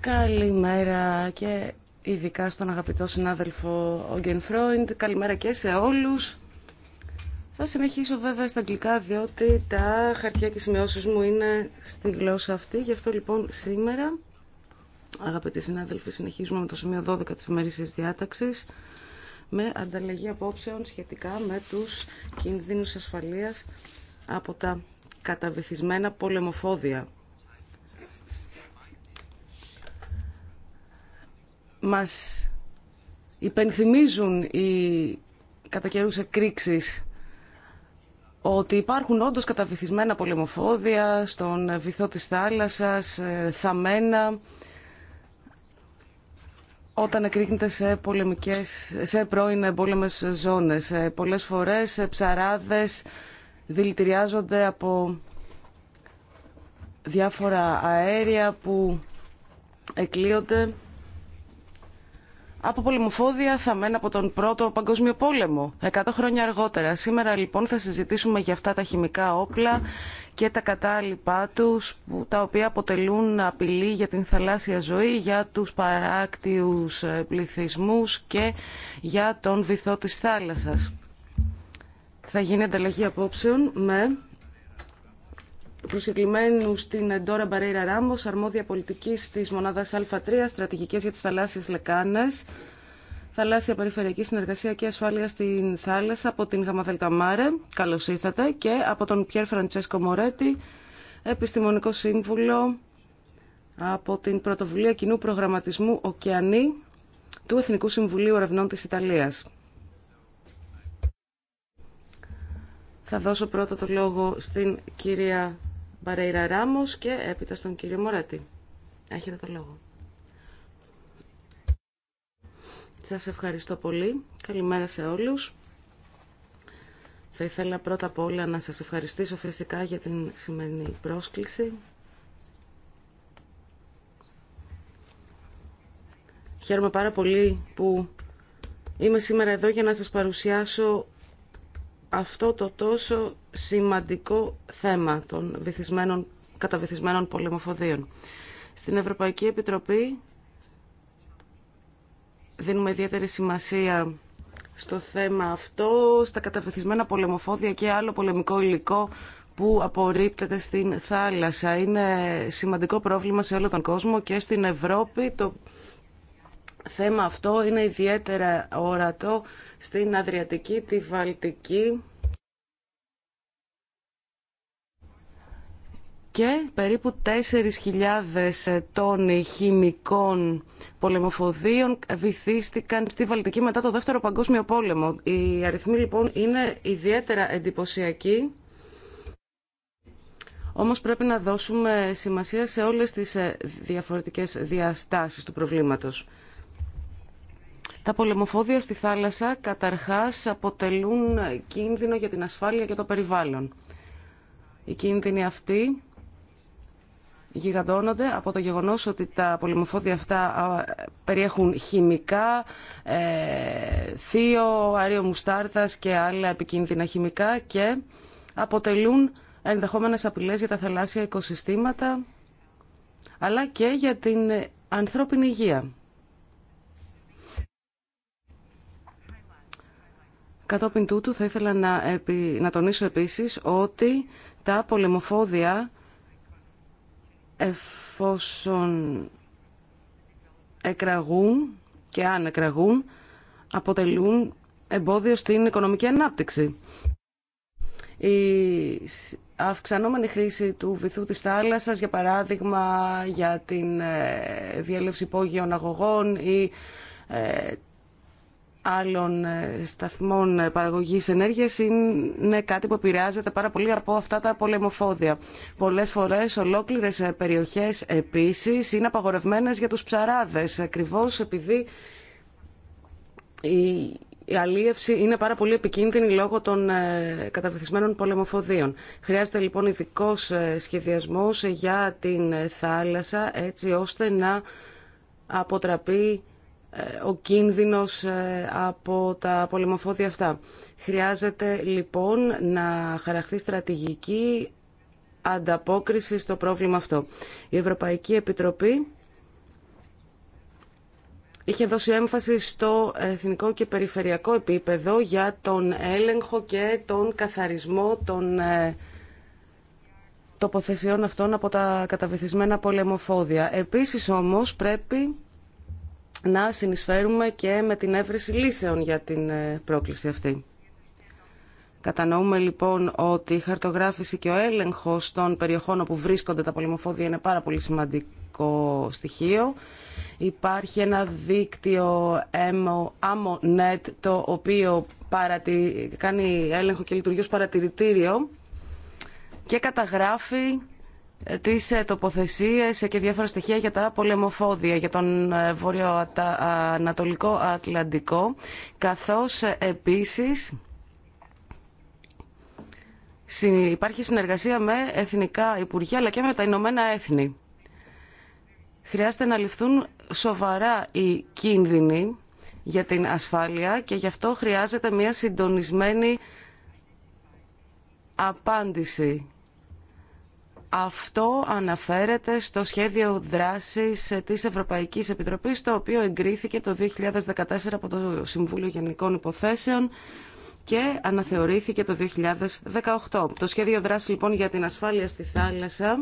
Καλημέρα και ειδικά στον αγαπητό συνάδελφο Όγγεν Φρόιντ. Καλημέρα και σε όλους. Θα συνεχίσω βέβαια στα αγγλικά διότι τα χαρτιά και σημειώσεις μου είναι στη γλώσσα αυτή. Γι' αυτό λοιπόν σήμερα, αγαπητοί συνάδελφοι, συνεχίζουμε με το σημείο 12 της ημερήσιας διάταξης με ανταλλαγή απόψεων σχετικά με τους κινδύνους ασφαλείας από τα καταβυθισμένα πολεμοφόδια. Μας υπενθυμίζουν οι κατά καιρούς ότι υπάρχουν όντως καταβυθισμένα πολεμοφόδια στον βυθό της θάλασσας, ε, θαμένα όταν εκρήγνεται σε, πολεμικές, σε πρώην εμπόλεμες ζώνες. Ε, πολλές φορές ε, ψαράδες δηλητηριάζονται από διάφορα αέρια που εκλείονται από πολεμοφόδια θαμμένα από τον Πρώτο Παγκόσμιο Πόλεμο. Εκατό χρόνια αργότερα. Σήμερα λοιπόν θα συζητήσουμε για αυτά τα χημικά όπλα και τα κατάλοιπά τους, τα οποία αποτελούν απειλή για την θαλάσσια ζωή, για τους παράκτιους ε, πληθυσμούς και για τον βυθό της θάλασσας. Θα γίνει ανταλλαγή απόψεων με προσκεκλημένου στην Εντόρα Μπαρέιρα Ράμπο, αρμόδια πολιτική τη μονάδα Α3, στρατηγικέ για τι θαλάσσιε λεκάνε, θαλάσσια περιφερειακή συνεργασία και ασφάλεια στην θάλασσα από την Γαμαδέλτα Μάρε. Καλώ ήρθατε. Και από τον Πιέρ Φραντσέσκο Μωρέτη επιστημονικό σύμβουλο από την Πρωτοβουλία Κοινού Προγραμματισμού Οκεανή του Εθνικού Συμβουλίου Ερευνών της Ιταλίας. Θα δώσω πρώτα το λόγο στην κυρία Μπαρέιρα Ράμος και έπειτα στον κύριο Μωράτη. Έχετε το λόγο. Σας ευχαριστώ πολύ. Καλημέρα σε όλους. Θα ήθελα πρώτα απ' όλα να σας ευχαριστήσω φυσικά για την σημερινή πρόσκληση. Χαίρομαι πάρα πολύ που είμαι σήμερα εδώ για να σας παρουσιάσω αυτό το τόσο σημαντικό θέμα των βυθισμένων, καταβυθισμένων πολεμοφοδίων. Στην Ευρωπαϊκή Επιτροπή δίνουμε ιδιαίτερη σημασία στο θέμα αυτό, στα καταβυθισμένα πολεμοφόδια και άλλο πολεμικό υλικό που απορρίπτεται στην θάλασσα. Είναι σημαντικό πρόβλημα σε όλο τον κόσμο και στην Ευρώπη. Το θέμα αυτό είναι ιδιαίτερα ορατό στην Αδριατική, τη Βαλτική και περίπου 4.000 τόνοι χημικών πολεμοφοδίων βυθίστηκαν στη Βαλτική μετά το Δεύτερο Παγκόσμιο Πόλεμο. Οι αριθμοί λοιπόν είναι ιδιαίτερα εντυπωσιακοί. Όμως πρέπει να δώσουμε σημασία σε όλες τις ε, διαφορετικές διαστάσεις του προβλήματος. Τα πολεμοφόδια στη θάλασσα καταρχάς αποτελούν κίνδυνο για την ασφάλεια και το περιβάλλον. Οι κίνδυνοι αυτοί γιγαντώνονται από το γεγονός ότι τα πολεμοφόδια αυτά περιέχουν χημικά, ε, θείο, αέριο μουστάρδας και άλλα επικίνδυνα χημικά και αποτελούν ενδεχόμενες απειλές για τα θαλάσσια οικοσυστήματα αλλά και για την ανθρώπινη υγεία. Κατόπιν τούτου θα ήθελα να, επι... να τονίσω επίσης ότι τα πολεμοφόδια εφόσον εκραγούν και αν εκραγούν αποτελούν εμπόδιο στην οικονομική ανάπτυξη. Η αυξανόμενη χρήση του βυθού της θάλασσας, για παράδειγμα, για την ε, διέλευση υπόγειων αγωγών ή ε, άλλων ε, σταθμών ε, παραγωγής ενέργειας είναι κάτι που επηρεάζεται πάρα πολύ από αυτά τα πολεμοφόδια. Πολλές φορές ολόκληρες ε, περιοχές επίσης είναι απαγορευμένες για τους ψαράδες ακριβώς επειδή η αλίευση είναι πάρα πολύ επικίνδυνη λόγω των καταβυθισμένων πολεμοφοδίων. Χρειάζεται λοιπόν ειδικό σχεδιασμός για την θάλασσα έτσι ώστε να αποτραπεί ο κίνδυνος ε, από τα πολεμοφόδια αυτά. Χρειάζεται λοιπόν να χαραχθεί στρατηγική ανταπόκριση στο πρόβλημα αυτό. Η Ευρωπαϊκή Επιτροπή είχε δώσει έμφαση στο εθνικό και περιφερειακό επίπεδο για τον έλεγχο και τον καθαρισμό των ε, τοποθεσιών αυτών από τα καταβυθισμένα πολεμοφόδια. Επίσης όμως πρέπει να συνεισφέρουμε και με την έβρεση λύσεων για την ε, πρόκληση αυτή. Κατανοούμε λοιπόν ότι η χαρτογράφηση και ο έλεγχος των περιοχών όπου βρίσκονται τα πολυμοφόδια είναι πάρα πολύ σημαντικό στοιχείο. Υπάρχει ένα δίκτυο AMONET το οποίο παρατη... κάνει έλεγχο και λειτουργεί ως παρατηρητήριο και καταγράφει τις ε, τοποθεσίες και διάφορα στοιχεία για τα πολεμοφόδια για τον ε, βορειοανατολικό Ατλαντικό καθώς ε, επίσης υπάρχει συνεργασία με εθνικά υπουργεία αλλά και με τα Ηνωμένα Έθνη. Χρειάζεται να ληφθούν σοβαρά οι κίνδυνοι για την ασφάλεια και γι' αυτό χρειάζεται μια συντονισμένη απάντηση αυτό αναφέρεται στο σχέδιο δράσης της Ευρωπαϊκής Επιτροπής, το οποίο εγκρίθηκε το 2014 από το Συμβούλιο Γενικών Υποθέσεων και αναθεωρήθηκε το 2018. Το σχέδιο δράση λοιπόν για την ασφάλεια στη θάλασσα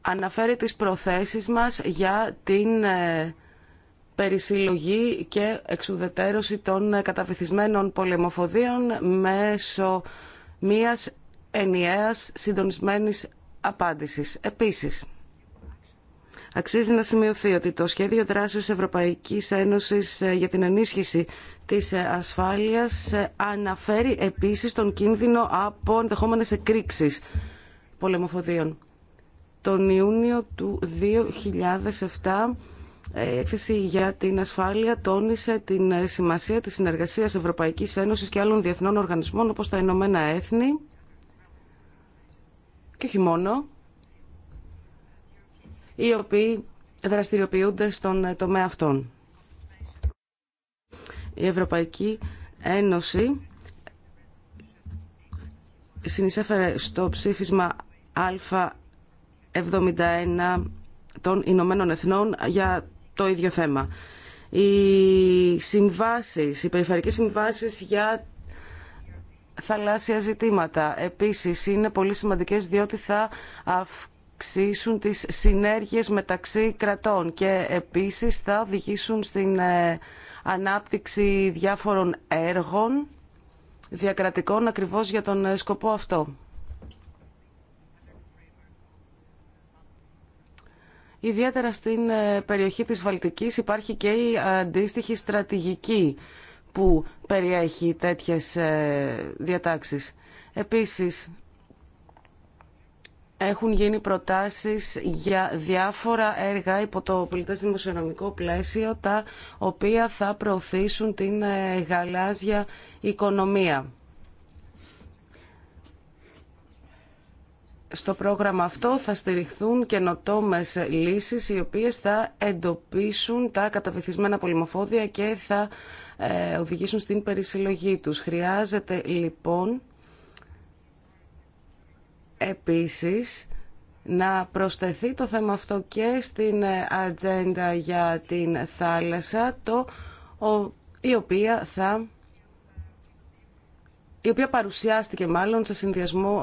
αναφέρει τις προθέσεις μας για την ε, περισυλλογή και εξουδετέρωση των καταβυθισμένων πολεμοφοδίων μέσω μίας ενιαίας συντονισμένης απάντησης. Επίσης, Αξίζει να σημειωθεί ότι το σχέδιο δράσης Ευρωπαϊκής Ένωσης για την ενίσχυση της ασφάλειας αναφέρει επίσης τον κίνδυνο από ενδεχόμενες εκρήξεις πολεμοφοδίων. Τον Ιούνιο του 2007 ε, η έκθεση για την ασφάλεια τόνισε την ε, σημασία της συνεργασίας Ευρωπαϊκής Ένωσης και άλλων διεθνών οργανισμών όπως τα Ηνωμένα Έθνη και όχι μόνο, οι οποίοι δραστηριοποιούνται στον ε, τομέα αυτών. Η Ευρωπαϊκή Ένωση συνεισέφερε στο ψήφισμα Α71 των Ηνωμένων Εθνών για το ίδιο θέμα. Οι συμβάσεις, οι περιφερειακές συμβάσεις για θαλάσσια ζητήματα επίσης είναι πολύ σημαντικές διότι θα αυξήσουν τις συνέργειες μεταξύ κρατών και επίσης θα οδηγήσουν στην ε, ανάπτυξη διάφορων έργων διακρατικών ακριβώς για τον ε, σκοπό αυτό. Ιδιαίτερα στην ε, περιοχή της Βαλτικής υπάρχει και η αντίστοιχη στρατηγική που περιέχει τέτοιες ε, διατάξεις. Επίσης, έχουν γίνει προτάσεις για διάφορα έργα υπό το πολιτές δημοσιονομικό πλαίσιο, τα οποία θα προωθήσουν την ε, γαλάζια οικονομία. στο πρόγραμμα αυτό θα στηριχθούν καινοτόμε λύσεις οι οποίες θα εντοπίσουν τα καταβυθισμένα πολυμοφόδια και θα ε, οδηγήσουν στην περισυλλογή τους. Χρειάζεται λοιπόν επίσης να προσθεθεί το θέμα αυτό και στην ε, ατζέντα για την θάλασσα, το, η οποία θα η οποία παρουσιάστηκε μάλλον σε συνδυασμό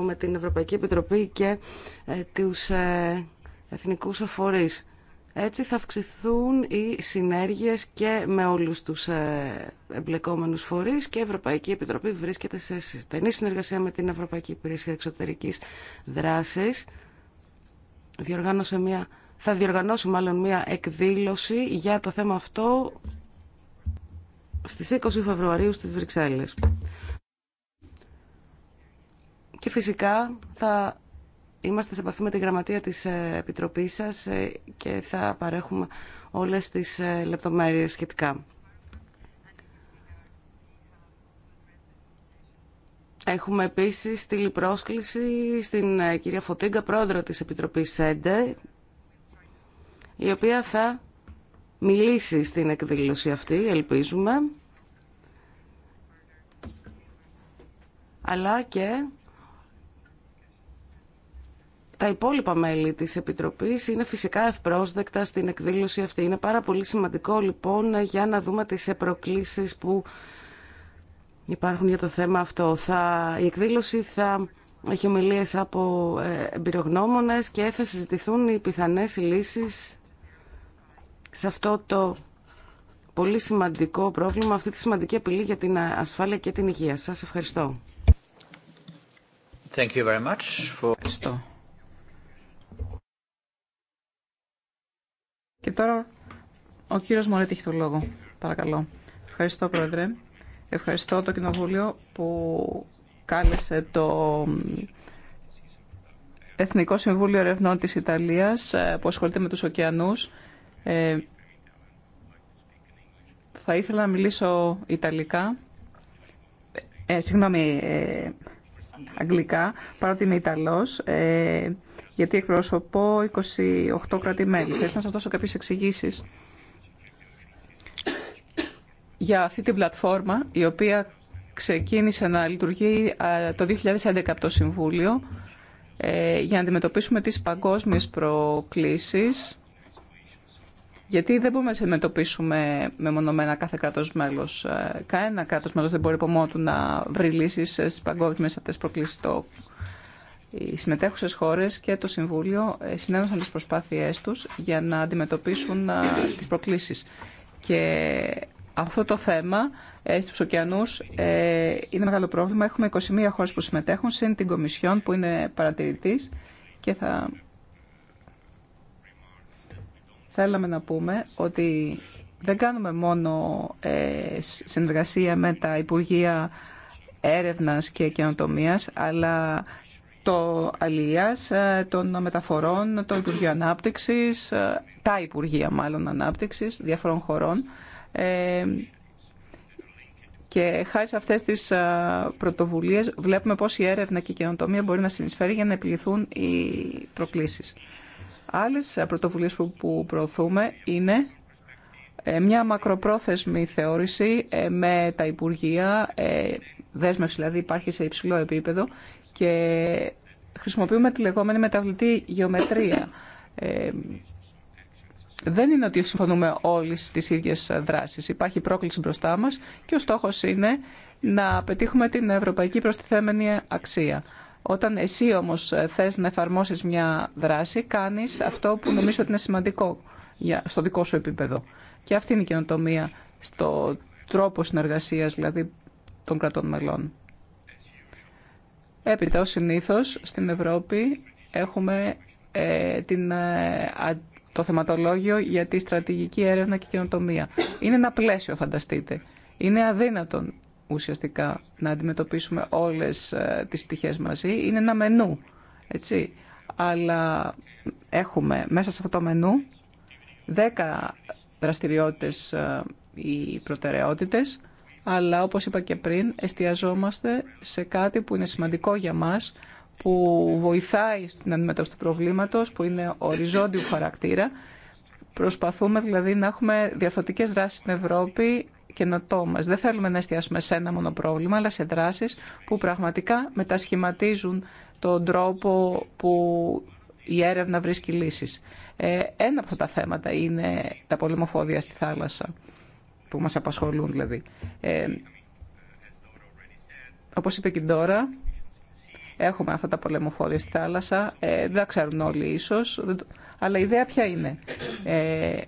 ε, με την Ευρωπαϊκή Επιτροπή και ε, τους ε, εθνικούς φορείς. Έτσι θα αυξηθούν οι συνέργειες και με όλους τους εμπλεκόμενους φορείς και η Ευρωπαϊκή Επιτροπή βρίσκεται σε στενή συνεργασία με την Ευρωπαϊκή Υπηρεσία Εξωτερικής Δράσης. μια, θα διοργανώσει μάλλον μια εκδήλωση για το θέμα αυτό στις 20 Φεβρουαρίου στις Βρυξέλλες. Και φυσικά θα είμαστε σε επαφή με τη γραμματεία της ε, Επιτροπής σας ε, και θα παρέχουμε όλες τις ε, λεπτομέρειες σχετικά. Έχουμε επίσης στείλει πρόσκληση στην κυρία Φωτίγκα, πρόεδρο της Επιτροπής ΣΕΝΤΕ, η οποία θα μιλήσει στην εκδήλωση αυτή, ελπίζουμε, αλλά και τα υπόλοιπα μέλη της Επιτροπής είναι φυσικά ευπρόσδεκτα στην εκδήλωση αυτή. Είναι πάρα πολύ σημαντικό λοιπόν για να δούμε τις προκλήσεις που υπάρχουν για το θέμα αυτό. Θα, η εκδήλωση θα έχει ομιλίε από ε, εμπειρογνώμονε και θα συζητηθούν οι πιθανές λύσεις σε αυτό το πολύ σημαντικό πρόβλημα, αυτή τη σημαντική απειλή για την ασφάλεια και την υγεία. Σας ευχαριστώ. Thank you very much for... Ευχαριστώ Και τώρα ο κύριος Μωρέτη έχει το λόγο. Παρακαλώ. Ευχαριστώ, Πρόεδρε. Ευχαριστώ το Κοινοβούλιο που κάλεσε το Εθνικό Συμβούλιο Ερευνών της Ιταλίας ε, που ασχολείται με τους ωκεανούς. Ε, θα ήθελα να μιλήσω Ιταλικά, ε, συγγνώμη, ε, Αγγλικά, παρότι είμαι Ιταλός γιατί εκπροσωπώ 28 κράτη-μέλη. Θα ήθελα να σας δώσω κάποιες εξηγήσεις για αυτή την πλατφόρμα, η οποία ξεκίνησε να λειτουργεί το 2011 από το Συμβούλιο ε, για να αντιμετωπίσουμε τις παγκόσμιες προκλήσεις γιατί δεν μπορούμε να τις αντιμετωπίσουμε μεμονωμένα κάθε κάθε μελος ε, Κανένα Κάνα κράτος-μέλος δεν μπορεί από μόνο του να βρει λύσεις στι παγκόσμιες αυτέ προκλήσεις οι συμμετέχουσες χώρες και το Συμβούλιο ε, συνένωσαν τις προσπάθειές τους για να αντιμετωπίσουν τις προκλήσεις. Και αυτό το θέμα ε, στους ωκεανούς ε, είναι μεγάλο πρόβλημα. Έχουμε 21 χώρες που συμμετέχουν, συν την Κομισιόν που είναι παρατηρητής και θα... Θέλαμε να πούμε ότι δεν κάνουμε μόνο συνεργασία με τα Υπουργεία Έρευνας και Καινοτομίας, αλλά το Αλίας, ε, των Μεταφορών, το Υπουργείο Ανάπτυξης, ε, τα Υπουργεία μάλλον Ανάπτυξης διαφορών χωρών. Ε, και χάρη σε αυτές τις πρωτοβουλίες βλέπουμε πώς η έρευνα και η καινοτομία μπορεί να συνεισφέρει για να επιληθούν οι προκλήσεις. Άλλες πρωτοβουλίες που προωθούμε είναι μια μακροπρόθεσμη θεώρηση με τα Υπουργεία, δέσμευση δηλαδή υπάρχει σε υψηλό επίπεδο και χρησιμοποιούμε τη λεγόμενη μεταβλητή γεωμετρία. Ε, δεν είναι ότι συμφωνούμε όλοι στις ίδιες δράσεις. Υπάρχει πρόκληση μπροστά μας και ο στόχος είναι να πετύχουμε την ευρωπαϊκή προστιθέμενη αξία. Όταν εσύ όμως θες να εφαρμόσεις μια δράση, κάνεις αυτό που νομίζω ότι είναι σημαντικό στο δικό σου επίπεδο. Και αυτή είναι η καινοτομία στο τρόπο συνεργασίας δηλαδή των κρατών μελών. Έπειτα, ως συνήθως, στην Ευρώπη έχουμε ε, την, ε, το θεματολόγιο για τη στρατηγική έρευνα και καινοτομία. Είναι ένα πλαίσιο, φανταστείτε. Είναι αδύνατον ουσιαστικά να αντιμετωπίσουμε όλες ε, τις πτυχές μαζί. Είναι ένα μενού, έτσι. Αλλά έχουμε μέσα σε αυτό το μενού δέκα δραστηριότητες ή ε, προτεραιότητες αλλά όπως είπα και πριν εστιαζόμαστε σε κάτι που είναι σημαντικό για μας, που βοηθάει στην αντιμετώπιση του προβλήματος, που είναι οριζόντιου χαρακτήρα. Προσπαθούμε δηλαδή να έχουμε διαφορετικές δράσεις στην Ευρώπη και καινοτόμε. Δεν θέλουμε να εστιάσουμε σε ένα μόνο πρόβλημα, αλλά σε δράσεις που πραγματικά μετασχηματίζουν τον τρόπο που η έρευνα βρίσκει λύσεις. Ε, ένα από τα θέματα είναι τα πολυμοφόδια στη θάλασσα που μας απασχολούν δηλαδή. Ε, όπως είπε και τώρα, έχουμε αυτά τα πολεμοφόδια στη θάλασσα, ε, δεν τα ξέρουν όλοι ίσως, αλλά η ιδέα ποια είναι. Ε,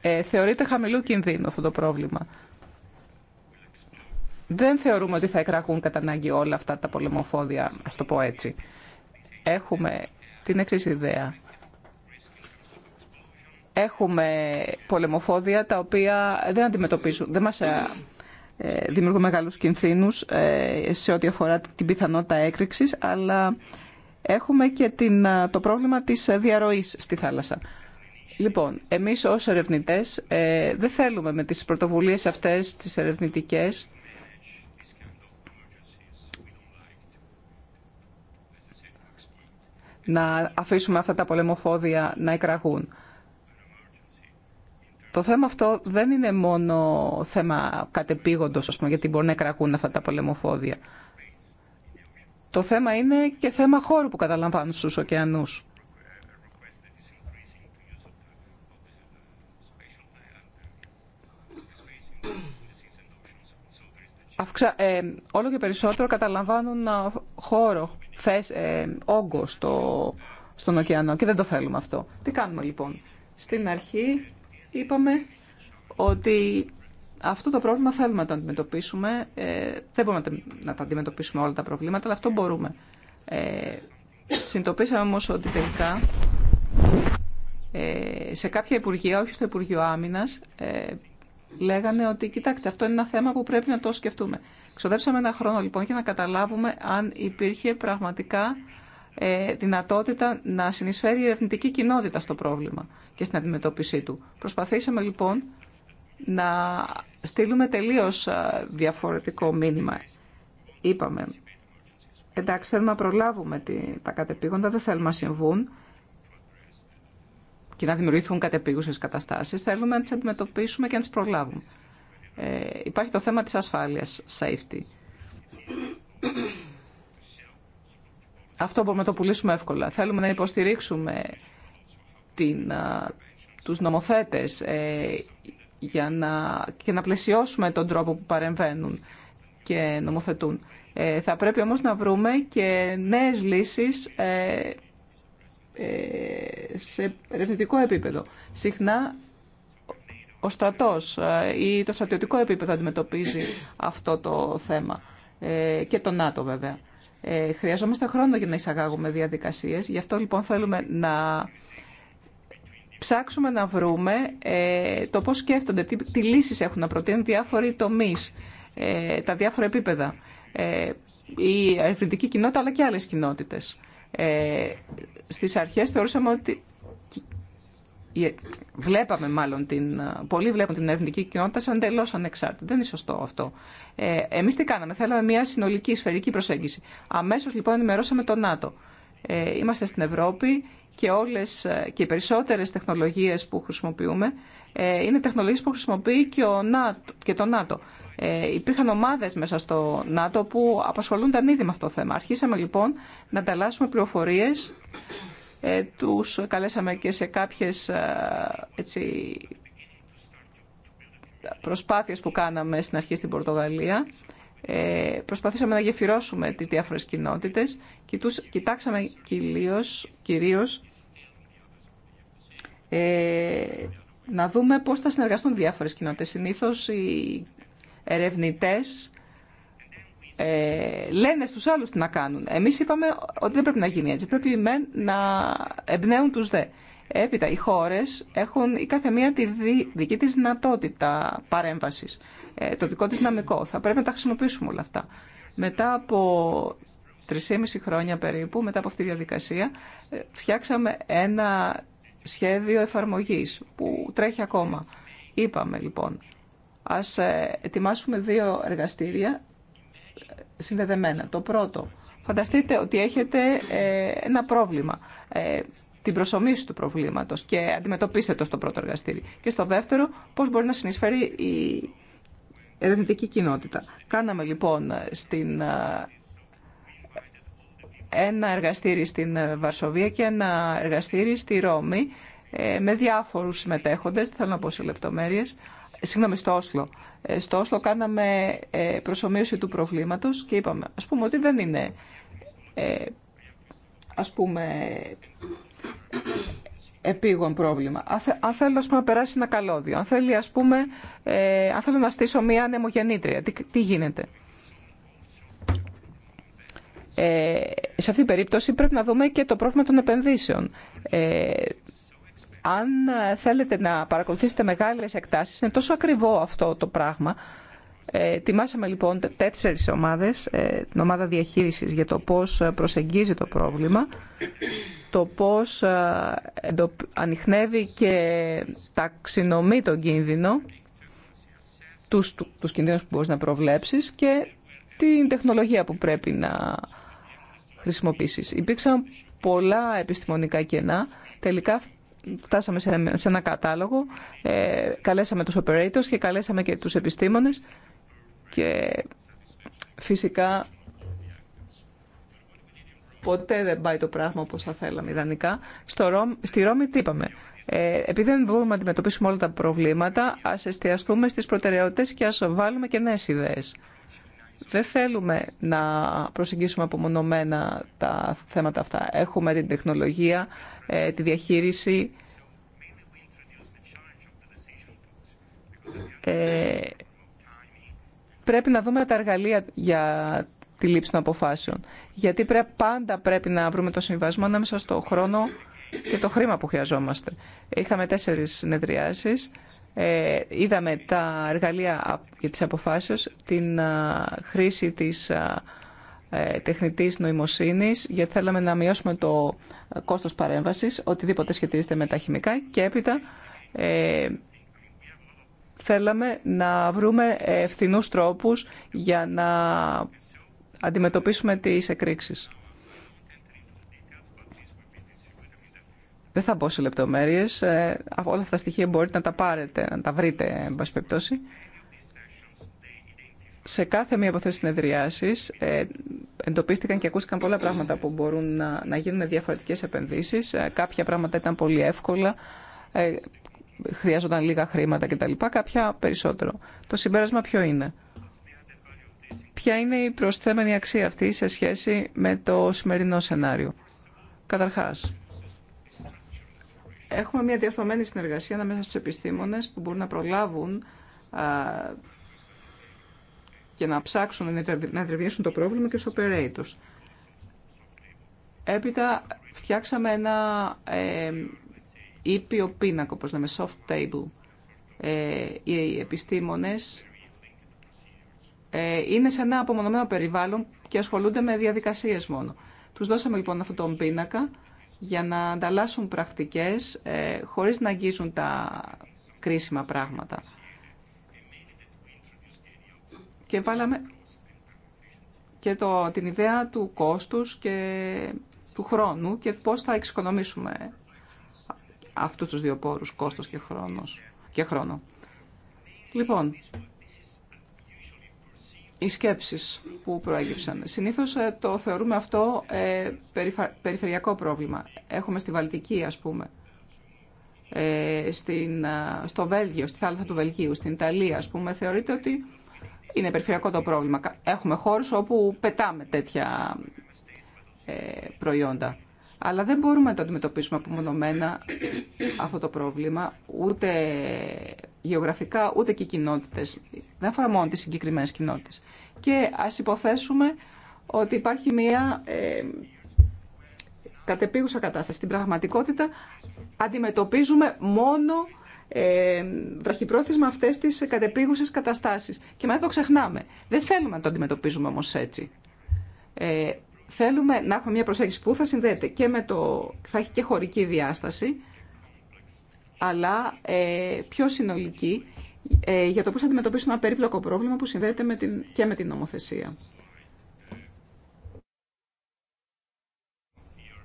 ε, θεωρείται χαμηλού κινδύνου αυτό το πρόβλημα. Δεν θεωρούμε ότι θα εκραγούν κατά ανάγκη όλα αυτά τα πολεμοφόδια, ας το πω έτσι. Έχουμε την εξή ιδέα έχουμε πολεμοφόδια τα οποία δεν αντιμετωπίζουν, δεν μας ε, ε, δημιουργούν μεγάλους κινδύνους ε, σε ό,τι αφορά την πιθανότητα έκρηξης, αλλά έχουμε και την, το πρόβλημα της διαρροής στη θάλασσα. Λοιπόν, εμείς ως ερευνητές δεν θέλουμε με τις πρωτοβουλίες αυτές, τις ερευνητικές, να αφήσουμε αυτά τα πολεμοφόδια να εκραγούν. Το θέμα αυτό δεν είναι μόνο θέμα κατεπήγοντος, ας γιατί μπορεί να κρακούν αυτά τα πολεμοφόδια. Το θέμα είναι και θέμα χώρου που καταλαμβάνουν στους ωκεανούς. Ε, όλο και περισσότερο καταλαμβάνουν χώρο, ε, όγκο στο, στον ωκεανό και δεν το θέλουμε αυτό. Τι κάνουμε λοιπόν. Στην αρχή είπαμε ότι αυτό το πρόβλημα θέλουμε να το αντιμετωπίσουμε. Ε, δεν μπορούμε να τα αντιμετωπίσουμε όλα τα προβλήματα, αλλά αυτό μπορούμε. Ε, όμω ότι τελικά ε, σε κάποια Υπουργεία, όχι στο Υπουργείο Άμυνα, ε, λέγανε ότι κοιτάξτε, αυτό είναι ένα θέμα που πρέπει να το σκεφτούμε. Ξοδέψαμε ένα χρόνο λοιπόν για να καταλάβουμε αν υπήρχε πραγματικά ε, δυνατότητα να συνεισφέρει η ερευνητική κοινότητα στο πρόβλημα και στην αντιμετώπιση του. Προσπαθήσαμε λοιπόν να στείλουμε τελείως ε, διαφορετικό μήνυμα. Είπαμε, εντάξει θέλουμε να προλάβουμε τα κατεπήγοντα, δεν θέλουμε να συμβούν και να δημιουργηθούν κατεπήγουσες καταστάσεις, θέλουμε να τις αντιμετωπίσουμε και να τις προλάβουμε. Ε, υπάρχει το θέμα της ασφάλειας, safety. Αυτό μπορούμε να το πουλήσουμε εύκολα. Θέλουμε να υποστηρίξουμε την, τους νομοθέτες ε, για να, και να πλαισιώσουμε τον τρόπο που παρεμβαίνουν και νομοθετούν. Ε, θα πρέπει όμως να βρούμε και νέες λύσεις ε, ε σε ερευνητικό επίπεδο. Συχνά ο στρατός ή το στρατιωτικό επίπεδο αντιμετωπίζει αυτό το θέμα και το ΝΑΤΟ βέβαια. Ε, χρειαζόμαστε χρόνο για να εισαγάγουμε διαδικασίες. Γι' αυτό λοιπόν θέλουμε να ψάξουμε να βρούμε ε, το πώς σκέφτονται, τι, τι λύσεις έχουν να προτείνουν διάφοροι τομείς, ε, τα διάφορα επίπεδα. Ε, η ερευνητική κοινότητα αλλά και άλλες κοινότητες. Ε, στις αρχές θεωρούσαμε ότι βλέπαμε μάλλον την, ε, πολλοί βλέπουν την ερευνητική κοινότητα σαν εντελώ ανεξάρτητη. Δεν είναι σωστό αυτό. Ε, Εμεί τι κάναμε, θέλαμε μια συνολική σφαιρική προσέγγιση. Αμέσω λοιπόν ενημερώσαμε το ΝΑΤΟ. Ε, είμαστε στην Ευρώπη και όλες ε, και οι περισσότερες τεχνολογίες που χρησιμοποιούμε ε, είναι τεχνολογίες που χρησιμοποιεί και, ο ΝΑΤΟ, και το ΝΑΤΟ. Ε, υπήρχαν ομάδες μέσα στο ΝΑΤΟ που απασχολούνταν ήδη με αυτό το θέμα. Αρχίσαμε λοιπόν να ανταλλάσσουμε πληροφορίε. Ε, τους καλέσαμε και σε κάποιες ε, έτσι, προσπάθειες που κάναμε στην αρχή στην Πορτογαλία. Ε, προσπαθήσαμε να γεφυρώσουμε τις διάφορες κοινότητες. και τους κοιτάξαμε κυρίως, κυρίως ε, να δούμε πώς θα συνεργαστούν διάφορες κοινότητες. Συνήθως οι ερευνητές ε, λένε στους άλλους τι να κάνουν. Εμείς είπαμε ότι δεν πρέπει να γίνει έτσι. Πρέπει μεν να εμπνέουν τους δε. Έπειτα, οι χώρες έχουν η κάθε μία τη δική της δυνατότητα παρέμβασης, ε, το δικό της δυναμικό. Θα πρέπει να τα χρησιμοποιήσουμε όλα αυτά. Μετά από 3,5 χρόνια περίπου, μετά από αυτή τη διαδικασία, ε, φτιάξαμε ένα σχέδιο εφαρμογής που τρέχει ακόμα. Είπαμε λοιπόν, ας ε, ετοιμάσουμε δύο εργαστήρια συνδεδεμένα. Το πρώτο, φανταστείτε ότι έχετε ε, ένα πρόβλημα, ε, την προσωμίση του προβλήματος και αντιμετωπίστε το στο πρώτο εργαστήρι. Και στο δεύτερο, πώς μπορεί να συνεισφέρει η ερευνητική κοινότητα. Κάναμε λοιπόν στην, ε, ένα εργαστήρι στην Βαρσοβία και ένα εργαστήρι στη Ρώμη με διάφορους συμμετέχοντες, θέλω να πω σε λεπτομέρειες, συγγνώμη, στο Όσλο. Ε, στο Όσλο κάναμε ε, προσωμείωση του προβλήματος και είπαμε, ας πούμε, ότι δεν είναι, ε, ας πούμε, επίγον πρόβλημα. Αν θέλω ας πούμε, να περάσει ένα καλώδιο, αν, θέλει, ας πούμε, ε, αν θέλω να στήσω μία ανεμογεννήτρια, τι, γίνεται. Ε, σε αυτή την περίπτωση πρέπει να δούμε και το πρόβλημα των επενδύσεων. Ε, αν ε, θέλετε να παρακολουθήσετε μεγάλες εκτάσεις, είναι τόσο ακριβό αυτό το πράγμα. Ε, τιμάσαμε λοιπόν τέσσερις ομάδες, ε, την ομάδα διαχείρισης για το πώς ε, προσεγγίζει το πρόβλημα, το πώς ε, ανοιχνεύει και ταξινομεί τον κίνδυνο, τους, τους κινδύνους που μπορείς να προβλέψεις και την τεχνολογία που πρέπει να χρησιμοποιήσεις. Υπήρξαν πολλά επιστημονικά κενά. Τελικά φτάσαμε σε ένα κατάλογο, ε, καλέσαμε τους operators και καλέσαμε και τους επιστήμονες και φυσικά ποτέ δεν πάει το πράγμα όπως θα θέλαμε ιδανικά. Στο στη Ρώμη τι είπαμε. Ε, επειδή δεν μπορούμε να αντιμετωπίσουμε όλα τα προβλήματα, ας εστιαστούμε στις προτεραιότητες και ας βάλουμε και νέες ιδέες. Δεν θέλουμε να προσεγγίσουμε απομονωμένα τα θέματα αυτά. Έχουμε την τεχνολογία, ε, τη διαχείριση ε, πρέπει να δούμε τα εργαλεία για τη λήψη των αποφάσεων. Γιατί πάντα πρέπει να βρούμε το συμβασμό ανάμεσα στο χρόνο και το χρήμα που χρειαζόμαστε. Είχαμε τέσσερις συνεδριάσεις. Ε, είδαμε τα εργαλεία για τις αποφάσεις, την χρήση της ε, τεχνητής νοημοσύνης, γιατί θέλαμε να μειώσουμε το κόστος παρέμβασης, οτιδήποτε σχετίζεται με τα χημικά και έπειτα ε, θέλαμε να βρούμε ευθυνούς τρόπους για να αντιμετωπίσουμε τις εκρήξεις. Δεν θα μπω σε λεπτομέρειες. Ε, όλα αυτά τα στοιχεία μπορείτε να τα πάρετε, να τα βρείτε, εν πάση σε κάθε μία από αυτέ τι συνεδριάσει ε, εντοπίστηκαν και ακούστηκαν πολλά πράγματα που μπορούν να, να γίνουν με διαφορετικές επενδύσεις. Ε, κάποια πράγματα ήταν πολύ εύκολα, ε, χρειάζονταν λίγα χρήματα κτλ. Κάποια περισσότερο. Το συμπέρασμα ποιο είναι. Ποια είναι η προσθέμενη αξία αυτή σε σχέση με το σημερινό σενάριο. Καταρχάς, έχουμε μια διαρθωμένη συνεργασία ανάμεσα στους επιστήμονες που μπορούν να προλάβουν και να ψάξουν να ερευνήσουν το πρόβλημα και τους operators. Έπειτα φτιάξαμε ένα ε, ήπιο πίνακο, όπως λέμε, soft table. Ε, οι επιστήμονες ε, είναι σε ένα απομονωμένο περιβάλλον και ασχολούνται με διαδικασίες μόνο. Τους δώσαμε λοιπόν αυτόν τον πίνακα για να ανταλλάσσουν πρακτικές ε, χωρίς να αγγίζουν τα κρίσιμα πράγματα και βάλαμε και το, την ιδέα του κόστους και του χρόνου και πώς θα εξοικονομήσουμε αυτούς τους δύο πόρους, κόστος και, χρόνος, και χρόνο. Λοιπόν, οι σκέψεις που προέγγιψαν. Συνήθως ε, το θεωρούμε αυτό ε, περιφερειακό πρόβλημα. Έχουμε στη Βαλτική, ας πούμε, ε, στην, ε, στο Βέλγιο, στη θάλασσα του Βελγίου, στην Ιταλία, ας πούμε, θεωρείται ότι είναι περιφερειακό το πρόβλημα. Έχουμε χώρους όπου πετάμε τέτοια ε, προϊόντα. Αλλά δεν μπορούμε να το αντιμετωπίσουμε απομονωμένα αυτό το πρόβλημα, ούτε γεωγραφικά, ούτε και κοινότητε. Δεν αφορά μόνο τι συγκεκριμένε κοινότητε. Και α υποθέσουμε ότι υπάρχει μία ε, κατεπίγουσα κατάσταση. Στην πραγματικότητα αντιμετωπίζουμε μόνο ε, βραχυπρόθεσμα αυτές τις κατεπίγουσες καταστάσεις. Και μετά το ξεχνάμε. Δεν θέλουμε να το αντιμετωπίζουμε όμω έτσι. Ε, θέλουμε να έχουμε μια προσέγγιση που θα συνδέεται και με το... θα έχει και χωρική διάσταση, αλλά ε, πιο συνολική ε, για το πώς θα αντιμετωπίσουμε ένα περίπλοκο πρόβλημα που συνδέεται με την, και με την νομοθεσία.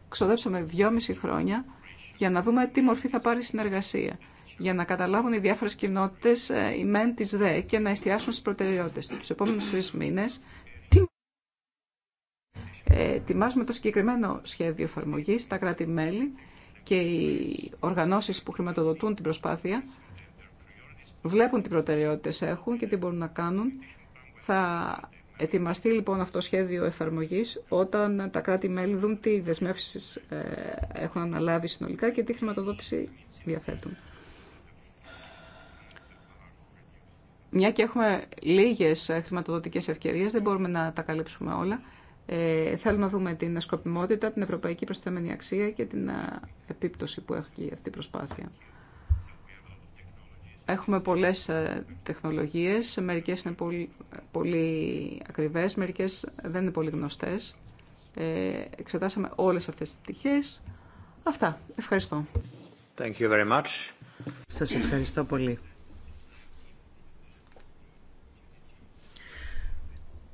Ξοδέψαμε δυόμιση χρόνια για να δούμε τι μορφή θα πάρει η συνεργασία για να καταλάβουν οι διάφορε κοινότητε η ε, μεν της δε και να εστιάσουν στις προτεραιότητες. Τους επόμενους τρεις τι ε, ετοιμάζουμε το συγκεκριμένο σχέδιο εφαρμογή, τα κράτη-μέλη και οι οργανώσει που χρηματοδοτούν την προσπάθεια βλέπουν τι προτεραιότητε έχουν και τι μπορούν να κάνουν. Θα ετοιμαστεί λοιπόν αυτό το σχέδιο εφαρμογής όταν τα κράτη-μέλη δουν τι δεσμεύσει ε, έχουν αναλάβει συνολικά και τι χρηματοδότηση διαθέτουν. μια και έχουμε λίγες ε, χρηματοδοτικές ευκαιρίες, δεν μπορούμε να τα καλύψουμε όλα. Ε, θέλουμε να δούμε την σκοπιμότητα, την ευρωπαϊκή προσθέμενη αξία και την ε, επίπτωση που έχει αυτή η προσπάθεια. Έχουμε πολλές ε, τεχνολογίες, μερικές είναι πολύ, πολύ ακριβές, μερικές δεν είναι πολύ γνωστές. Ε, εξετάσαμε όλες αυτές τις πτυχές. Αυτά. Ευχαριστώ. Thank Σας ευχαριστώ πολύ.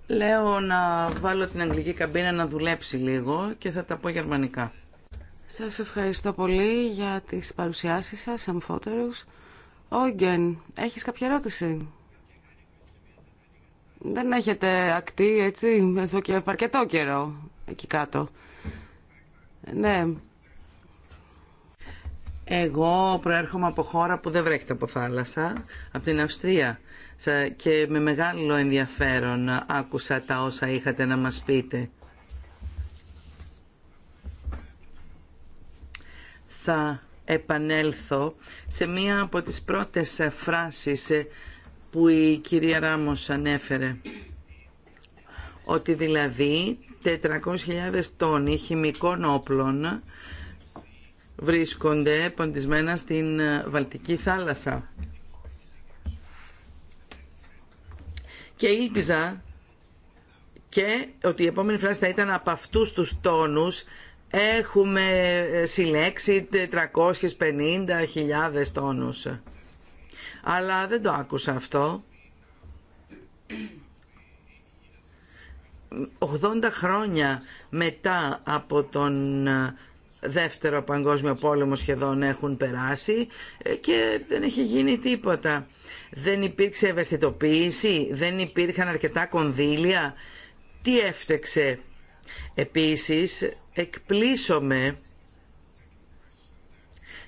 Λέω να βάλω την αγγλική καμπίνα να δουλέψει λίγο και θα τα πω γερμανικά. Σας ευχαριστώ πολύ για τις παρουσιάσεις σας, αμφότερους. Όγγεν, έχεις κάποια ερώτηση? Δεν έχετε ακτή, έτσι, εδώ και παρκετό καιρό, εκεί κάτω. Ναι. Εγώ προέρχομαι από χώρα που δεν βρέχεται από θάλασσα, από την Αυστρία και με μεγάλο ενδιαφέρον άκουσα τα όσα είχατε να μας πείτε. Θα επανέλθω σε μία από τις πρώτες φράσεις που η κυρία Ράμος ανέφερε. Ότι δηλαδή 400.000 τόνοι χημικών όπλων βρίσκονται ποντισμένα στην Βαλτική θάλασσα. και ήλπιζα και ότι η επόμενη φράση θα ήταν από αυτούς τους τόνους έχουμε συλλέξει 450.000 τόνους. Αλλά δεν το άκουσα αυτό. 80 χρόνια μετά από τον δεύτερο παγκόσμιο πόλεμο σχεδόν έχουν περάσει ε, και δεν έχει γίνει τίποτα. Δεν υπήρξε ευαισθητοποίηση, δεν υπήρχαν αρκετά κονδύλια. Τι έφτεξε. Επίσης, εκπλήσωμε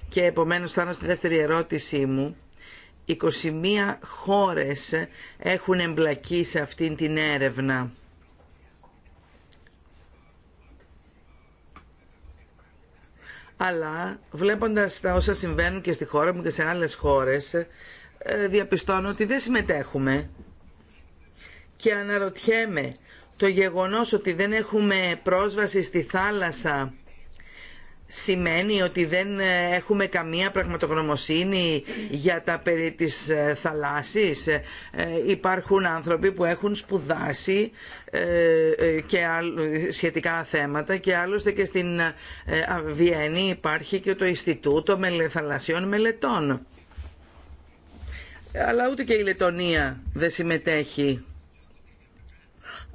και επομένως φτάνω στη δεύτερη ερώτησή μου. 21 χώρες έχουν εμπλακεί σε αυτήν την έρευνα. αλλά βλέποντας τα όσα συμβαίνουν και στη χώρα μου και σε άλλες χώρες, ε, διαπιστώνω ότι δεν συμμετέχουμε και αναρωτιέμαι το γεγονός ότι δεν έχουμε πρόσβαση στη θάλασσα σημαίνει ότι δεν ε, έχουμε καμία πραγματογνωμοσύνη για τα περί της ε, θαλάσσης. Ε, υπάρχουν άνθρωποι που έχουν σπουδάσει και σχετικά θέματα και άλλωστε και στην Βιέννη υπάρχει και το Ινστιτούτο Θαλασσιών Μελετών. Αλλά ούτε και η Λετωνία δεν συμμετέχει.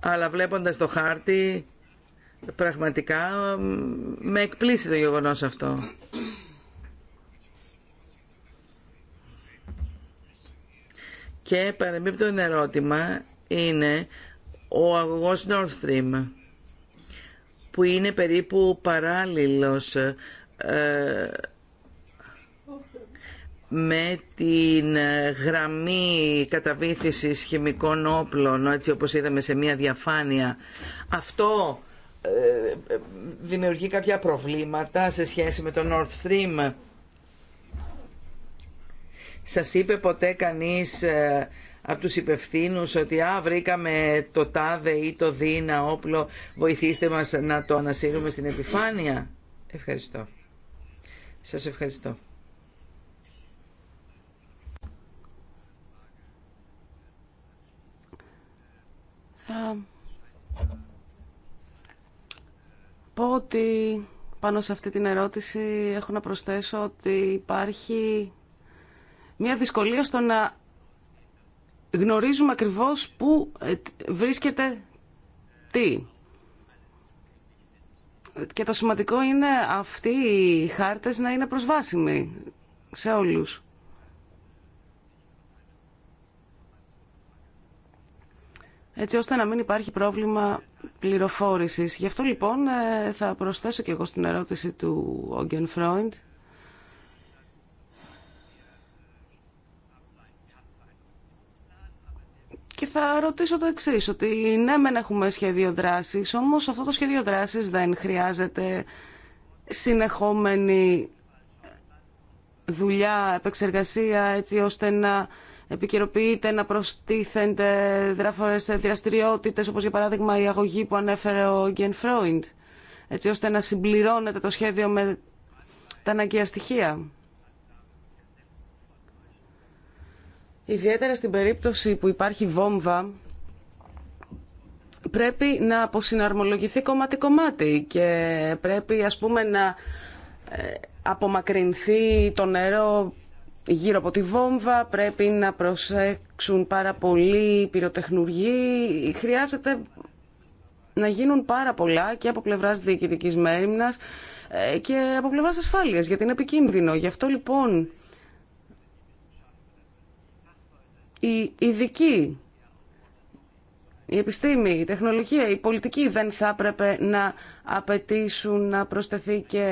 Αλλά βλέποντας το χάρτη Πραγματικά με εκπλήσει το γεγονός αυτό. Και το ερώτημα είναι ο αγωγός Nord Stream που είναι περίπου παράλληλος ε, με την ε, γραμμή καταβήθησης χημικών όπλων, έτσι όπως είδαμε σε μια διαφάνεια. Αυτό ε, ε, δημιουργεί κάποια προβλήματα σε σχέση με το North Stream. Σας είπε ποτέ κανείς ε, από τους υπευθύνου ότι α, βρήκαμε το τάδε ή το δίνα όπλο, βοηθήστε μας να το ανασύρουμε στην επιφάνεια. Ευχαριστώ. Σας ευχαριστώ. Θα πω ότι πάνω σε αυτή την ερώτηση έχω να προσθέσω ότι υπάρχει μια δυσκολία στο να γνωρίζουμε ακριβώς πού ε, βρίσκεται τι. Και το σημαντικό είναι αυτοί οι χάρτες να είναι προσβάσιμοι σε όλους. έτσι ώστε να μην υπάρχει πρόβλημα πληροφόρησης. Γι' αυτό λοιπόν ε, θα προσθέσω και εγώ στην ερώτηση του Όγγεν Φρόιντ και θα ρωτήσω το εξή, ότι ναι μεν έχουμε σχέδιο δράσης, όμως αυτό το σχέδιο δράσης δεν χρειάζεται συνεχόμενη δουλειά, επεξεργασία έτσι ώστε να επικαιροποιείται, να προστίθενται διάφορε δραστηριότητε, όπω για παράδειγμα η αγωγή που ανέφερε ο Γκεν Φρόιντ, έτσι ώστε να συμπληρώνεται το σχέδιο με τα αναγκαία στοιχεία. Ιδιαίτερα στην περίπτωση που υπάρχει βόμβα, πρέπει να αποσυναρμολογηθεί κομμάτι-κομμάτι και πρέπει ας πούμε να ε, απομακρυνθεί το νερό γύρω από τη βόμβα, πρέπει να προσέξουν πάρα πολύ οι πυροτεχνουργοί. Χρειάζεται να γίνουν πάρα πολλά και από πλευράς διοικητικής μέρημνας ε, και από πλευράς ασφάλειας, γιατί είναι επικίνδυνο. Γι' αυτό λοιπόν οι ειδικοί, η επιστήμη, η τεχνολογία, η πολιτική δεν θα έπρεπε να απαιτήσουν να προσθεθεί και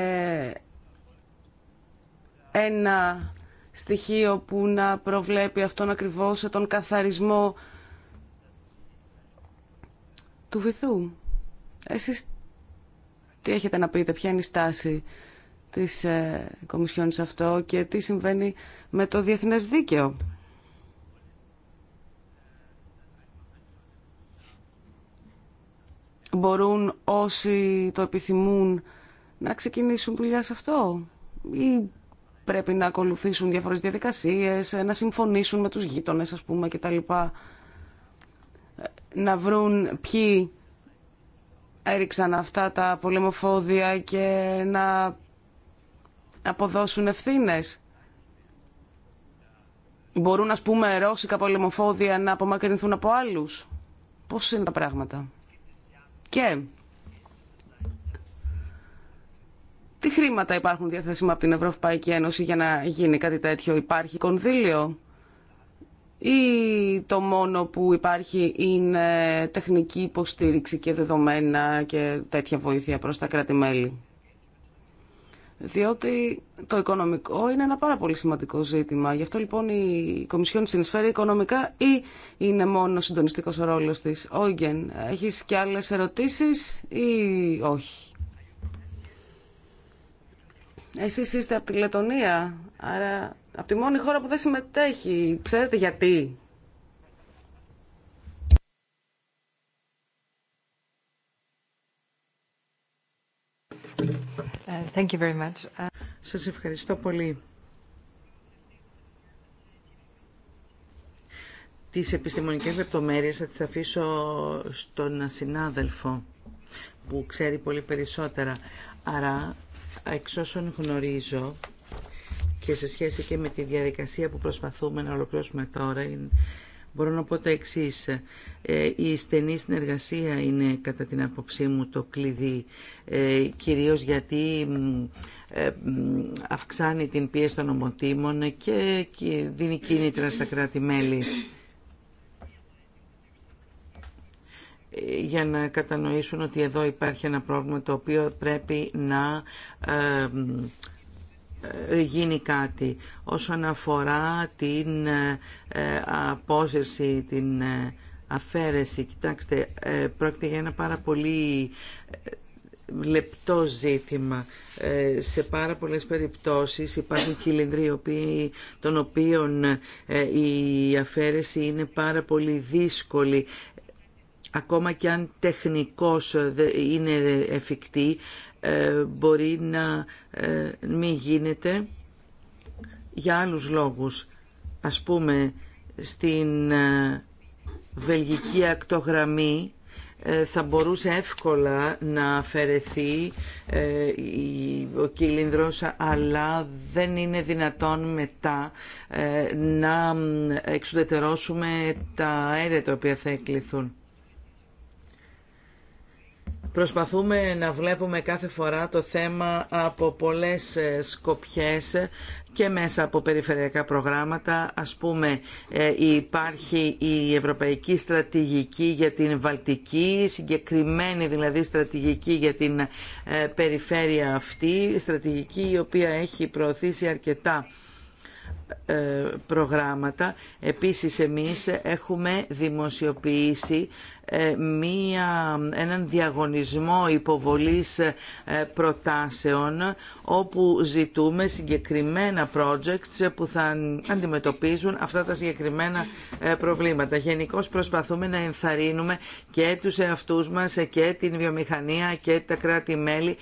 ένα στοιχείο που να προβλέπει αυτόν ακριβώς τον καθαρισμό του βυθού. Εσείς τι έχετε να πείτε, ποια είναι η στάση της ε, αυτό και τι συμβαίνει με το διεθνές δίκαιο. Μπορούν όσοι το επιθυμούν να ξεκινήσουν δουλειά σε αυτό ή πρέπει να ακολουθήσουν διαφορετικές διαδικασίε, ε, να συμφωνήσουν με τους γείτονε α πούμε κτλ. Ε, να βρουν ποιοι έριξαν αυτά τα πολεμοφόδια και να αποδώσουν ευθύνε. Μπορούν ας πούμε ρώσικα πολεμοφόδια να απομακρυνθούν από άλλους. Πώς είναι τα πράγματα. Και Τι χρήματα υπάρχουν διαθέσιμα από την Ευρωπαϊκή Ένωση για να γίνει κάτι τέτοιο. Υπάρχει κονδύλιο ή το μόνο που υπάρχει είναι τεχνική υποστήριξη και δεδομένα και τέτοια βοήθεια προς τα κράτη-μέλη. Διότι το οικονομικό είναι ένα πάρα πολύ σημαντικό ζήτημα. Γι' αυτό λοιπόν η Κομισιόν συνεισφέρει οικονομικά ή είναι μόνο συντονιστικός ο ρόλος της. Όγγεν, έχεις και άλλες ερωτήσεις ή όχι. Εσεί είστε από τη Λετωνία, άρα από τη μόνη χώρα που δεν συμμετέχει. Ξέρετε γιατί. Ε, thank you very much. Ε, Σας ευχαριστώ πολύ. Τις επιστημονικές λεπτομέρειες θα τις αφήσω στον συνάδελφο που ξέρει πολύ περισσότερα. Άρα Εξ όσων γνωρίζω και σε σχέση και με τη διαδικασία που προσπαθούμε να ολοκληρώσουμε τώρα, μπορώ να πω τα εξή. Ε, η στενή συνεργασία είναι κατά την άποψή μου το κλειδί, ε, κυρίως γιατί ε, αυξάνει την πίεση των ομοτήμων και δίνει κίνητρα στα κράτη-μέλη. για να κατανοήσουν ότι εδώ υπάρχει ένα πρόβλημα το οποίο πρέπει να ε, γίνει κάτι. Όσον αφορά την ε, ε, απόσυρση, την αφαίρεση, κοιτάξτε, πρόκειται για ένα πάρα πολύ λεπτό ζήτημα. Σε πάρα πολλές περιπτώσεις υπάρχουν κύλινδροι των οποίων η αφαίρεση είναι πάρα πολύ δύσκολη ακόμα και αν τεχνικός ε, είναι εφικτή, ε, μπορεί να ε, μην γίνεται για άλλους λόγους. Ας πούμε, στην βελγική ακτογραμμή θα μπορούσε εύκολα να αφαιρεθεί ο κύλινδρος αλλά δεν είναι δυνατόν μετά να εξουδετερώσουμε τα αέρια τα οποία θα εκλειθούν. Προσπαθούμε να βλέπουμε κάθε φορά το θέμα από πολλές ε, σκοπιές και μέσα από περιφερειακά προγράμματα. Ας πούμε ε, υπάρχει η Ευρωπαϊκή Στρατηγική για την Βαλτική, συγκεκριμένη δηλαδή στρατηγική για την ε, περιφέρεια αυτή, στρατηγική η οποία έχει προωθήσει αρκετά προγράμματα. Επίσης εμείς έχουμε δημοσιοποιήσει ε, μία, έναν διαγωνισμό υποβολής ε, προτάσεων όπου ζητούμε συγκεκριμένα projects που θα αντιμετωπίζουν αυτά τα συγκεκριμένα ε, προβλήματα. Γενικώ προσπαθούμε να ενθαρρύνουμε και τους εαυτούς μας και την βιομηχανία και τα κράτη-μέλη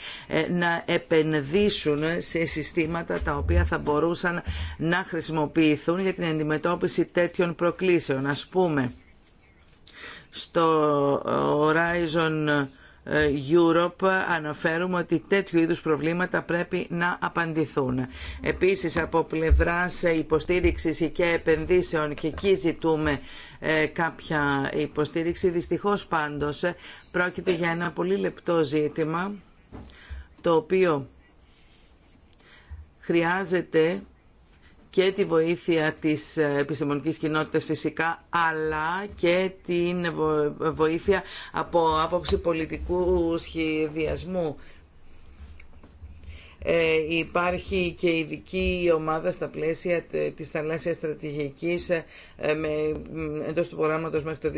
να επενδύσουν σε συστήματα τα οποία θα μπορούσαν να χρησιμοποιηθούν για την αντιμετώπιση τέτοιων προκλήσεων. Ας πούμε, στο Horizon Europe αναφέρουμε ότι τέτοιου είδους προβλήματα πρέπει να απαντηθούν. Επίσης από πλευράς υποστήριξης και επενδύσεων και εκεί ζητούμε ε, κάποια υποστήριξη. Δυστυχώς πάντως πρόκειται για ένα πολύ λεπτό ζήτημα το οποίο χρειάζεται και τη βοήθεια της επιστημονικής κοινότητας φυσικά, αλλά και την βοήθεια από άποψη πολιτικού σχεδιασμού. Ε, υπάρχει και ειδική ομάδα στα πλαίσια της θαλάσσιας στρατηγικής ε, με, εντός του προγράμματος μέχρι το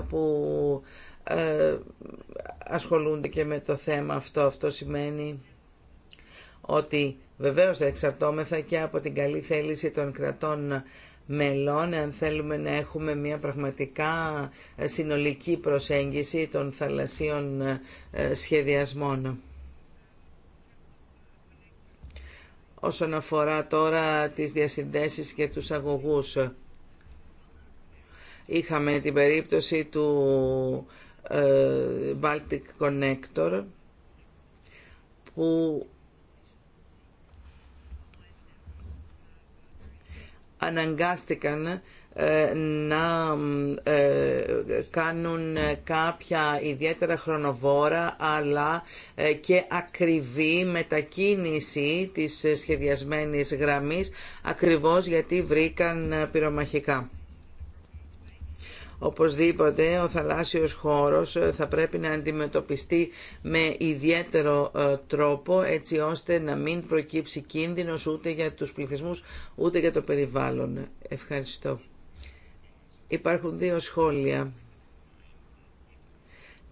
2021 που ε, ασχολούνται και με το θέμα αυτό. Αυτό σημαίνει ότι βεβαίως θα εξαρτώμεθα και από την καλή θέληση των κρατών μελών, αν θέλουμε να έχουμε μια πραγματικά ε, συνολική προσέγγιση των θαλασσίων ε, σχεδιασμών. Όσον αφορά τώρα τις διασυνδέσεις και τους αγωγούς, είχαμε την περίπτωση του ε, Baltic Connector, που αναγκάστηκαν ε, να ε, κάνουν κάποια ιδιαίτερα χρονοβόρα αλλά ε, και ακριβή μετακίνηση της σχεδιασμένης γραμμής ακριβώς γιατί βρήκαν πυρομαχικά. Οπωσδήποτε ο θαλάσσιος χώρος ε, θα πρέπει να αντιμετωπιστεί με ιδιαίτερο ε, τρόπο έτσι ώστε να μην προκύψει κίνδυνος ούτε για τους πληθυσμούς ούτε για το περιβάλλον. Ευχαριστώ. Υπάρχουν δύο σχόλια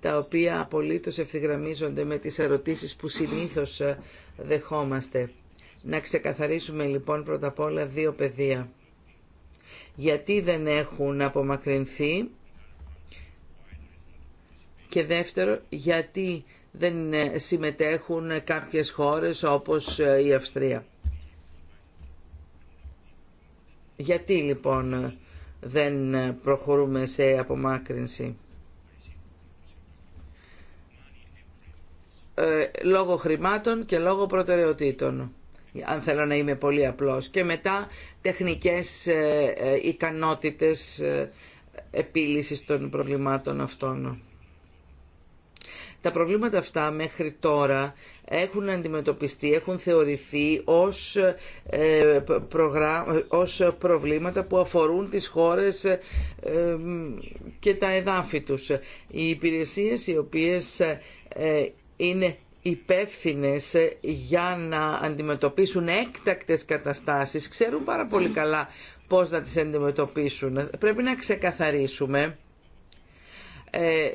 τα οποία απολύτως ευθυγραμμίζονται με τις ερωτήσεις που συνήθως ε, δεχόμαστε. Να ξεκαθαρίσουμε λοιπόν πρώτα απ' όλα δύο πεδία γιατί δεν έχουν απομακρυνθεί και δεύτερο γιατί δεν ε, συμμετέχουν κάποιες χώρες όπως ε, η Αυστρία. Γιατί λοιπόν ε, δεν προχωρούμε σε απομάκρυνση. λόγω χρημάτων και λόγω προτεραιοτήτων αν θέλω να είμαι πολύ απλός. Και μετά τεχνικές ε, ε, ικανότητες ε, επίλυσης των προβλημάτων αυτών. Τα προβλήματα αυτά μέχρι τώρα έχουν αντιμετωπιστεί, έχουν θεωρηθεί ως, ως προβλήματα που αφορούν τις χώρες και τα εδάφη τους. Οι υπηρεσίες οι οποίες είναι υπεύθυνε ε, για να αντιμετωπίσουν έκτακτες καταστάσεις ξέρουν πάρα πολύ καλά πώς να τις αντιμετωπίσουν. Πρέπει να ξεκαθαρίσουμε ε,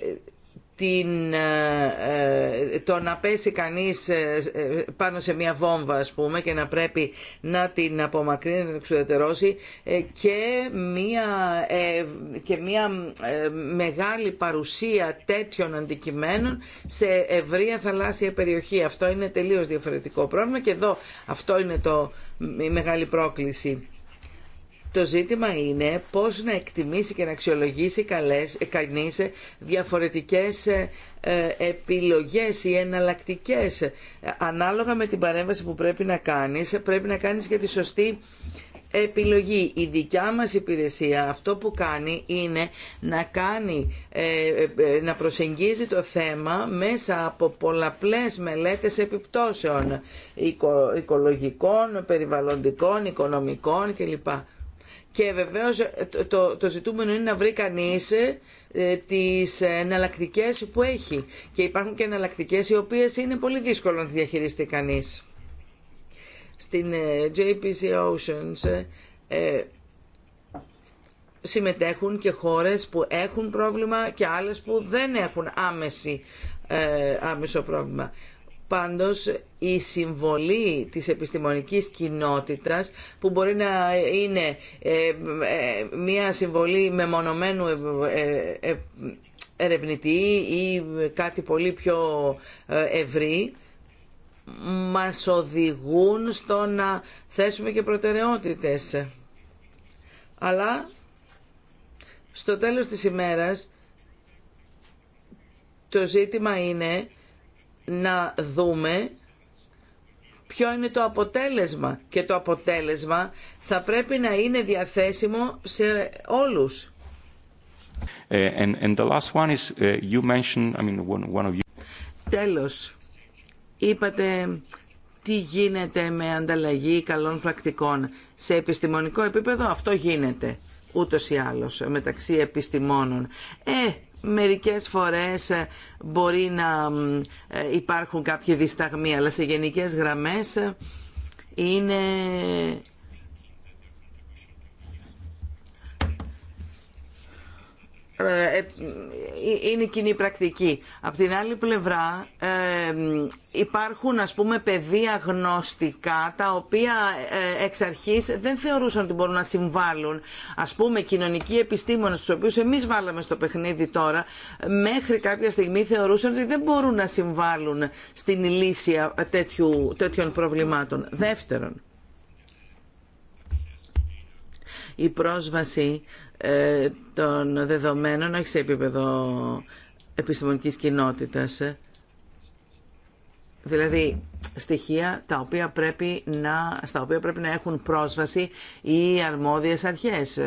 ε, ε, το να πέσει κανείς ε, πάνω σε μια βόμβα ας πούμε και να πρέπει να την απομακρύνει, να την εξουδετερώσει και μια, και μια μεγάλη παρουσία τέτοιων αντικειμένων σε ευρεία θαλάσσια περιοχή. Αυτό είναι τελείως διαφορετικό πρόβλημα και εδώ αυτό είναι το, η μεγάλη πρόκληση. Το ζήτημα είναι πώς να εκτιμήσει και να αξιολογήσει καλές, ε, κανείς διαφορετικές ε, ε, επιλογές ή εναλλακτικές. Ανάλογα με την παρέμβαση που πρέπει να κάνεις, πρέπει να κάνεις και τη σωστή επιλογή. Η δικιά μας υπηρεσία αυτό που κάνει είναι να, κάνει, να προσεγγίζει το θέμα μέσα από πολλαπλές μελέτες επιπτώσεων οικολογικών, περιβαλλοντικών, οικονομικών κλπ. Και βεβαίω το, το ζητούμενο είναι να βρει κανεί ε, τις εναλλακτικέ που έχει. Και υπάρχουν και εναλλακτικέ οι οποίες είναι πολύ δύσκολο να τις διαχειριστεί κανείς. Στην ε, JPC Oceans ε, συμμετέχουν και χώρες που έχουν πρόβλημα και άλλες που δεν έχουν άμεση, άμεσο πρόβλημα. Πάντως η συμβολή της επιστημονικής κοινότητας που μπορεί να είναι ε, ε, μια συμβολή μεμονωμένου ε, ερευνητή ή κάτι πολύ πιο ευρύ μας οδηγούν στο να θέσουμε και προτεραιότητες. Αλλά στο τέλος της ημέρας το ζήτημα είναι να δούμε ποιο είναι το αποτέλεσμα και το αποτέλεσμα θα πρέπει να είναι διαθέσιμο σε όλους. Τέλος, είπατε τι γίνεται με ανταλλαγή καλών πρακτικών. Σε επιστημονικό επίπεδο αυτό γίνεται ούτως ή άλλως μεταξύ επιστημόνων. Ε, μερικές φορές ε, μπορεί να ε, υπάρχουν κάποιοι δισταγμοί, αλλά σε γενικές γραμμές ε, είναι Ε, ε, είναι κοινή πρακτική. Απ' την άλλη πλευρά ε, υπάρχουν ας πούμε πεδία γνωστικά τα οποία εξ αρχής δεν θεωρούσαν ότι μπορούν να συμβάλλουν. Ας πούμε κοινωνικοί επιστήμονες τους οποίους εμείς βάλαμε στο παιχνίδι τώρα μέχρι κάποια στιγμή θεωρούσαν ότι δεν μπορούν να συμβάλλουν στην λύση τέτοιου, τέτοιων προβλημάτων. Δεύτερον, η πρόσβαση ε, των δεδομένων, όχι σε επίπεδο επιστημονικής κοινότητας. Δηλαδή, στοιχεία τα οποία πρέπει να, στα οποία πρέπει να έχουν πρόσβαση οι αρμόδιες αρχές.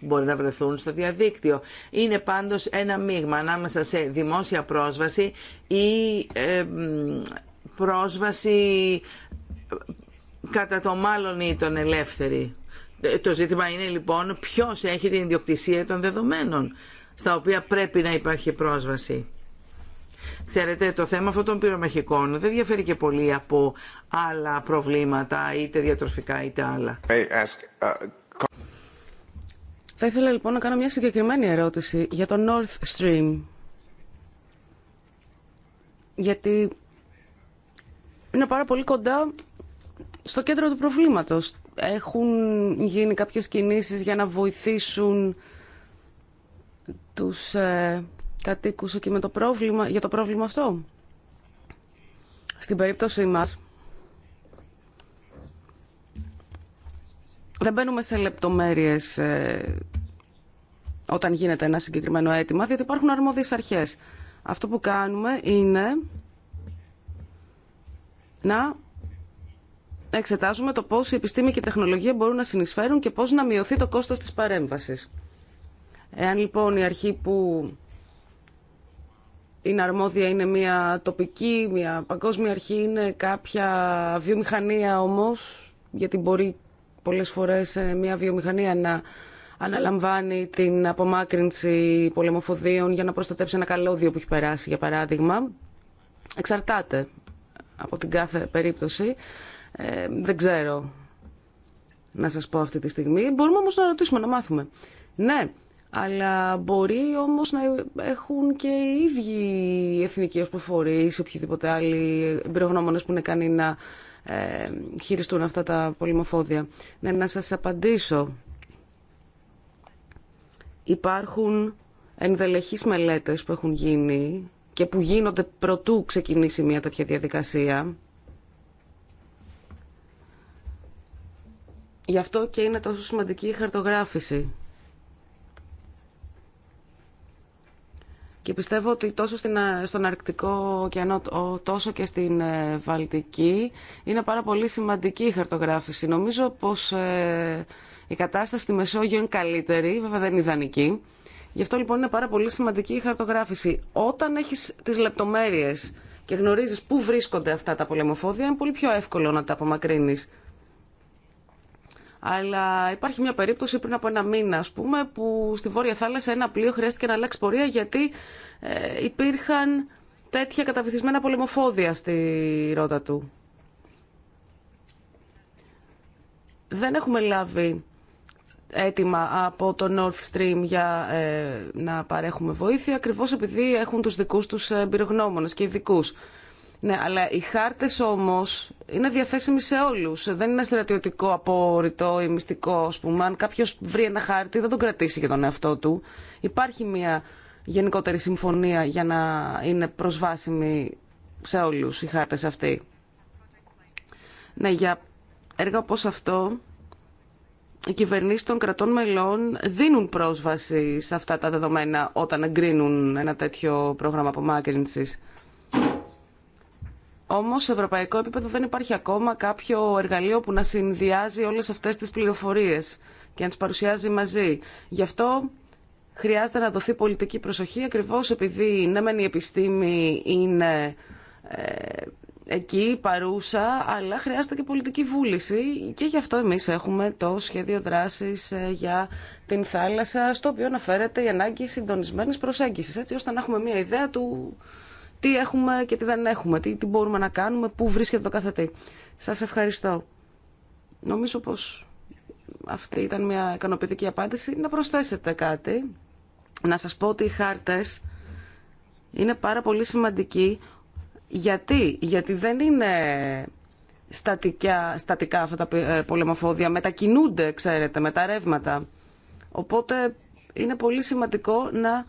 Μπορεί να βρεθούν στο διαδίκτυο. Είναι πάντως ένα μείγμα ανάμεσα σε δημόσια πρόσβαση ή ε, πρόσβαση κατά το μάλλον ή τον ελεύθερη. Ε, το ζήτημα είναι λοιπόν ποιος έχει την ιδιοκτησία των δεδομένων στα οποία πρέπει να υπάρχει πρόσβαση. Ξέρετε, το θέμα αυτών των πυρομαχικών δεν διαφέρει και πολύ από άλλα προβλήματα, είτε διατροφικά είτε άλλα. Uh, Θα ήθελα λοιπόν να κάνω μια συγκεκριμένη ερώτηση για το North Stream. Γιατί είναι πάρα πολύ κοντά στο κέντρο του προβλήματος. Έχουν γίνει κάποιες κινήσεις για να βοηθήσουν τους ε, κατοίκους εκεί με το πρόβλημα, για το πρόβλημα αυτό. Στην περίπτωση μας, δεν μπαίνουμε σε λεπτομέρειες ε, όταν γίνεται ένα συγκεκριμένο αίτημα, διότι υπάρχουν αρμόδιες αρχές. Αυτό που κάνουμε είναι να εξετάζουμε το πώς η επιστήμη και η τεχνολογία μπορούν να συνεισφέρουν και πώς να μειωθεί το κόστος της παρέμβασης. Εάν λοιπόν η αρχή που είναι αρμόδια είναι μια τοπική, μια παγκόσμια αρχή, είναι κάποια βιομηχανία όμως, γιατί μπορεί πολλές φορές ε, μια βιομηχανία να αναλαμβάνει την απομάκρυνση πολεμοφοδίων για να προστατέψει ένα καλώδιο που έχει περάσει, για παράδειγμα. Εξαρτάται από την κάθε περίπτωση. Ε, δεν ξέρω να σας πω αυτή τη στιγμή. Μπορούμε όμως να ρωτήσουμε, να μάθουμε. Ναι, αλλά μπορεί όμως να έχουν και οι ίδιοι εθνικοί ασποφορείς ή οποιοδήποτε άλλοι εμπειρογνώμονες που είναι κάνει να ε, χειριστούν αυτά τα πολυμοφόδια. Ναι, να σας απαντήσω. Υπάρχουν ενδελεχείς μελέτες που έχουν γίνει και που γίνονται προτού ξεκινήσει μια τέτοια διαδικασία Γι' αυτό και είναι τόσο σημαντική η χαρτογράφηση. Και πιστεύω ότι τόσο ε, στον Αρκτικό ωκεανό τόσο και στην ε, Βαλτική είναι πάρα πολύ σημαντική η χαρτογράφηση. Νομίζω πως ε, η κατάσταση στη Μεσόγειο είναι καλύτερη, βέβαια δεν είναι ιδανική. Γι' αυτό λοιπόν είναι πάρα πολύ σημαντική η χαρτογράφηση. Όταν έχεις τις λεπτομέρειες και γνωρίζεις πού βρίσκονται αυτά τα πολεμοφόδια, είναι πολύ πιο εύκολο να τα απομακρύνεις. Αλλά υπάρχει μια περίπτωση πριν από ένα μήνα, α πούμε, που στη Βόρεια Θάλασσα ένα πλοίο χρειάστηκε να αλλάξει πορεία γιατί ε, υπήρχαν τέτοια καταβυθισμένα πολεμοφόδια στη ρότα του. Δεν έχουμε λάβει έτοιμα από το North Stream για ε, να παρέχουμε βοήθεια, ακριβώς επειδή έχουν τους δικούς τους ε, εμπειρογνώμονες και ειδικού. Ναι, αλλά οι χάρτες όμως είναι διαθέσιμοι σε όλους. Δεν είναι στρατιωτικό απόρριτο ή μυστικό, α πούμε. Αν κάποιο βρει ένα χάρτη δεν τον κρατήσει για τον εαυτό του. Υπάρχει μια γενικότερη συμφωνία για να είναι προσβάσιμοι σε όλους οι χάρτες αυτοί. Ναι, για έργα όπω αυτό, οι κυβερνήσει των κρατών μελών δίνουν πρόσβαση σε αυτά τα δεδομένα όταν εγκρίνουν ένα τέτοιο πρόγραμμα απομάκρυνση. Όμως σε ευρωπαϊκό επίπεδο δεν υπάρχει ακόμα κάποιο εργαλείο που να συνδυάζει όλες αυτές τις πληροφορίες και να τι παρουσιάζει μαζί. Γι' αυτό χρειάζεται να δοθεί πολιτική προσοχή ακριβώ επειδή ναι μεν η επιστήμη είναι ε, εκεί παρούσα αλλά χρειάζεται και πολιτική βούληση και γι' αυτό εμείς έχουμε το σχέδιο δράσης ε, για την θάλασσα στο οποίο αναφέρεται η ανάγκη συντονισμένης προσέγγισης έτσι ώστε να έχουμε μια ιδέα του τι έχουμε και τι δεν έχουμε, τι, τι μπορούμε να κάνουμε, πού βρίσκεται το καθετή. Σας ευχαριστώ. Νομίζω πως αυτή ήταν μια ικανοποιητική απάντηση. Να προσθέσετε κάτι. Να σας πω ότι οι χάρτες είναι πάρα πολύ σημαντικοί. Γιατί, Γιατί δεν είναι στατικά, στατικά αυτά τα ε, πολεμοφόδια. Μετακινούνται, ξέρετε, με τα ρεύματα. Οπότε είναι πολύ σημαντικό να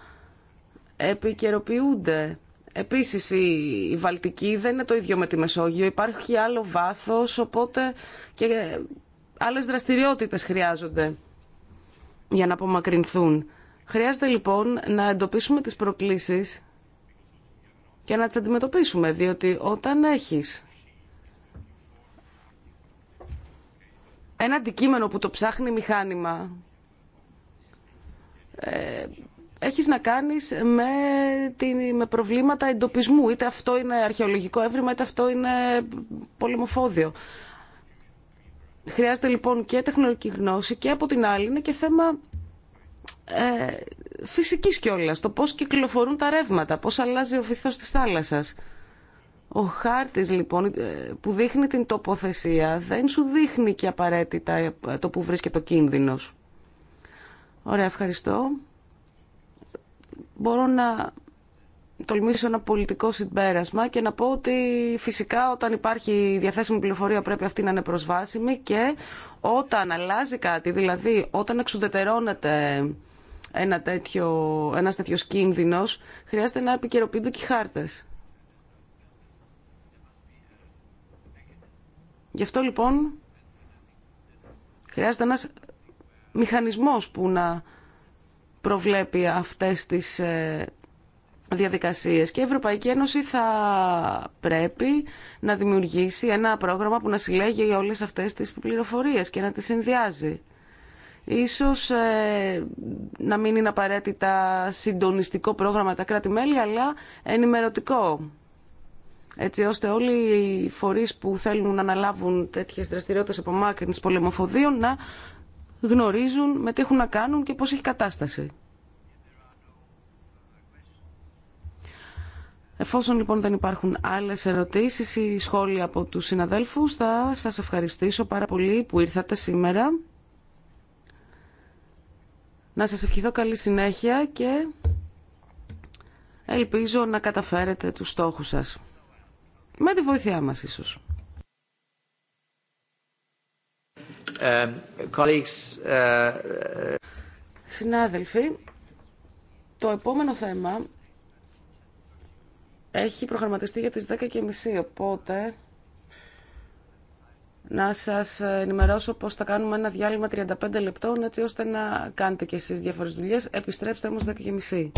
επικαιροποιούνται Επίση, η Βαλτική δεν είναι το ίδιο με τη Μεσόγειο, υπάρχει άλλο βάθος, οπότε και άλλες δραστηριότητες χρειάζονται για να απομακρυνθούν. Χρειάζεται λοιπόν να εντοπίσουμε τις προκλήσεις και να τις αντιμετωπίσουμε, διότι όταν έχεις ένα αντικείμενο που το ψάχνει μηχάνημα, ε, έχεις να κάνεις με, την, με προβλήματα εντοπισμού. Είτε αυτό είναι αρχαιολογικό έβριμα, είτε αυτό είναι πολεμοφόδιο. Χρειάζεται λοιπόν και τεχνολογική γνώση και από την άλλη είναι και θέμα ε, φυσικής κιόλα, το πώς κυκλοφορούν τα ρεύματα, πώς αλλάζει ο βυθός της θάλασσας. Ο χάρτης λοιπόν ε, που δείχνει την τοποθεσία δεν σου δείχνει και απαραίτητα το που βρίσκεται ο κίνδυνος. Ωραία, ευχαριστώ μπορώ να τολμήσω ένα πολιτικό συμπέρασμα και να πω ότι φυσικά όταν υπάρχει διαθέσιμη πληροφορία πρέπει αυτή να είναι προσβάσιμη και όταν αλλάζει κάτι, δηλαδή όταν εξουδετερώνεται ένα τέτοιο, ένας τέτοιος κίνδυνος, χρειάζεται να επικαιροποιούνται και οι χάρτες. Γι' αυτό λοιπόν χρειάζεται ένας μηχανισμός που να προβλέπει αυτές τις ε, διαδικασίες και η Ευρωπαϊκή Ένωση θα πρέπει να δημιουργήσει ένα πρόγραμμα που να συλλέγει όλες αυτές τις πληροφορίες και να τις συνδυάζει. Ίσως ε, να μην είναι απαραίτητα συντονιστικό πρόγραμμα τα κράτη-μέλη, αλλά ενημερωτικό. Έτσι ώστε όλοι οι φορείς που θέλουν να αναλάβουν τέτοιες δραστηριότητες μάκρυνες πολεμοφοδίων να γνωρίζουν με τι έχουν να κάνουν και πώς έχει κατάσταση. Εφόσον λοιπόν δεν υπάρχουν άλλες ερωτήσεις ή σχόλια από τους συναδέλφους, θα σας ευχαριστήσω πάρα πολύ που ήρθατε σήμερα. Να σας ευχηθώ καλή συνέχεια και ελπίζω να καταφέρετε τους στόχους σας. Με τη βοήθειά μας ίσως. Uh, Συνάδελφοι, το επόμενο θέμα έχει προγραμματιστεί για τις 10.30, οπότε να σας ενημερώσω πώς θα κάνουμε ένα διάλειμμα 35 λεπτών, έτσι ώστε να κάνετε και εσείς διάφορες δουλειές. Επιστρέψτε όμως 10.30.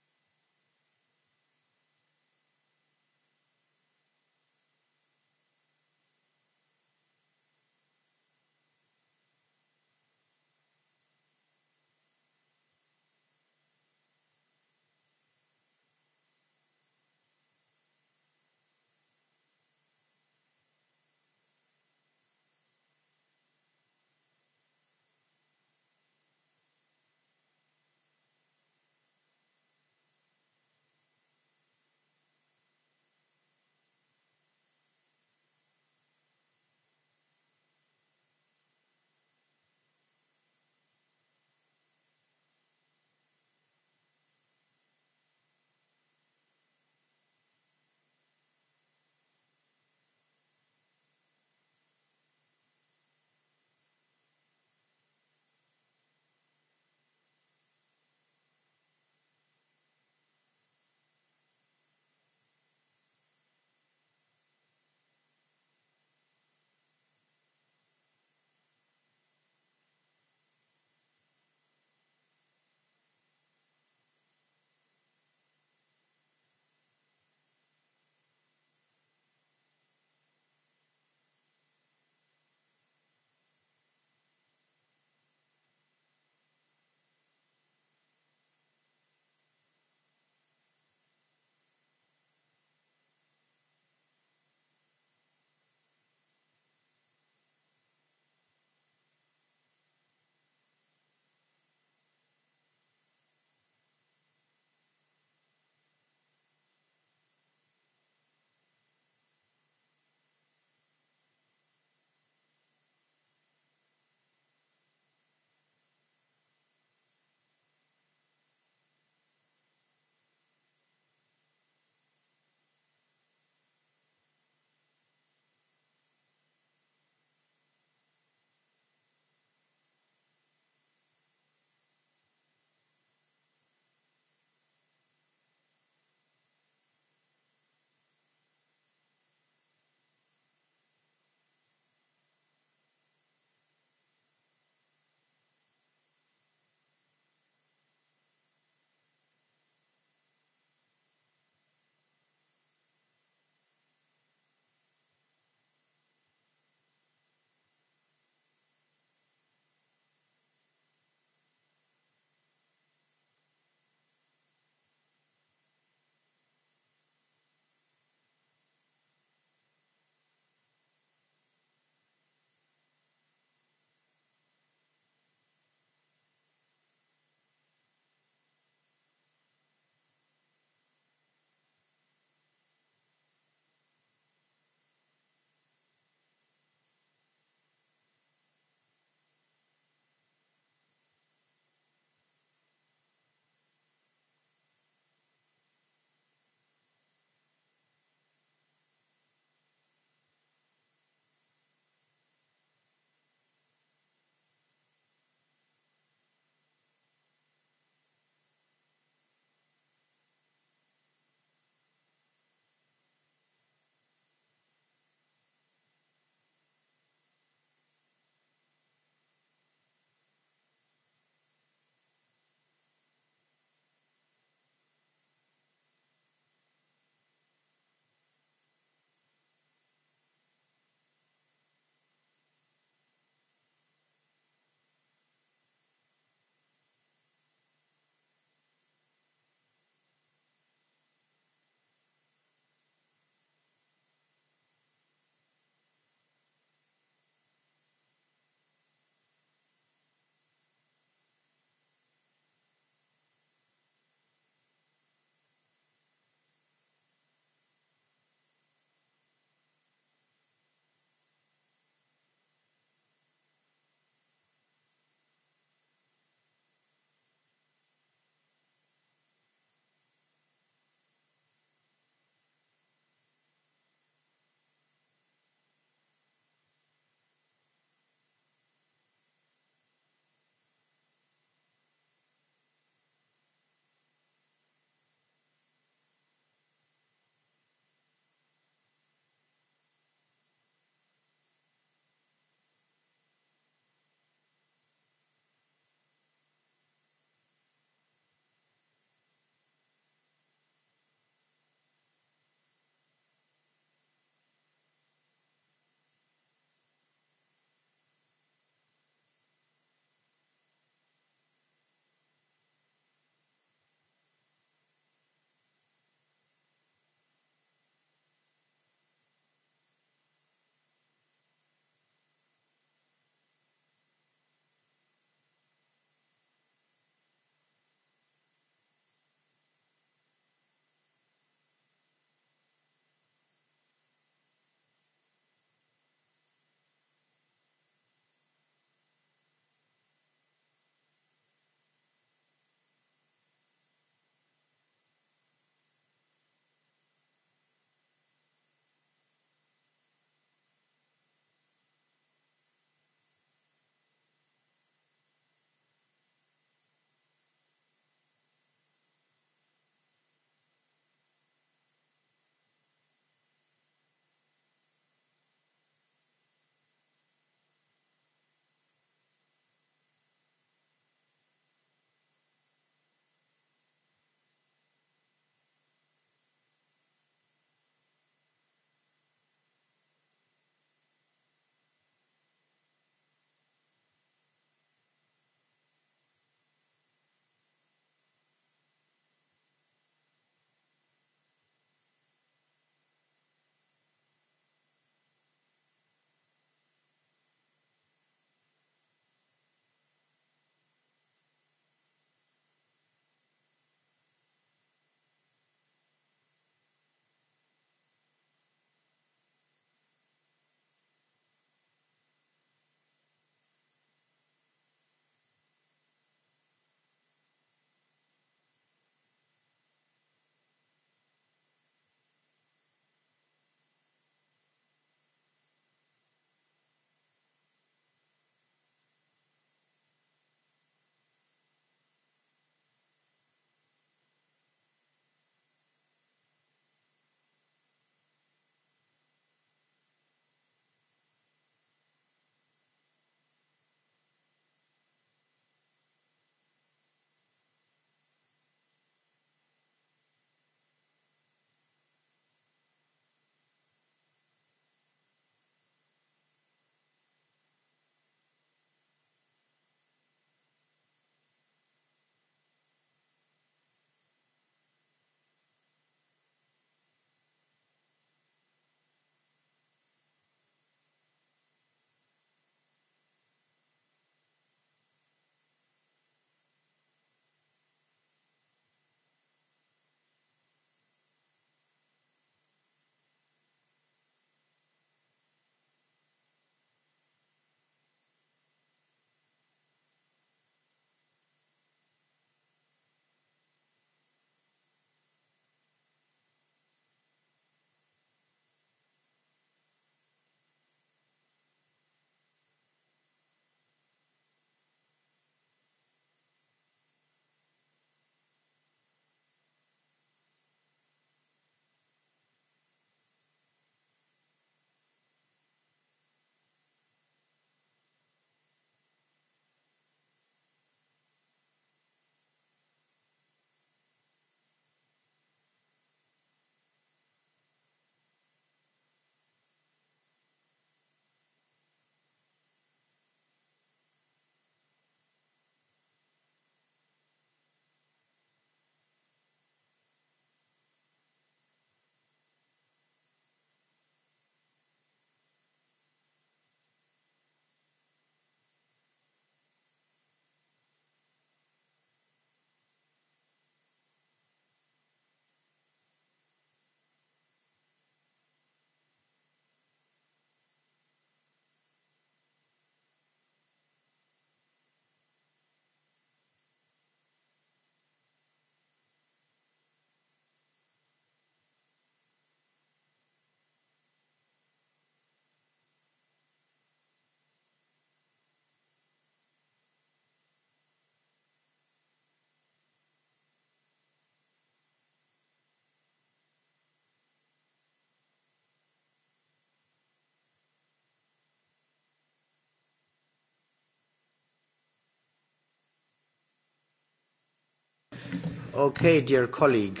Okay, dear colleague.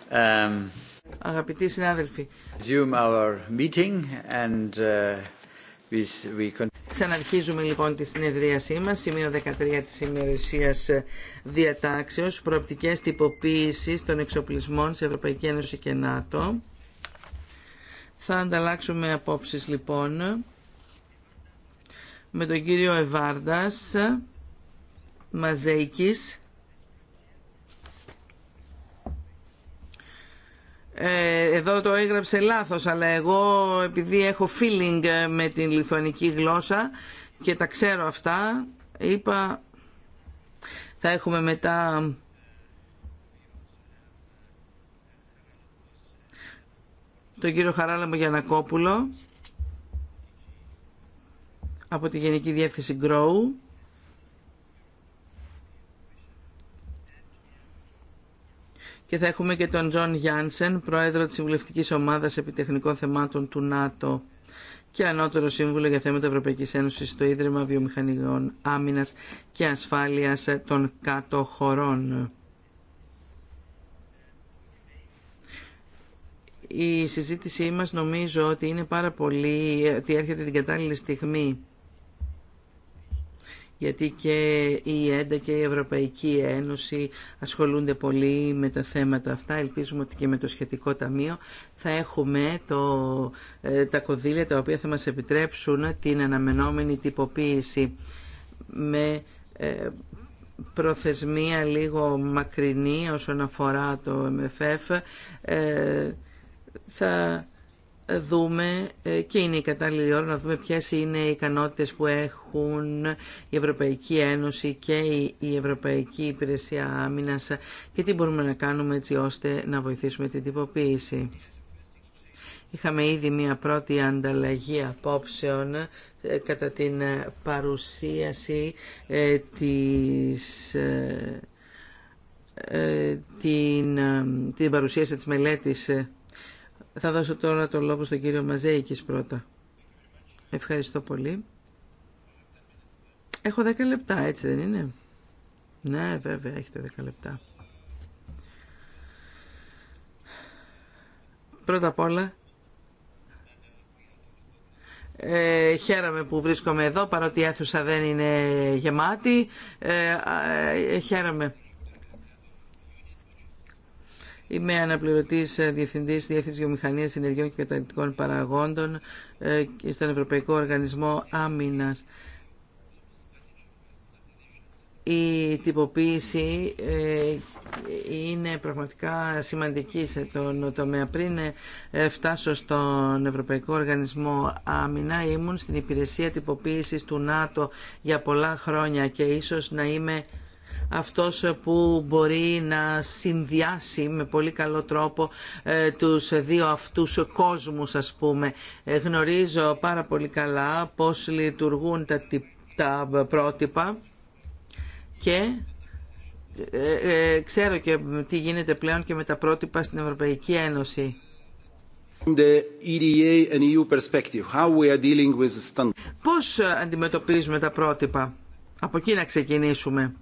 Αγαπητοί συνάδελφοι, resume our meeting and uh, we, we Ξαναρχίζουμε λοιπόν τη συνεδρίασή μα, σημείο 13 τη ημερησίας διατάξεως, προοπτικέ τυποποίηση των εξοπλισμών σε Ευρωπαϊκή Ένωση και ΝΑΤΟ. Θα ανταλλάξουμε απόψεις λοιπόν με τον κύριο Εβάρντας, Μαζέικης ε, εδώ το έγραψε λάθος αλλά εγώ επειδή έχω feeling ε, με την λιθουανική γλώσσα και τα ξέρω αυτά είπα θα έχουμε μετά τον κύριο Χαράλαμπο Γιανακόπουλο από τη Γενική Διεύθυνση Grow Και θα έχουμε και τον Τζον Γιάνσεν, πρόεδρο της Συμβουλευτικής Ομάδας Επιτεχνικών Θεμάτων του ΝΑΤΟ και ανώτερο σύμβουλο για θέματα Ευρωπαϊκής Ένωσης στο Ίδρυμα Βιομηχανικών Άμυνας και Ασφάλειας των Κάτω Χωρών. Η συζήτησή μας νομίζω ότι είναι πάρα πολύ, ότι έρχεται την κατάλληλη στιγμή γιατί και η ΕΝΤΑ και η Ευρωπαϊκή Ένωση ασχολούνται πολύ με τα θέματα αυτά. Ελπίζουμε ότι και με το σχετικό ταμείο θα έχουμε το, ε, τα κονδύλια τα οποία θα μας επιτρέψουν την αναμενόμενη τυποποίηση με ε, προθεσμία λίγο μακρινή όσον αφορά το MFF ε, θα δούμε ε, και είναι η κατάλληλη ώρα να δούμε ποιες είναι οι ικανότητες που έχουν η Ευρωπαϊκή Ένωση και η Ευρωπαϊκή Υπηρεσία Άμυνας και τι μπορούμε να κάνουμε έτσι ώστε να βοηθήσουμε την τυποποίηση. Είχαμε ήδη μία πρώτη ανταλλαγή απόψεων ε, κατά την ε, παρουσίαση της την, την παρουσίαση της μελέτης θα δώσω τώρα το λόγο στον κύριο Μαζέικης πρώτα. Ευχαριστώ πολύ. Έχω 10 λεπτά, έτσι δεν είναι. Ναι, βέβαια, έχετε 10 λεπτά. Πρώτα απ' όλα, ε, χαίρομαι που βρίσκομαι εδώ, παρότι η αίθουσα δεν είναι γεμάτη. Ε, ε χαίρομαι Είμαι αναπληρωτή ε, διευθυντή Διεύθυνση Βιομηχανία Συνεργειών και Καταρρυτικών Παραγόντων ε, στον Ευρωπαϊκό Οργανισμό Άμυνα. Η τυποποίηση ε, είναι πραγματικά σημαντική σε τον τομέα. Πριν φτάσω στον Ευρωπαϊκό Οργανισμό Άμυνα, ήμουν στην υπηρεσία τυποποίησης του ΝΑΤΟ για πολλά χρόνια και ίσως να είμαι αυτός που μπορεί να συνδυάσει με πολύ καλό τρόπο ε, τους δύο αυτούς κόσμους ας πούμε. Ε, γνωρίζω πάρα πολύ καλά πώς λειτουργούν τα, τα πρότυπα και ε, ξέρω και τι γίνεται πλέον και με τα πρότυπα στην Ευρωπαϊκή Ένωση. Πώς αντιμετωπίζουμε τα πρότυπα. Από εκεί να ξεκινήσουμε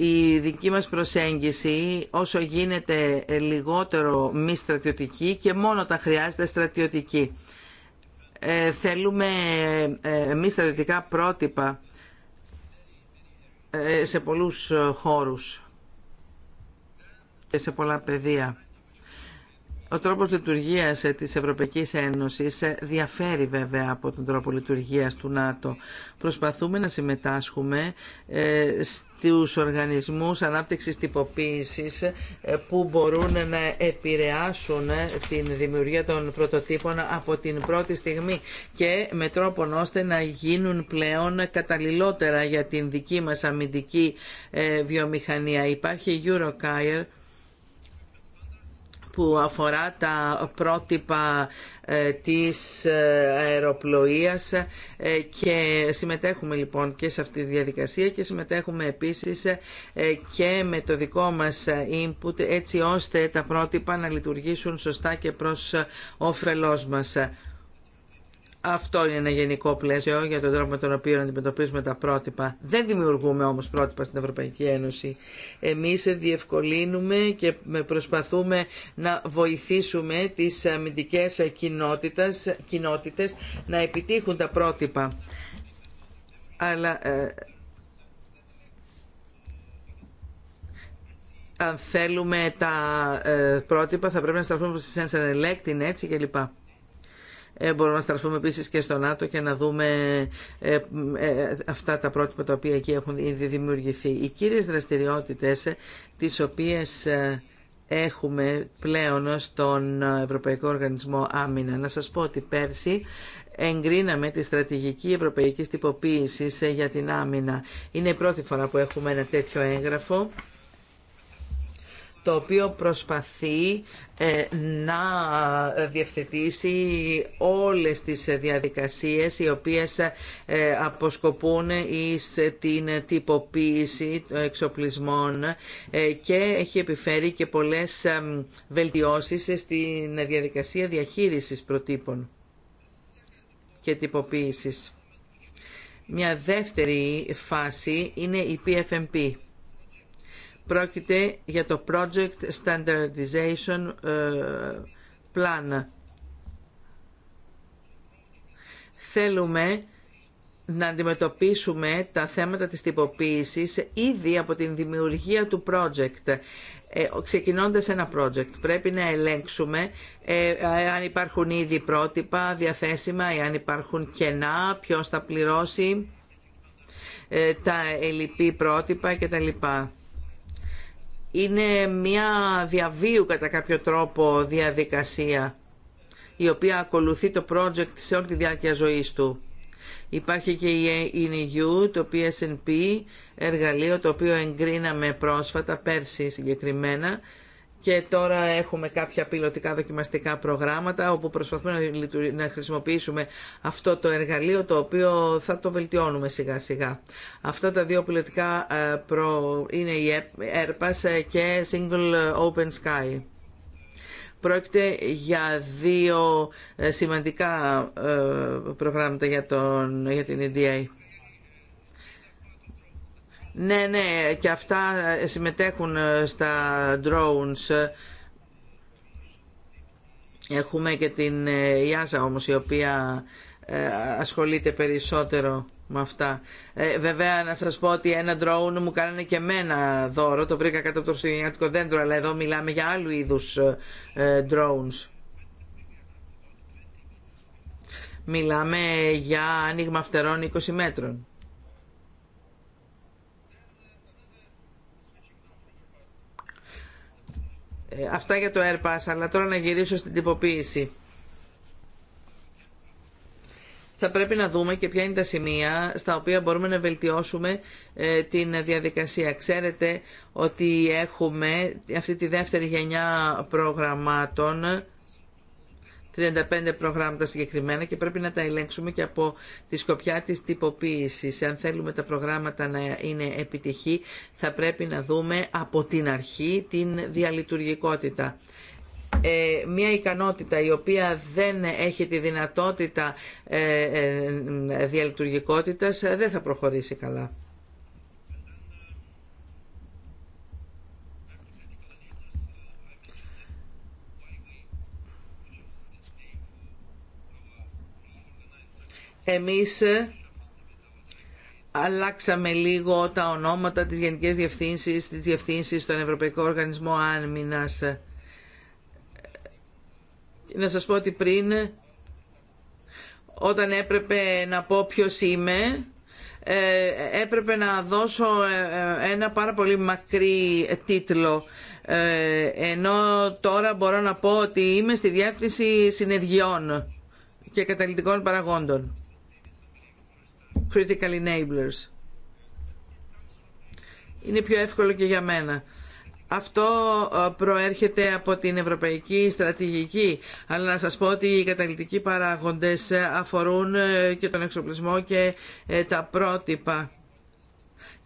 η δική μας προσέγγιση όσο γίνεται λιγότερο μη στρατιωτική και μόνο τα χρειάζεται στρατιωτική. Ε, θέλουμε ε, μη στρατιωτικά πρότυπα ε, σε πολλούς ε, χώρους και σε πολλά πεδία. Ο τρόπος λειτουργίας ε, της Ευρωπαϊκής Ένωσης ε, διαφέρει βέβαια από τον τρόπο λειτουργίας του ΝΑΤΟ. Προσπαθούμε να συμμετάσχουμε ε, στους οργανισμούς ανάπτυξης τυποποίησης που μπορούν να επηρεάσουν την δημιουργία των πρωτοτύπων από την πρώτη στιγμή και με τρόπο ώστε να γίνουν πλέον καταλληλότερα για την δική μας αμυντική βιομηχανία. Υπάρχει Eurocire που αφορά τα πρότυπα ε, της ε, αεροπλοείας ε, και συμμετέχουμε λοιπόν και σε αυτή τη διαδικασία και συμμετέχουμε επίσης και με το δικό μας input έτσι ώστε τα πρότυπα να λειτουργήσουν σωστά και προς όφελός μας. Αυτό είναι ένα γενικό πλαίσιο για τον τρόπο με τον οποίο αντιμετωπίζουμε τα πρότυπα. Δεν δημιουργούμε όμως πρότυπα στην Ευρωπαϊκή Ένωση. Εμείς διευκολύνουμε και προσπαθούμε να βοηθήσουμε τις αμυντικές κοινότητες, κοινότητες να επιτύχουν τα πρότυπα. Αλλά ε, αν θέλουμε τα ε, πρότυπα θα πρέπει να σταθούμε προς τη Sense Electing έτσι κλπ. Ε, μπορούμε να στραφούμε επίσης και στο ΝΑΤΟ και να δούμε ε, ε, αυτά τα πρότυπα τα οποία εκεί έχουν ήδη δημιουργηθεί. Οι κύριες δραστηριότητες τις οποίες έχουμε πλέον στον Ευρωπαϊκό Οργανισμό Άμυνα. Να σας πω ότι πέρσι εγκρίναμε τη στρατηγική ευρωπαϊκής τυποποίησης για την άμυνα. Είναι η πρώτη φορά που έχουμε ένα τέτοιο έγγραφο το οποίο προσπαθεί ε, να διευθετήσει όλες τις διαδικασίες οι οποίες ε, αποσκοπούν εις την τυποποίηση των εξοπλισμών ε, και έχει επιφέρει και πολλές βελτιώσεις στην διαδικασία διαχείρισης προτύπων και τυποποίησης. Μια δεύτερη φάση είναι η PFMP Πρόκειται για το Project Standardization ε, Plan. Θέλουμε να αντιμετωπίσουμε τα θέματα της τυποποίησης ήδη από την δημιουργία του project. Ε, ξεκινώντας ένα project πρέπει να ελέγξουμε ε, αν υπάρχουν ήδη πρότυπα διαθέσιμα, ή αν υπάρχουν κενά, ποιος θα πληρώσει τα ελλειπή πρότυπα κτλ είναι μια διαβίου κατά κάποιο τρόπο διαδικασία η οποία ακολουθεί το project σε όλη τη διάρκεια ζωής του. Υπάρχει και η ENEU, το PSNP, εργαλείο το οποίο εγκρίναμε πρόσφατα, πέρσι συγκεκριμένα, και τώρα έχουμε κάποια πιλωτικά δοκιμαστικά προγράμματα όπου προσπαθούμε να χρησιμοποιήσουμε αυτό το εργαλείο το οποίο θα το βελτιώνουμε σιγά σιγά. Αυτά τα δύο πιλωτικά ε, είναι η ERPAS και Single Open Sky. Πρόκειται για δύο ε, σημαντικά ε, προγράμματα για, τον, για την EDA. Ναι, ναι, και αυτά ε, συμμετέχουν ε, στα drones. Έχουμε και την ε, Ιάζα όμως η οποία ασχολείται περισσότερο με αυτά. βέβαια να σας πω ότι ένα drone μου κάνανε και μένα δώρο, το βρήκα κάτω από το χριστουγεννιάτικο δέντρο, αλλά εδώ μιλάμε για άλλου είδους ε, drones. Μιλάμε για άνοιγμα φτερών 20 μέτρων. Ε, αυτά για το Airpass, αλλά τώρα να γυρίσω στην τυποποίηση. Θα πρέπει να δούμε και ποια είναι τα σημεία στα οποία μπορούμε να βελτιώσουμε ε, την διαδικασία. Ξέρετε ότι έχουμε αυτή τη δεύτερη γενιά προγραμμάτων 35 προγράμματα συγκεκριμένα και πρέπει να τα ελέγξουμε και από τη σκοπιά της τυποποίησης. Αν θέλουμε τα προγράμματα να είναι επιτυχή, θα πρέπει να δούμε από την αρχή την διαλειτουργικότητα. Ε, μια ικανότητα η οποία δεν έχει τη δυνατότητα ε, ε διαλειτουργικότητας ε, δεν θα προχωρήσει καλά. Εμείς ε, αλλάξαμε λίγο τα ονόματα της Γενικής Διευθύνσης, της Διευθύνσης στον Ευρωπαϊκό Οργανισμό Άνμινας. Ε, να σας πω ότι πριν, όταν έπρεπε να πω ποιος είμαι, ε, έπρεπε να δώσω ένα πάρα πολύ μακρύ τίτλο ενώ τώρα μπορώ να πω ότι είμαι στη διεύθυνση συνεργειών και καταλυτικών παραγόντων critical enablers. Είναι πιο εύκολο και για μένα. Αυτό ε, προέρχεται από την ευρωπαϊκή στρατηγική, αλλά να σας πω ότι οι καταλητικοί παράγοντες ε, αφορούν ε, και τον εξοπλισμό και τα πρότυπα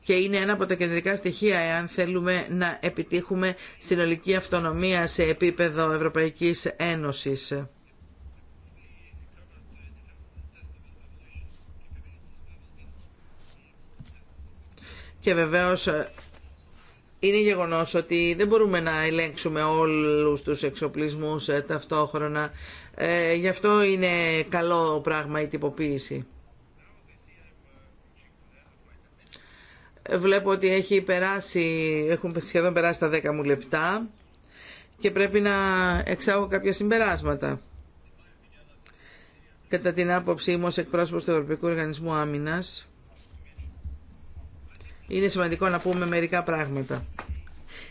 και είναι ένα από τα κεντρικά στοιχεία εάν θέλουμε να επιτύχουμε συνολική αυτονομία σε επίπεδο Ευρωπαϊκής Ένωσης. Και βεβαίως ε, είναι γεγονός ότι δεν μπορούμε να ελέγξουμε όλους τους εξοπλισμούς ε, ταυτόχρονα. Ε, γι' αυτό είναι καλό πράγμα η τυποποίηση. Βλέπω ότι έχει περάσει, έχουν σχεδόν περάσει τα 10 μου λεπτά και πρέπει να εξάγω κάποια συμπεράσματα. Κατά την άποψή μου ως εκπρόσωπος του Ευρωπαϊκού Οργανισμού Άμυνας, είναι σημαντικό να πούμε μερικά πράγματα.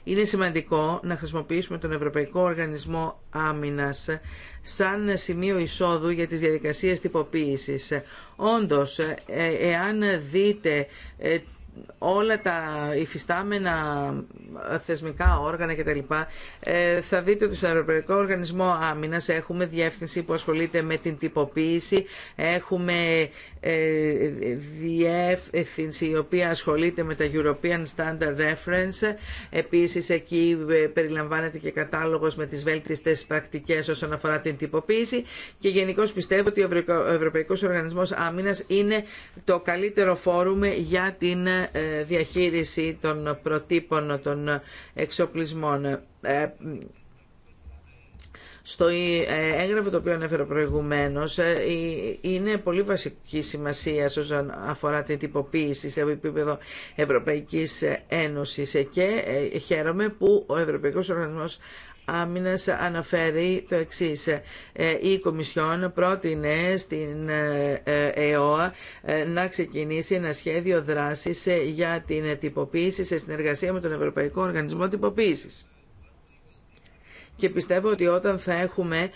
Είναι σημαντικό να χρησιμοποιήσουμε τον Ευρωπαϊκό Οργανισμό Άμυνας σαν σημείο εισόδου για τις διαδικασίες τυποποίησης. Όντως, ε, εάν δείτε ε, όλα τα υφιστάμενα ε, θεσμικά όργανα κτλ. Ε, θα δείτε ότι στον Ευρωπαϊκό Οργανισμό Άμυνας έχουμε διεύθυνση που ασχολείται με την τυποποίηση, έχουμε ε, διεύθυνση η οποία ασχολείται με τα European Standard Reference. Επίσης εκεί ε, περιλαμβάνεται και κατάλογος με τις βέλτιστες πρακτικές όσον αφορά την τυποποίηση και γενικώ πιστεύω ότι ο Ευρωπαϊκός Οργανισμός Άμυνας είναι το καλύτερο φόρουμ για την ε, διαχείριση των προτύπων των εξοπλισμών. Ε, στο ε, έγγραφο το οποίο ανέφερα προηγουμένω, είναι πολύ βασική σημασία όσον αφορά την τυποποίηση σε επίπεδο Ευρωπαϊκή Ένωση και χαίρομαι που ο Ευρωπαϊκό Οργανισμό Άμυνας αναφέρει το εξής. Ε, η Κομισιόν πρότεινε στην ε, ε, ΕΟΑ να ξεκινήσει ένα σχέδιο δράσης για την τυποποίηση σε συνεργασία με τον Ευρωπαϊκό Οργανισμό Τυποποίησης και πιστεύω ότι όταν θα έχουμε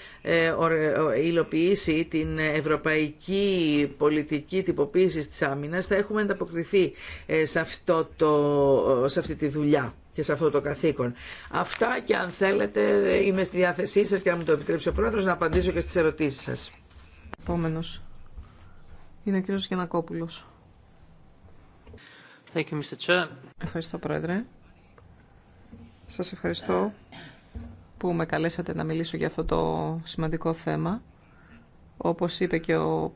υλοποιήσει την ευρωπαϊκή πολιτική τυποποίηση της άμυνας θα έχουμε ανταποκριθεί σε, αυτό το, σε αυτή τη δουλειά και σε αυτό το καθήκον. Αυτά και αν θέλετε είμαι στη διάθεσή σας και αν μου το επιτρέψει ο Πρόεδρος να απαντήσω και στις ερωτήσεις σας. Επόμενος είναι ο κύριος Γιανακόπουλος. Ευχαριστώ Πρόεδρε. Σας ευχαριστώ που με καλέσατε να μιλήσω για αυτό το σημαντικό θέμα. Όπως είπε και ο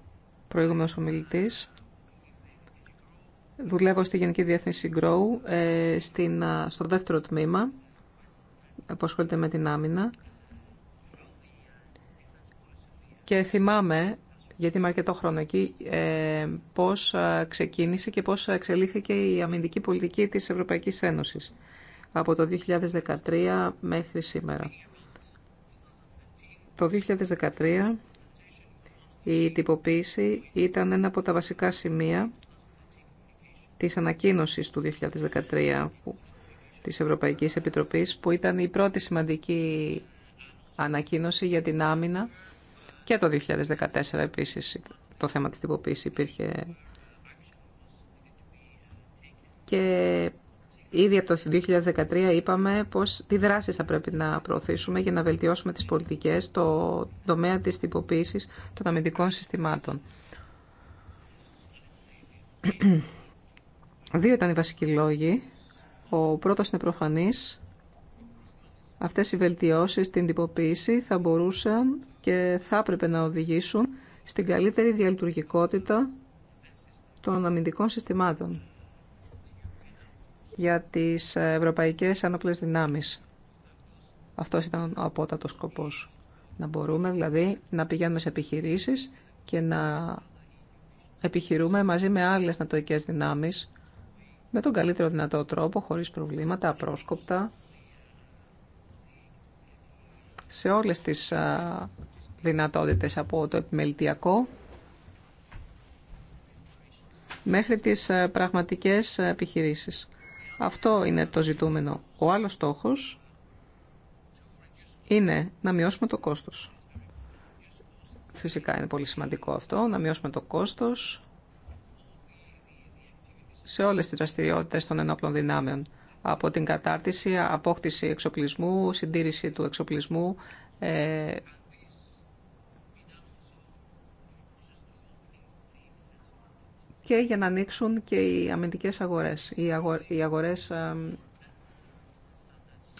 προηγούμενος ομιλητής, Δουλεύω στη Γενική Διεθνήση Grow ε, στο δεύτερο τμήμα που ασχολείται με την άμυνα και θυμάμαι γιατί είμαι αρκετό χρόνο εκεί, ε, πώς ξεκίνησε και πώς εξελίχθηκε η αμυντική πολιτική της Ευρωπαϊκής Ένωσης από το 2013 μέχρι σήμερα. Το 2013 η τυποποίηση ήταν ένα από τα βασικά σημεία της ανακοίνωσης του 2013 της Ευρωπαϊκής Επιτροπής που ήταν η πρώτη σημαντική ανακοίνωση για την άμυνα και το 2014 επίσης το θέμα της τυποποίησης υπήρχε και ήδη από το 2013 είπαμε πως τι δράσεις θα πρέπει να προωθήσουμε για να βελτιώσουμε τις πολιτικές το τομέα της τυποποίησης των αμυντικών συστημάτων. Δύο ήταν οι βασικοί λόγοι. Ο πρώτος είναι προφανής. Αυτές οι βελτιώσεις, την τυποποίηση θα μπορούσαν και θα έπρεπε να οδηγήσουν στην καλύτερη διαλειτουργικότητα των αμυντικών συστημάτων για τις ευρωπαϊκές Αναπλές δυνάμεις. Αυτός ήταν ο απότατος σκοπός. Να μπορούμε δηλαδή να πηγαίνουμε σε επιχειρήσεις και να επιχειρούμε μαζί με άλλες νατοικές δυνάμεις με τον καλύτερο δυνατό τρόπο, χωρίς προβλήματα, απρόσκοπτα, σε όλες τις δυνατότητες από το επιμελητιακό μέχρι τις πραγματικές επιχειρήσεις. Αυτό είναι το ζητούμενο. Ο άλλος στόχος είναι να μειώσουμε το κόστος. Φυσικά είναι πολύ σημαντικό αυτό, να μειώσουμε το κόστος σε όλες τις δραστηριότητες των ενόπλων δυνάμεων. Από την κατάρτιση, απόκτηση εξοπλισμού, συντήρηση του εξοπλισμού, ε, και για να ανοίξουν και οι αμυντικές αγορές, οι αγορές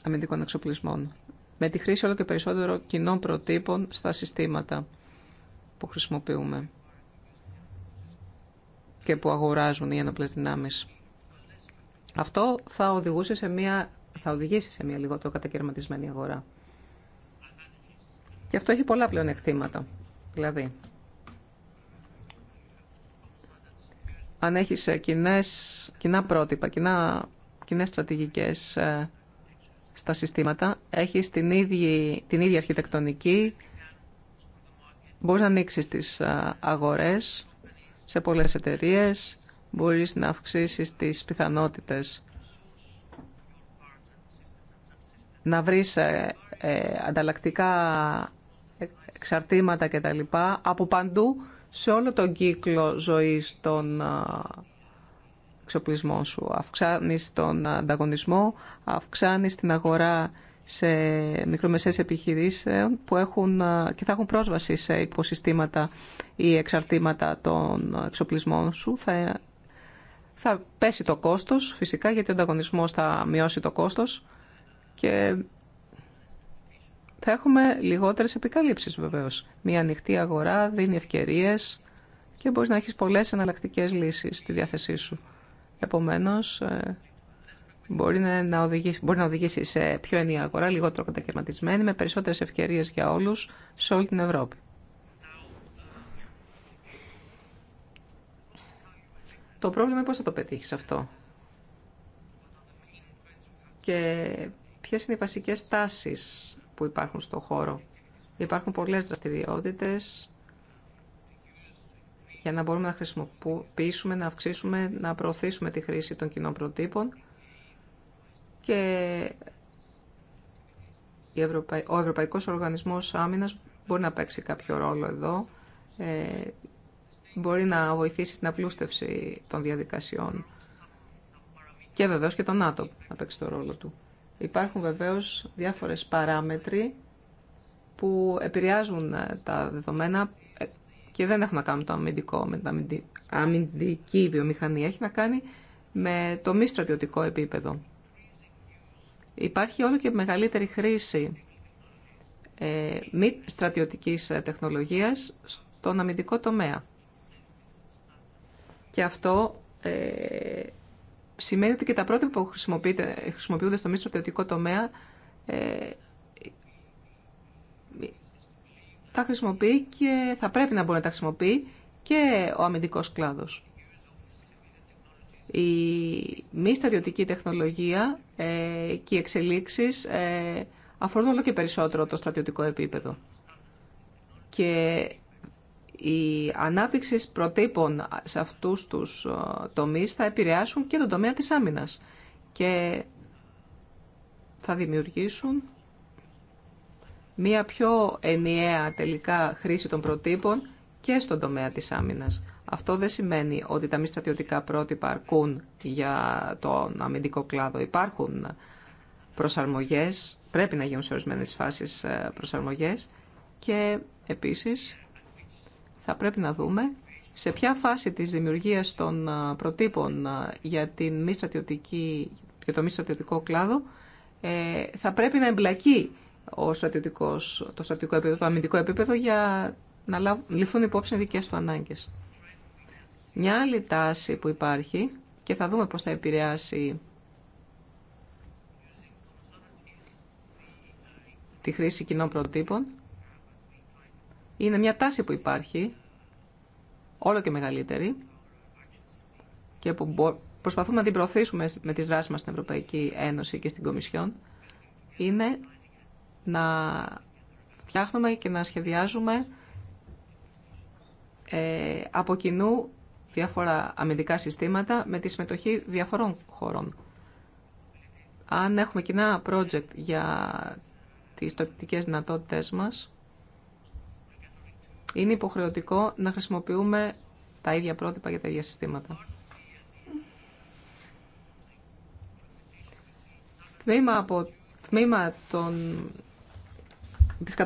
αμυντικών εξοπλισμών. Με τη χρήση όλο και περισσότερο κοινών προτύπων στα συστήματα που χρησιμοποιούμε και που αγοράζουν οι ένοπλες δυνάμεις. Αυτό θα, οδηγούσε σε μια, θα οδηγήσει σε μια λιγότερο κατακαιρματισμένη αγορά. Και αυτό έχει πολλά πλέον εκτήματα. Δηλαδή, αν έχεις ε, κοινές, κοινά πρότυπα, κοινά, κοινές στρατηγικές ε, στα συστήματα, έχεις την, ίδια, την ίδια αρχιτεκτονική, μπορείς να ανοίξεις τις ε, αγορές, σε πολλές εταιρείε, μπορείς να αυξήσεις τις πιθανότητες να βρεις ε, ε, ανταλλακτικά εξαρτήματα λοιπά από παντού σε όλο τον κύκλο ζωής των ε, εξοπλισμών σου. Αυξάνεις τον ανταγωνισμό, αυξάνεις την αγορά σε μικρομεσαίες επιχειρήσεις που έχουν και θα έχουν πρόσβαση σε υποσυστήματα ή εξαρτήματα των εξοπλισμών σου. Θα, θα πέσει το κόστος φυσικά γιατί ο ανταγωνισμός θα μειώσει το κόστος και θα έχουμε λιγότερες επικαλύψεις βεβαίως. Μια ανοιχτή αγορά δίνει ευκαιρίες και μπορείς να έχεις πολλές εναλλακτικέ λύσεις στη διάθεσή σου. Επομένως, ε, μπορεί να, οδηγήσει, μπορεί να οδηγήσει σε πιο ενιαία αγορά, λιγότερο κατακαιρματισμένη, με περισσότερες ευκαιρίες για όλους σε όλη την Ευρώπη. Το πρόβλημα είναι πώς θα το πετύχεις αυτό. Και ποιες είναι οι βασικές τάσεις που υπάρχουν στον χώρο. Υπάρχουν πολλές δραστηριότητες για να μπορούμε να χρησιμοποιήσουμε, να αυξήσουμε, να προωθήσουμε τη χρήση των κοινών προτύπων και ο Ευρωπαϊκός Οργανισμός Άμυνας μπορεί να παίξει κάποιο ρόλο εδώ, ε, μπορεί να βοηθήσει την απλούστευση των διαδικασιών και βεβαίως και το ΝΑΤΟ να παίξει το ρόλο του. Υπάρχουν βεβαίως διάφορες παράμετροι που επηρεάζουν ε, τα δεδομένα ε, και δεν έχουν να κάνουν το αμυντικό, με την αμυντική βιομηχανία. Έχει να κάνει με το μη στρατιωτικό επίπεδο. Υπάρχει όλο και μεγαλύτερη χρήση ε, μη στρατιωτικής ε, τεχνολογίας στον αμυντικό τομέα. Και αυτό ε, σημαίνει ότι και τα πρότυπα που χρησιμοποιούνται στο μη στρατιωτικό τομέα ε, τα χρησιμοποιεί και θα πρέπει να μπορεί να τα χρησιμοποιεί και ο αμυντικός κλάδος η μη στρατιωτική τεχνολογία ε, και οι εξελίξεις ε, αφορούν όλο και περισσότερο το στρατιωτικό επίπεδο. Και η ανάπτυξη προτύπων σε αυτούς τους ε, τομείς θα επηρεάσουν και τον τομέα της άμυνας και θα δημιουργήσουν μία πιο ενιαία τελικά χρήση των προτύπων και στον τομέα της άμυνας. Αυτό δεν σημαίνει ότι τα μη στρατιωτικά πρότυπα αρκούν για τον αμυντικό κλάδο. Υπάρχουν προσαρμογές, πρέπει να γίνουν σε ορισμένε φάσεις ε, προσαρμογές και επίσης θα πρέπει να δούμε σε ποια φάση της δημιουργίας των ε, προτύπων ε, για, την μη για το μη στρατιωτικό κλάδο θα πρέπει να εμπλακεί ο στρατιωτικός, το επίπεδο, το αμυντικό επίπεδο για να ληφθούν υπόψη οι δικές του ανάγκες. Μια άλλη τάση που υπάρχει και θα δούμε πώς θα επηρεάσει τη χρήση κοινών προτύπων είναι μια τάση που υπάρχει όλο και μεγαλύτερη και που προσπαθούμε να την προωθήσουμε με τις δράσεις μας στην Ευρωπαϊκή Ένωση και στην Κομισιόν είναι να φτιάχνουμε και να σχεδιάζουμε ε, από κοινού διάφορα αμυντικά συστήματα με τη συμμετοχή διαφορών χωρών. Αν έχουμε κοινά project για τις τοπικές δυνατότητες μας, είναι υποχρεωτικό να χρησιμοποιούμε τα ίδια πρότυπα για τα ίδια συστήματα. Τμήμα, από, τμήμα των,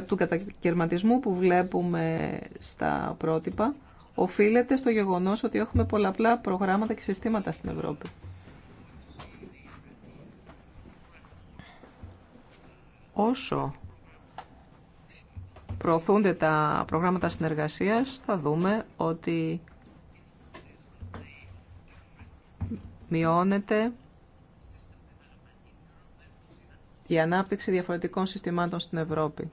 του κατακαιρματισμού που βλέπουμε στα πρότυπα οφείλεται στο γεγονός ότι έχουμε πολλαπλά προγράμματα και συστήματα στην Ευρώπη. Όσο προωθούνται τα προγράμματα συνεργασίας, θα δούμε ότι μειώνεται η ανάπτυξη διαφορετικών συστημάτων στην Ευρώπη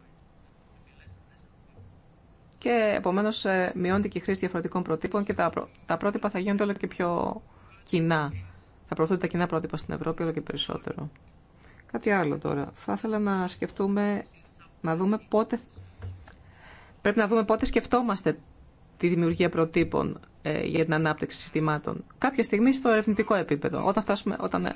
και επομένως ε, μειώνεται και η χρήση διαφορετικών προτύπων και τα, τα πρότυπα θα γίνονται όλο και πιο κοινά. Θα προωθούνται τα κοινά πρότυπα στην Ευρώπη όλο και περισσότερο. Κάτι άλλο τώρα. Θα ήθελα να σκεφτούμε, να δούμε πότε... Πρέπει να δούμε πότε σκεφτόμαστε τη δημιουργία προτύπων ε, για την ανάπτυξη συστημάτων. Κάποια στιγμή στο ερευνητικό επίπεδο, όταν φτάσουμε όταν, ε,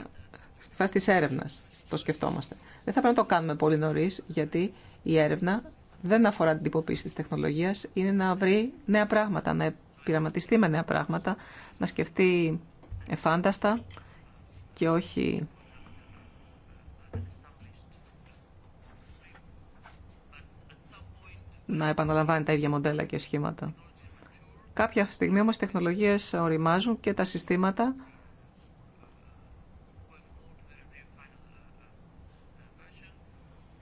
στη φάση της έρευνας, το σκεφτόμαστε. Δεν θα πρέπει να το κάνουμε πολύ νωρί, γιατί η έρευνα δεν αφορά την τυποποίηση της τεχνολογίας, είναι να βρει νέα πράγματα, να πειραματιστεί με νέα πράγματα, να σκεφτεί εφάνταστα και όχι να επαναλαμβάνει τα ίδια μοντέλα και σχήματα. Κάποια στιγμή όμως οι τεχνολογίες οριμάζουν και τα συστήματα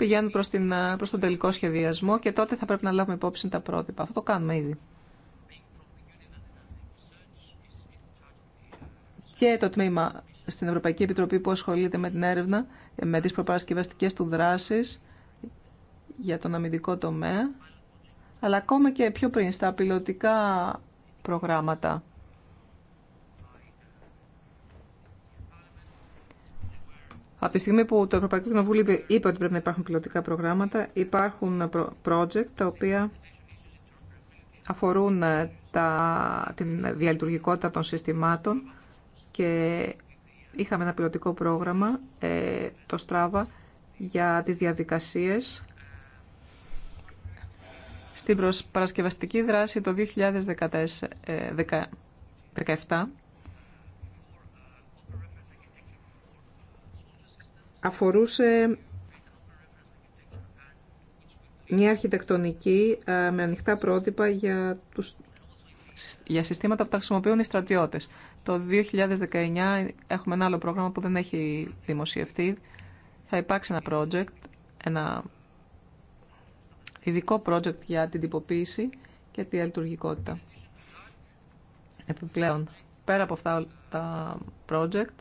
πηγαίνουν προς, την, προς τον τελικό σχεδιασμό και τότε θα πρέπει να λάβουμε υπόψη τα πρότυπα. Αυτό το κάνουμε ήδη. Και το τμήμα στην Ευρωπαϊκή Επιτροπή που ασχολείται με την έρευνα, με τις προπαρασκευαστικές του δράσεις για τον αμυντικό τομέα, αλλά ακόμα και πιο πριν στα πιλωτικά προγράμματα Από τη στιγμή που το Ευρωπαϊκό Κοινοβούλιο είπε ότι πρέπει να υπάρχουν πιλωτικά προγράμματα, υπάρχουν project τα οποία αφορούν ε, τα, την διαλειτουργικότητα των συστημάτων και είχαμε ένα πιλωτικό πρόγραμμα, ε, το Strava, για τις διαδικασίες στην παρασκευαστική δράση το 2017 αφορούσε μια αρχιτεκτονική ε, με ανοιχτά πρότυπα για, τους... για συστήματα που τα χρησιμοποιούν οι στρατιώτες. Το 2019 έχουμε ένα άλλο πρόγραμμα που δεν έχει δημοσιευτεί. Θα υπάρξει ένα project, ένα ειδικό project για την τυποποίηση και τη λειτουργικότητα. Επιπλέον, πέρα από αυτά τα project,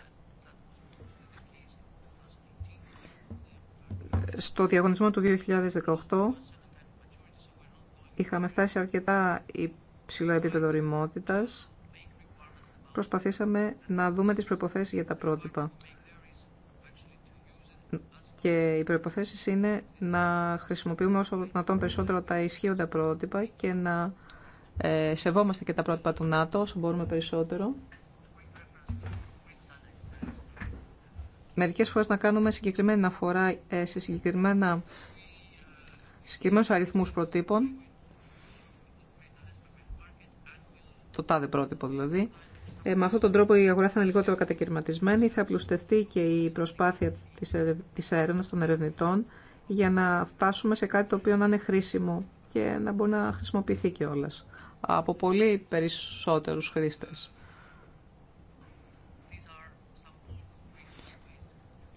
στο διαγωνισμό του 2018 είχαμε φτάσει αρκετά υψηλό επίπεδο ρημότητας. Προσπαθήσαμε να δούμε τις προϋποθέσεις για τα πρότυπα. Και οι προϋποθέσεις είναι να χρησιμοποιούμε όσο δυνατόν περισσότερο τα ισχύοντα πρότυπα και να ε, σεβόμαστε και τα πρότυπα του ΝΑΤΟ όσο μπορούμε περισσότερο μερικές φορές να κάνουμε συγκεκριμένη αφορά ε, σε συγκεκριμένα, συγκεκριμένους αριθμούς προτύπων, το τάδε πρότυπο δηλαδή, ε, με αυτόν τον τρόπο η αγορά θα είναι λιγότερο κατακαιρματισμένη, θα πλουστευτεί και η προσπάθεια της, της έρευνας των ερευνητών για να φτάσουμε σε κάτι το οποίο να είναι χρήσιμο και να μπορεί να χρησιμοποιηθεί κιόλα από πολύ περισσότερους χρήστες.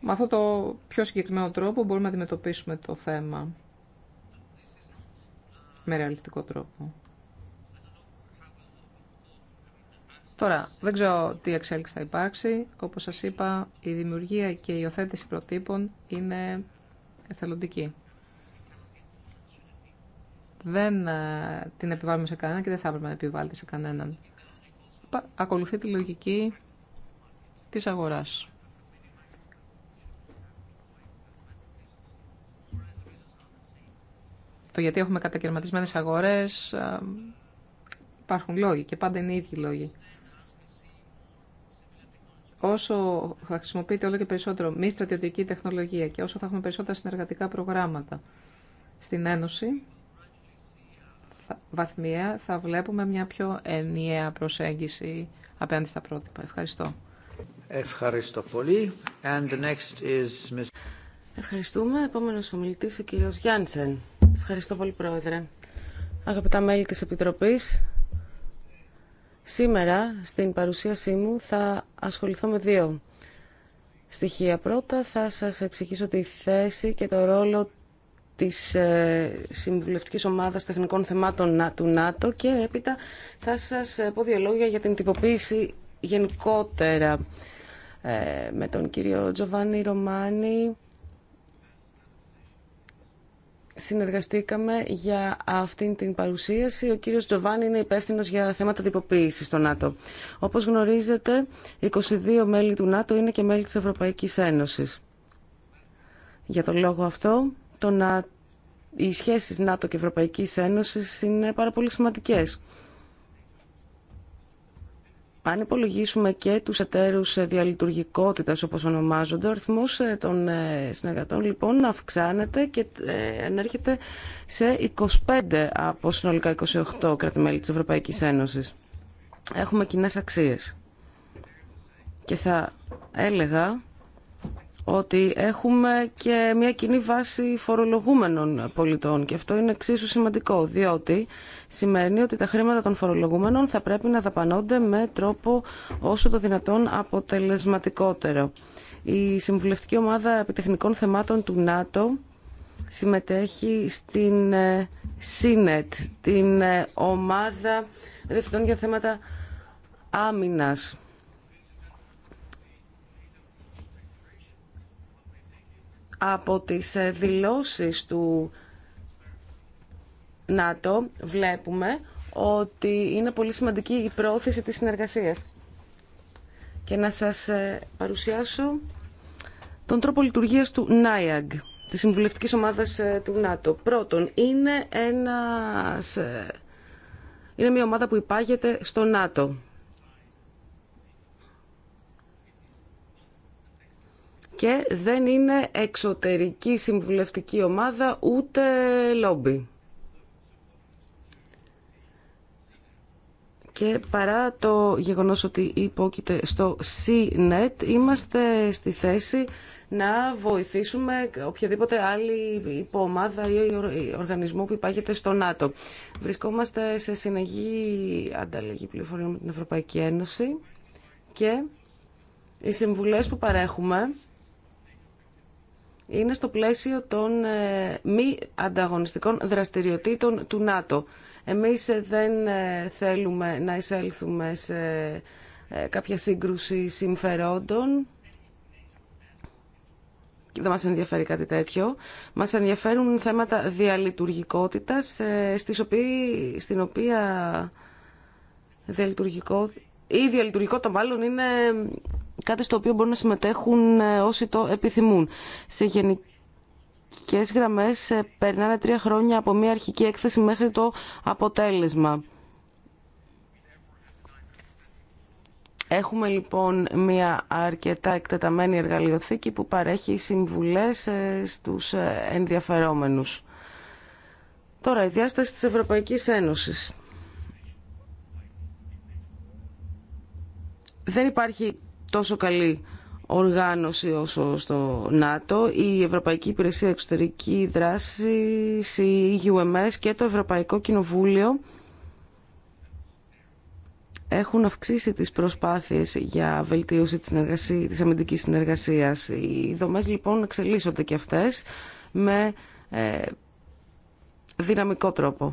Με αυτό το πιο συγκεκριμένο τρόπο μπορούμε να αντιμετωπίσουμε το θέμα με ρεαλιστικό τρόπο. Τώρα, δεν ξέρω τι εξέλιξη θα υπάρξει. Όπως σας είπα, η δημιουργία και η υιοθέτηση προτύπων είναι εθελοντική. Δεν ε, την επιβάλλουμε σε κανέναν και δεν θα έπρεπε να επιβάλλεται σε κανέναν. Ακολουθεί τη λογική της αγοράς. το γιατί έχουμε κατακαιρματισμένες αγορές, υπάρχουν λόγοι και πάντα είναι οι ίδιοι λόγοι. Όσο θα χρησιμοποιείται όλο και περισσότερο μη στρατιωτική τεχνολογία και όσο θα έχουμε περισσότερα συνεργατικά προγράμματα στην Ένωση, βαθμία, θα βλέπουμε μια πιο ενιαία προσέγγιση απέναντι στα πρότυπα. Ευχαριστώ. Ευχαριστώ πολύ. And next is... Ευχαριστούμε. Επόμενος ομιλητής ο κύριος Γιάνντσεν. Ευχαριστώ πολύ, Πρόεδρε. Αγαπητά μέλη της Επιτροπής, σήμερα στην παρουσίασή μου θα ασχοληθώ με δύο στοιχεία. Πρώτα θα σας εξηγήσω τη θέση και το ρόλο της ε, Συμβουλευτικής Ομάδας Τεχνικών Θεμάτων του ΝΑΤΟ και έπειτα θα σας ε, πω δύο λόγια για την τυποποίηση γενικότερα ε, με τον κύριο Τζοβάνι Ρωμάνη συνεργαστήκαμε για αυτήν την παρουσίαση. Ο κύριος Τζοβάνι είναι υπεύθυνο για θέματα τυποποίηση στο ΝΑΤΟ. Όπως γνωρίζετε, 22 μέλη του ΝΑΤΟ είναι και μέλη της Ευρωπαϊκής Ένωσης. Για τον λόγο αυτό, οι σχέσεις ΝΑΤΟ και Ευρωπαϊκής Ένωσης είναι πάρα πολύ σημαντικές. Αν υπολογίσουμε και τους εταίρους διαλειτουργικότητας όπως ονομάζονται, ο αριθμός ε, των ε, συνεργατών λοιπόν αυξάνεται και ε, ενέρχεται σε 25 από συνολικά 28 κράτη-μέλη της Ευρωπαϊκής Ένωσης. Έχουμε κοινέ αξίες. Και θα έλεγα ότι έχουμε και μια κοινή βάση φορολογούμενων πολιτών και αυτό είναι εξίσου σημαντικό διότι σημαίνει ότι τα χρήματα των φορολογούμενων θα πρέπει να δαπανώνται με τρόπο όσο το δυνατόν αποτελεσματικότερο. Η Συμβουλευτική Ομάδα Επιτεχνικών Θεμάτων του ΝΑΤΟ συμμετέχει στην ε, ΣΥΝΕΤ, την ε, Ομάδα Διευθυντών για Θέματα Άμυνας από τις ε, δηλώσεις του ΝΑΤΟ βλέπουμε ότι είναι πολύ σημαντική η πρόθεση της συνεργασίας. Και να σας ε, παρουσιάσω τον τρόπο λειτουργίας του ΝΑΙΑΓ, της Συμβουλευτικής Ομάδας ε, του ΝΑΤΟ. Πρώτον, είναι, ένας, είναι μια ομάδα που υπάγεται στο ΝΑΤΟ. και δεν είναι εξωτερική συμβουλευτική ομάδα ούτε λόμπι. Και παρά το γεγονός ότι υπόκειται στο CNET, είμαστε στη θέση να βοηθήσουμε οποιαδήποτε άλλη υποομάδα ή οργανισμό που υπάγεται στο ΝΑΤΟ. Βρισκόμαστε σε συνεγή ανταλλαγή πληροφοριών με την Ευρωπαϊκή Ένωση και οι συμβουλές που παρέχουμε είναι στο πλαίσιο των ε, μη ανταγωνιστικών δραστηριοτήτων του ΝΑΤΟ. Εμείς ε, δεν ε, θέλουμε να εισέλθουμε σε κάποια σύγκρουση συμφερόντων. Δεν μας ενδιαφέρει κάτι τέτοιο. Μας ενδιαφέρουν θέματα διαλειτουργικότητας, στις στην οποία διαλειτουργικό, η διαλειτουργικότητα μάλλον είναι κάτι στο οποίο μπορούν να συμμετέχουν ε, όσοι το επιθυμούν. Σε γενικές γραμμές ε, περνάνε τρία χρόνια από μια αρχική έκθεση μέχρι το αποτέλεσμα. Έχουμε λοιπόν μια αρκετά εκτεταμένη εργαλειοθήκη που παρέχει συμβουλές ε, στους ενδιαφερόμενους. Τώρα, η διάσταση της Ευρωπαϊκής Ένωσης. Δεν υπάρχει τόσο καλή οργάνωση όσο στο ΝΑΤΟ, η Ευρωπαϊκή Υπηρεσία Εξωτερική Δράση, η e UMS και το Ευρωπαϊκό Κοινοβούλιο έχουν αυξήσει τις προσπάθειες για βελτίωση της, συνεργασίας, της αμυντικής συνεργασίας. Οι δομές λοιπόν εξελίσσονται και αυτές με ε, δυναμικό τρόπο.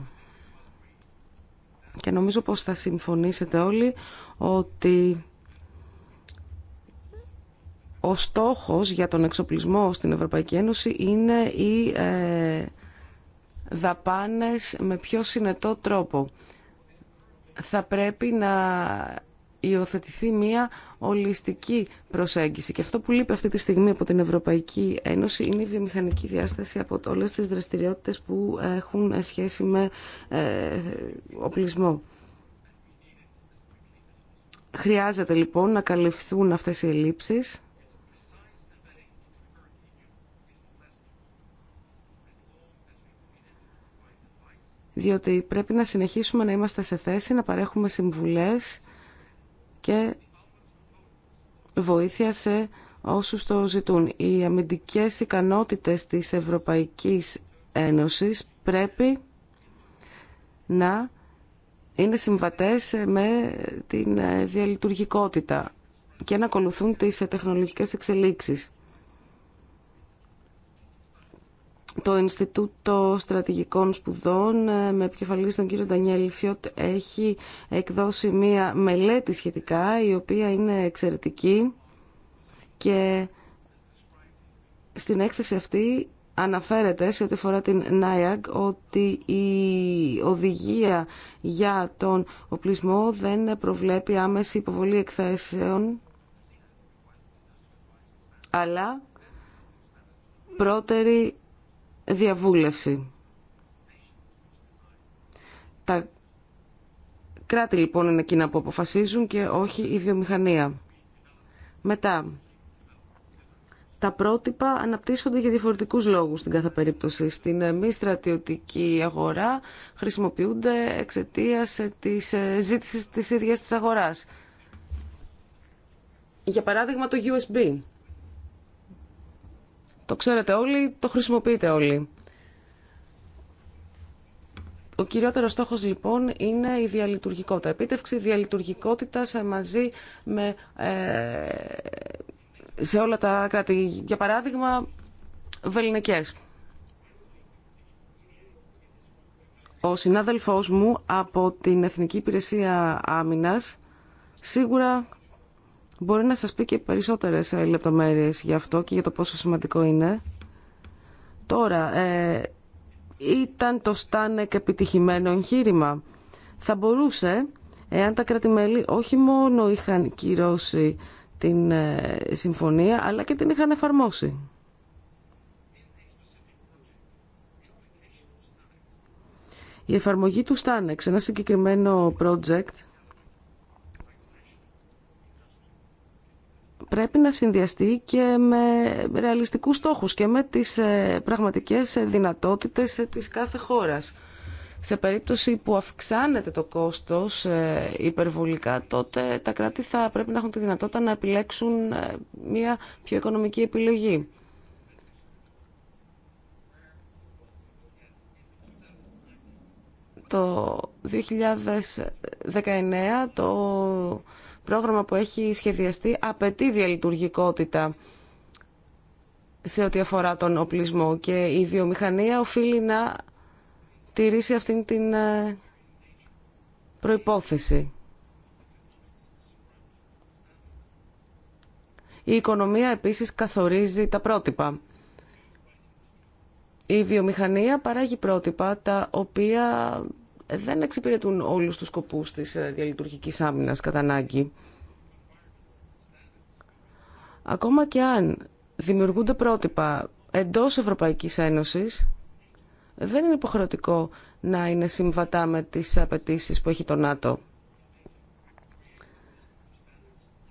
Και νομίζω πως θα συμφωνήσετε όλοι ότι ο στόχος για τον εξοπλισμό στην Ευρωπαϊκή Ένωση είναι οι ε, δαπάνες με πιο συνετό τρόπο. Θα πρέπει να υιοθετηθεί μια ολιστική προσέγγιση. Και αυτό που λείπει αυτή τη στιγμή από την Ευρωπαϊκή Ένωση είναι η βιομηχανική διάσταση από όλες τις δραστηριότητες που έχουν σχέση με ε, οπλισμό. Χρειάζεται λοιπόν να καλυφθούν αυτές οι ελλείψεις διότι πρέπει να συνεχίσουμε να είμαστε σε θέση να παρέχουμε συμβουλές και βοήθεια σε όσους το ζητούν. Οι αμυντικές ικανότητες της Ευρωπαϊκής Ένωσης πρέπει να είναι συμβατές με την ε, διαλειτουργικότητα και να ακολουθούν τις τεχνολογικές εξελίξεις. Το Ινστιτούτο Στρατηγικών Σπουδών ε, με επικεφαλή τον κύριο Ντανιέλ Φιότ έχει εκδώσει μία μελέτη σχετικά η οποία είναι εξαιρετική και στην έκθεση αυτή αναφέρεται σε ό,τι φορά την ΝΑΙΑΚ ότι η οδηγία για τον οπλισμό δεν προβλέπει άμεση υποβολή εκθέσεων αλλά πρώτερη διαβούλευση. Τα κράτη λοιπόν είναι εκείνα που αποφασίζουν και όχι η βιομηχανία. Μετά, τα πρότυπα αναπτύσσονται για διαφορετικούς λόγους στην κάθε περίπτωση. Στην ε, μη στρατιωτική αγορά χρησιμοποιούνται εξαιτίας ε, της ε, ζήτησης της ίδιας της αγοράς. Για παράδειγμα το USB το ξέρετε όλοι, το χρησιμοποιείτε όλοι. Ο κυριότερο στόχο λοιπόν είναι η διαλειτουργικότητα. Επίτευξη διαλειτουργικότητα μαζί με. Ε, σε όλα τα κράτη. Για παράδειγμα, βελληνικές. Ο συνάδελφός μου από την Εθνική Υπηρεσία Άμυνας σίγουρα μπορεί να σας πει και περισσότερες ε, λεπτομέρειες για αυτό και για το πόσο σημαντικό είναι. Τώρα, ε, ήταν το Στάνεκ επιτυχημένο εγχείρημα. Θα μπορούσε, εάν τα κρατημέλη όχι μόνο είχαν κυρώσει την ε, συμφωνία, αλλά και την είχαν εφαρμόσει. Η εφαρμογή του Στάνεκ σε ένα συγκεκριμένο project πρέπει να συνδυαστεί και με ρεαλιστικούς στόχους και με τις ε, πραγματικές ε, δυνατότητες ε, της κάθε χώρας. Σε περίπτωση που αυξάνεται το κόστος υπερβολικά, τότε τα κράτη θα πρέπει να έχουν τη δυνατότητα να επιλέξουν μια πιο οικονομική επιλογή. Το 2019 το πρόγραμμα που έχει σχεδιαστεί απαιτεί διαλειτουργικότητα σε ό,τι αφορά τον οπλισμό και η βιομηχανία οφείλει να τηρήσει αυτήν την ε, προϋπόθεση. Η οικονομία επίσης καθορίζει τα πρότυπα. Η βιομηχανία παράγει πρότυπα τα οποία δεν εξυπηρετούν όλους τους σκοπούς της ε, διαλειτουργικής άμυνας κατά ανάγκη. Ακόμα και αν δημιουργούνται πρότυπα εντός Ευρωπαϊκής Ένωσης, δεν είναι υποχρεωτικό να είναι συμβατά με τις απαιτήσεις που έχει το ΝΑΤΟ.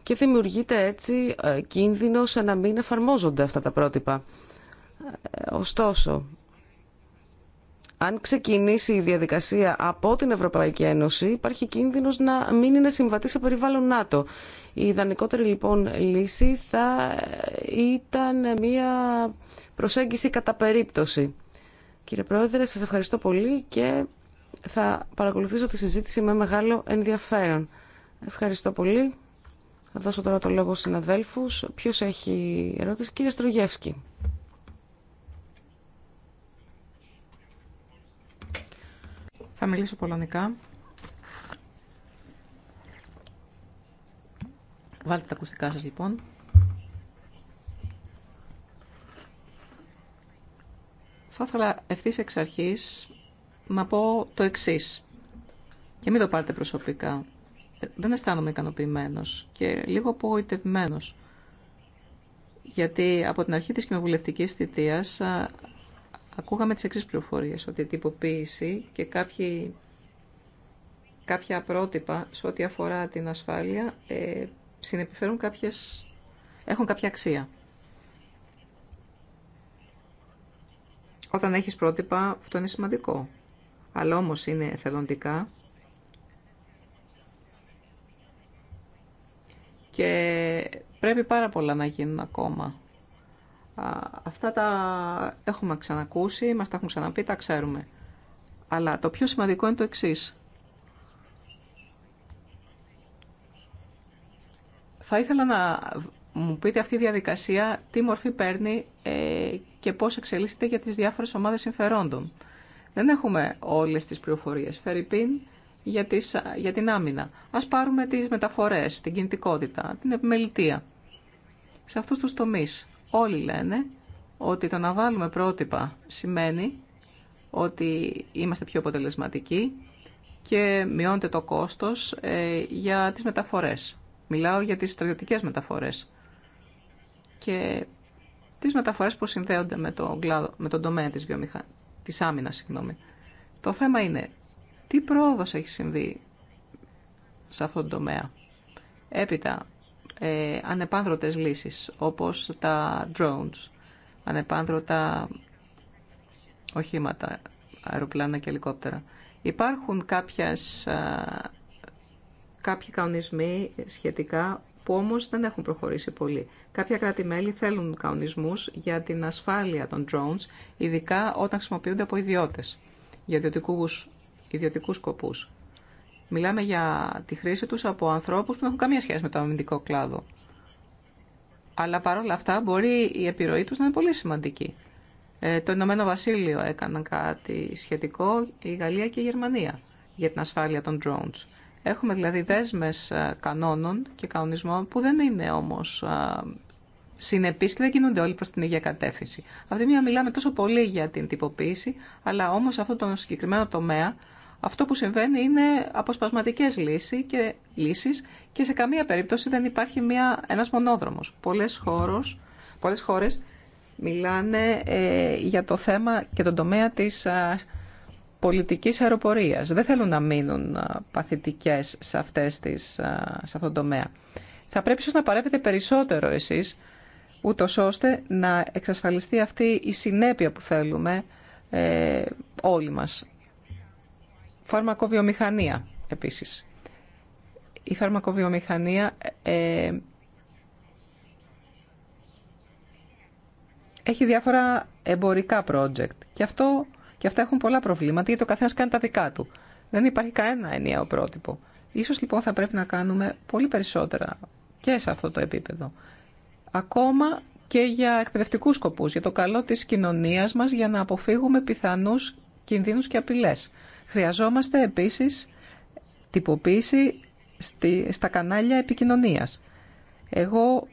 Και δημιουργείται έτσι ε, κίνδυνος να μην εφαρμόζονται αυτά τα πρότυπα. Ε, ωστόσο, αν ξεκινήσει η διαδικασία από την Ευρωπαϊκή Ένωση, υπάρχει κίνδυνος να μην είναι συμβατή σε περιβάλλον ΝΑΤΟ. Η ιδανικότερη λοιπόν λύση θα ήταν μια προσέγγιση κατά περίπτωση. Κύριε Πρόεδρε, σας ευχαριστώ πολύ και θα παρακολουθήσω τη συζήτηση με μεγάλο ενδιαφέρον. Ευχαριστώ πολύ. Θα δώσω τώρα το λόγο στους συναδέλφους. Ποιος έχει ερώτηση, κύριε Στρογεύσκη. Θα μιλήσω πολωνικά. Βάλτε τα ακουστικά σας λοιπόν. Θα ήθελα ευθύς εξ αρχής να πω το εξής. Και μην το πάρετε προσωπικά. Ε, δεν αισθάνομαι ικανοποιημένο και λίγο απογοητευμένο. Γιατί από την αρχή της κοινοβουλευτικής θητείας Ακούγαμε τις εξής πληροφορίες, ότι η τυποποίηση και κάποιοι, κάποια πρότυπα σε ό,τι αφορά την ασφάλεια ε, συνεπιφέρουν κάποιες, έχουν κάποια αξία. Όταν έχεις πρότυπα, αυτό είναι σημαντικό. Αλλά όμως είναι εθελοντικά και πρέπει πάρα πολλά να γίνουν ακόμα αυτά τα έχουμε ξανακούσει, μας τα έχουν ξαναπεί, τα ξέρουμε. Αλλά το πιο σημαντικό είναι το εξής. Θα ήθελα να μου πείτε αυτή η διαδικασία τι μορφή παίρνει ε, και πώς εξελίσσεται για τις διάφορες ομάδες συμφερόντων. Δεν έχουμε όλες τις πληροφορίες. Φερρυπίν για, για την άμυνα. Ας πάρουμε τις μεταφορές, την κινητικότητα, την επιμελητία. Σε αυτούς τους τομείς Όλοι λένε ότι το να βάλουμε πρότυπα σημαίνει ότι είμαστε πιο αποτελεσματικοί και μειώνεται το κόστος ε, για τις μεταφορές. Μιλάω για τις στρατιωτικές μεταφορές και τις μεταφορές που συνδέονται με, το με τον τομέα της, βιομηχα... της άμυνας. Το θέμα είναι τι πρόοδος έχει συμβεί σε αυτόν τον τομέα. Έπειτα, ε, ανεπάνδρωτες λύσεις, όπως τα drones, ανεπάνδρωτα οχήματα, αεροπλάνα και ελικόπτερα. Υπάρχουν κάποιες, κάποιοι κανονισμοί σχετικά που όμως δεν έχουν προχωρήσει πολύ. Κάποια κράτη-μέλη θέλουν κανονισμούς για την ασφάλεια των drones, ειδικά όταν χρησιμοποιούνται από ιδιώτες για ιδιωτικούς, ιδιωτικούς σκοπούς. Μιλάμε για τη χρήση τους από ανθρώπους που δεν έχουν καμία σχέση με το αμυντικό κλάδο. Αλλά παρόλα αυτά μπορεί η επιρροή τους να είναι πολύ σημαντική. Ε, το Ηνωμένο Βασίλειο έκαναν κάτι σχετικό, η Γαλλία και η Γερμανία για την ασφάλεια των drones. Έχουμε δηλαδή δέσμες ε, κανόνων και κανονισμών που δεν είναι όμως ε, συνεπεί και δεν κινούνται όλοι προ την ίδια κατεύθυνση. Από τη μία μιλάμε τόσο πολύ για την τυποποίηση, αλλά όμω αυτό το συγκεκριμένο τομέα αυτό που συμβαίνει είναι αποσπασματικές λύσει και, λύσεις και σε καμία περίπτωση δεν υπάρχει μια, ένας μονόδρομος. Πολλές, πολλές χώρες μιλάνε ε, για το θέμα και τον τομέα της πολιτικής αεροπορίας. Δεν θέλουν να μείνουν παθητικές σε, αυτές τις, σε αυτόν τον τομέα. Θα πρέπει ίσως να παρέπετε περισσότερο εσείς, ούτω ώστε να εξασφαλιστεί αυτή η συνέπεια που θέλουμε ε, όλοι μας Φαρμακοβιομηχανία επίσης. Η φαρμακοβιομηχανία ε, έχει διάφορα εμπορικά project και, και αυτά έχουν πολλά προβλήματα γιατί ο καθένας κάνει τα δικά του. Δεν υπάρχει κανένα ενιαίο πρότυπο. Ίσως λοιπόν θα πρέπει να κάνουμε πολύ περισσότερα και σε αυτό το επίπεδο. Ακόμα και για εκπαιδευτικούς σκοπούς, για το καλό της κοινωνίας μας, για να αποφύγουμε πιθανούς κινδύνους και απειλές. Χρειαζόμαστε επίσης τυποποίηση στη, στα κανάλια επικοινωνίας. Εγώ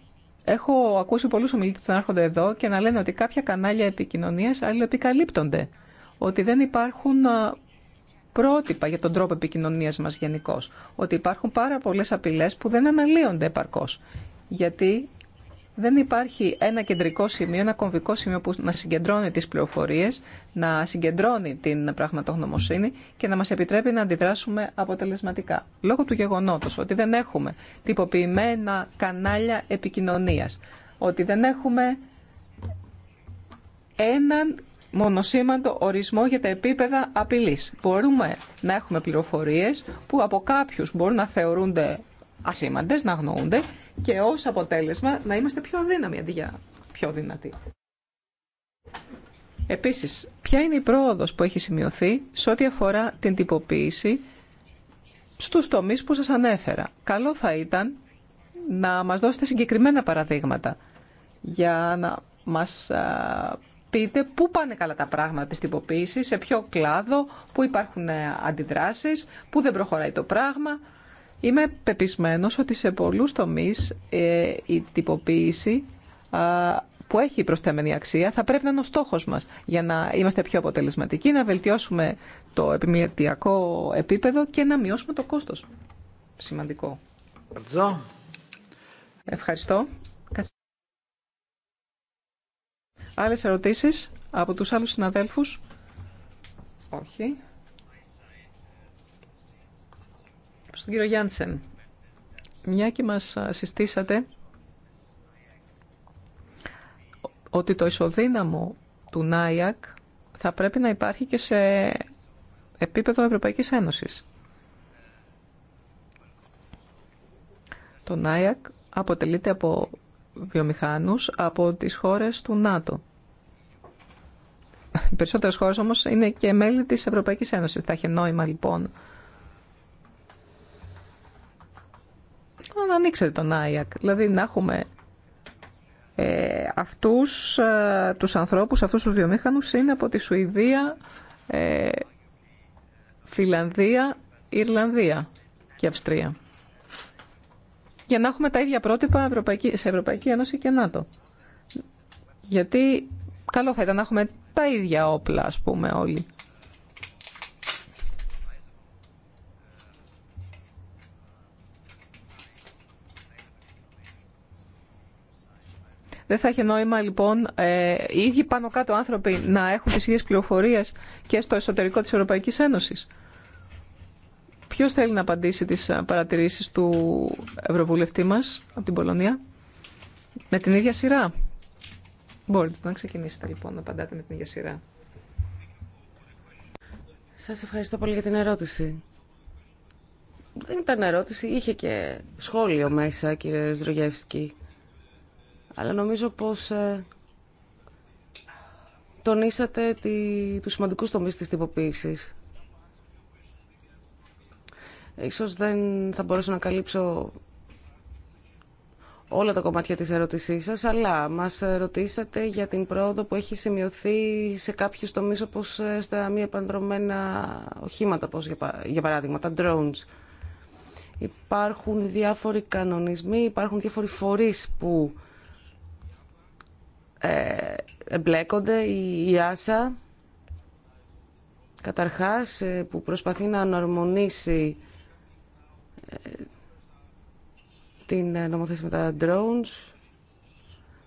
έχω ακούσει πολλούς ομιλητές να έρχονται εδώ και να λένε ότι κάποια κανάλια επικοινωνίας αλληλοεπικαλύπτονται, ότι δεν υπάρχουν πρότυπα για τον τρόπο επικοινωνίας μας γενικώ, ότι υπάρχουν πάρα πολλές απειλές που δεν αναλύονται επαρκώς, γιατί δεν υπάρχει ένα κεντρικό σημείο, ένα κομβικό σημείο που να συγκεντρώνει τις πληροφορίες, να συγκεντρώνει την πραγματογνωμοσύνη και να μας επιτρέπει να αντιδράσουμε αποτελεσματικά. Λόγω του γεγονότος ότι δεν έχουμε τυποποιημένα κανάλια επικοινωνίας, ότι δεν έχουμε έναν μονοσήμαντο ορισμό για τα επίπεδα απειλής. Μπορούμε να έχουμε πληροφορίες που από κάποιους μπορούν να θεωρούνται ασήμαντες, να αγνοούνται και ως αποτέλεσμα να είμαστε πιο αδύναμοι αντί για πιο δυνατοί. Επίσης, ποια είναι η πρόοδος που έχει σημειωθεί σε ό,τι αφορά την τυποποίηση στους τομείς που σας ανέφερα. Καλό θα ήταν να μας δώσετε συγκεκριμένα παραδείγματα για να μας πείτε πού πάνε καλά τα πράγματα της τυποποίησης, σε ποιο κλάδο, πού υπάρχουν ε, αντιδράσεις, πού δεν προχωράει το πράγμα. Είμαι πεπισμένος ότι σε πολλούς τομείς ε, η τυποποίηση που έχει προσθέμενη αξία θα πρέπει να είναι ο στόχος μας για να είμαστε πιο αποτελεσματικοί, να βελτιώσουμε το επιμελητιακό επίπεδο και να μειώσουμε το κόστος. Σημαντικό. Ευχαριστώ. Άλλες ερωτήσεις από τους άλλους συναδέλφους. Όχι. Στον κύριο Γιάντσεν, μια και μας συστήσατε ότι το ισοδύναμο του ΝΑΙΑΚ θα πρέπει να υπάρχει και σε επίπεδο Ευρωπαϊκής Ένωσης. Το ΝΑΙΑΚ αποτελείται από βιομηχάνους από τις χώρες του ΝΑΤΟ. Οι περισσότερες χώρες όμως είναι και μέλη της Ευρωπαϊκής Ένωσης. Θα έχει νόημα λοιπόν να ανοίξετε τον ΆΙΑΚ. Δηλαδή να έχουμε ε, αυτούς ε, τους ανθρώπους, αυτούς τους βιομήχανους είναι από τη Σουηδία, ε, Φιλανδία, Ιρλανδία και Αυστρία. Για να έχουμε τα ίδια πρότυπα σε Ευρωπαϊκή Ένωση και ΝΑΤΟ. Γιατί καλό θα ήταν να έχουμε τα ίδια όπλα, ας πούμε, όλοι. Δεν θα έχει νόημα λοιπόν ε, οι ίδιοι πάνω κάτω άνθρωποι να έχουν τις ίδιες πληροφορίες και στο εσωτερικό της Ευρωπαϊκής Ένωσης. Ποιος θέλει να απαντήσει τις ε, παρατηρήσεις του Ευρωβουλευτή μας από την Πολωνία με την ίδια σειρά. Μπορείτε να ξεκινήσετε λοιπόν να απαντάτε με την ίδια σειρά. Σας ευχαριστώ πολύ για την ερώτηση. Δεν ήταν ερώτηση, είχε και σχόλιο μέσα κύριε Ζρογεύσκη αλλά νομίζω πως ε, τονίσατε τη, τους σημαντικούς τομείς της τυποποίησης. Ίσως δεν θα μπορέσω να καλύψω όλα τα κομμάτια της ερώτησής σας, αλλά μας ρωτήσατε για την πρόοδο που έχει σημειωθεί σε κάποιους τομείς όπως ε, στα μη επανδρομένα οχήματα, όπως για παράδειγμα τα drones. Υπάρχουν διάφοροι κανονισμοί, υπάρχουν διάφοροι φορείς που ε, εμπλέκονται, η Άσα καταρχάς ε, που προσπαθεί να αναρμονίσει ε, την νομοθεσία με τα drones.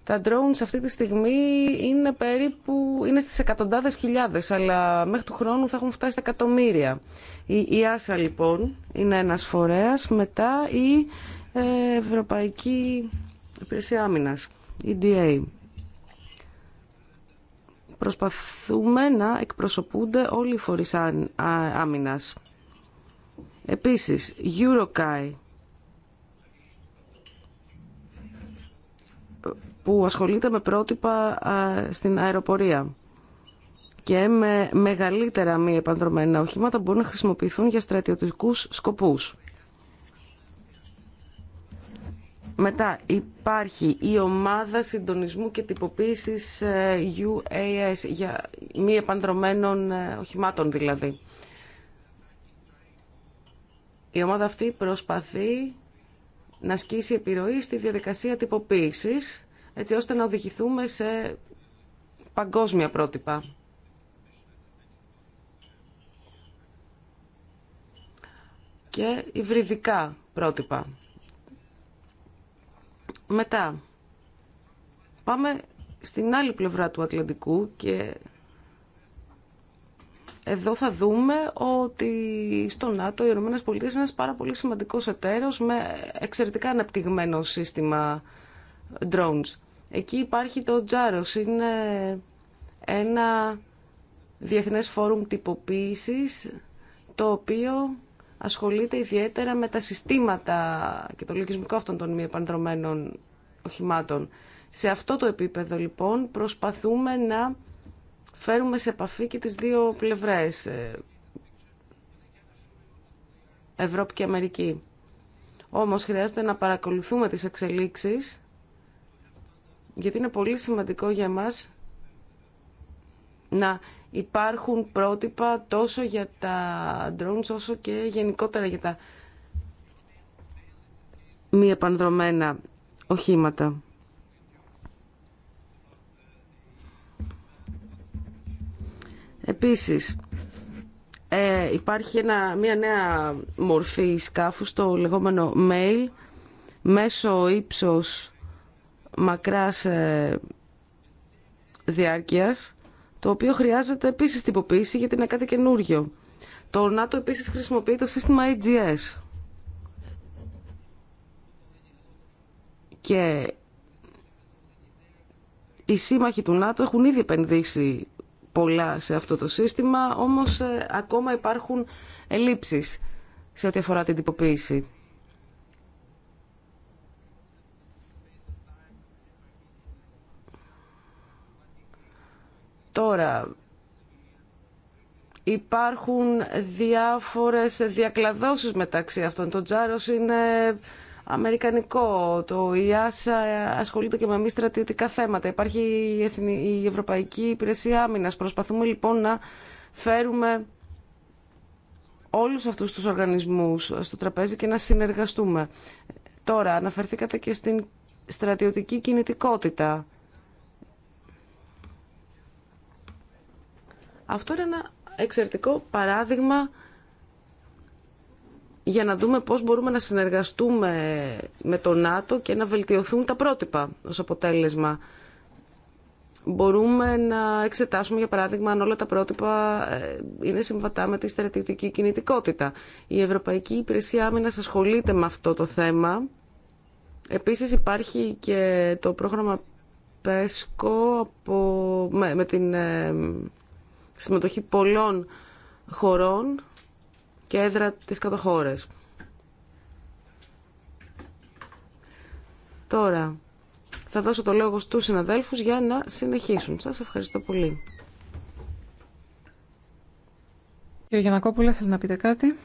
Τα drones αυτή τη στιγμή είναι περίπου, είναι στις εκατοντάδες χιλιάδες, αλλά μέχρι του χρόνου θα έχουν φτάσει στα εκατομμύρια. Η, η Άσα λοιπόν είναι ένας φορέας, μετά η Ευρωπαϊκή Υπηρεσία Άμυνας, η προσπαθούμε να εκπροσωπούνται όλοι οι φορείς άμυνας. Επίσης, Eurokai, που ασχολείται με πρότυπα στην αεροπορία και με μεγαλύτερα μη επανδρομένα οχήματα μπορούν να χρησιμοποιηθούν για στρατιωτικούς σκοπούς. Μετά υπάρχει η ομάδα συντονισμού και τυποποίησης UAS ε, για μη επανδρομένων ε, οχημάτων δηλαδή. Η ομάδα αυτή προσπαθεί να ασκήσει επιρροή στη διαδικασία τυποποίησης έτσι ώστε να οδηγηθούμε σε παγκόσμια πρότυπα. και υβριδικά πρότυπα. Μετά, πάμε στην άλλη πλευρά του Ατλαντικού και εδώ θα δούμε ότι στο ΝΑΤΟ οι Ηνωμένες Πολιτείες είναι ένας πάρα πολύ σημαντικός εταίρος με εξαιρετικά αναπτυγμένο σύστημα drones. Εκεί υπάρχει το Τζάρος, είναι ένα διεθνές φόρουμ τυποποίησης το οποίο ασχολείται ιδιαίτερα με τα συστήματα και το λογισμικό αυτών των μη επανδρομένων οχημάτων. Σε αυτό το επίπεδο λοιπόν προσπαθούμε να φέρουμε σε επαφή και τις δύο πλευρές, ε, Ευρώπη και Αμερική. Όμως χρειάζεται να παρακολουθούμε τις εξελίξεις, γιατί είναι πολύ σημαντικό για μας να υπάρχουν πρότυπα τόσο για τα drones όσο και γενικότερα για τα μη επανδρομένα οχήματα. Επίσης, ε, υπάρχει μια νέα μορφή σκάφου στο λεγόμενο mail, μέσω ύψος μακράς ε, διάρκειας, το οποίο χρειάζεται επίσης τυποποίηση γιατί είναι κάτι καινούργιο. Το ΝΑΤΟ επίσης χρησιμοποιεί το σύστημα AGS. Και οι σύμμαχοι του ΝΑΤΟ έχουν ήδη επενδύσει πολλά σε αυτό το σύστημα, όμως ε, ακόμα υπάρχουν ελλείψεις σε ό,τι αφορά την τυποποίηση. Τώρα, υπάρχουν διάφορες διακλαδώσεις μεταξύ αυτών. Το Τζάρος είναι αμερικανικό, το ΙΑΣΑ ασχολείται και με μη στρατιωτικά θέματα. Υπάρχει η Ευρωπαϊκή Υπηρεσία Άμυνας. Προσπαθούμε λοιπόν να φέρουμε όλους αυτούς τους οργανισμούς στο τραπέζι και να συνεργαστούμε. Τώρα, αναφερθήκατε και στην στρατιωτική κινητικότητα. Αυτό είναι ένα εξαιρετικό παράδειγμα για να δούμε πώς μπορούμε να συνεργαστούμε με το ΝΑΤΟ και να βελτιωθούν τα πρότυπα ως αποτέλεσμα. Μπορούμε να εξετάσουμε, για παράδειγμα, αν όλα τα πρότυπα ε, είναι συμβατά με τη στρατιωτική κινητικότητα. Η Ευρωπαϊκή Υπηρεσία Άμυνας ασχολείται με αυτό το θέμα. Επίσης υπάρχει και το πρόγραμμα ΠΕΣΚΟ από... με την ε, συμμετοχή πολλών χωρών και έδρα της κατοχώρες. Τώρα, θα δώσω το λόγο στους συναδέλφους για να συνεχίσουν. Σας ευχαριστώ πολύ. Κύριε Γιανακόπουλε, θέλει να πείτε κάτι.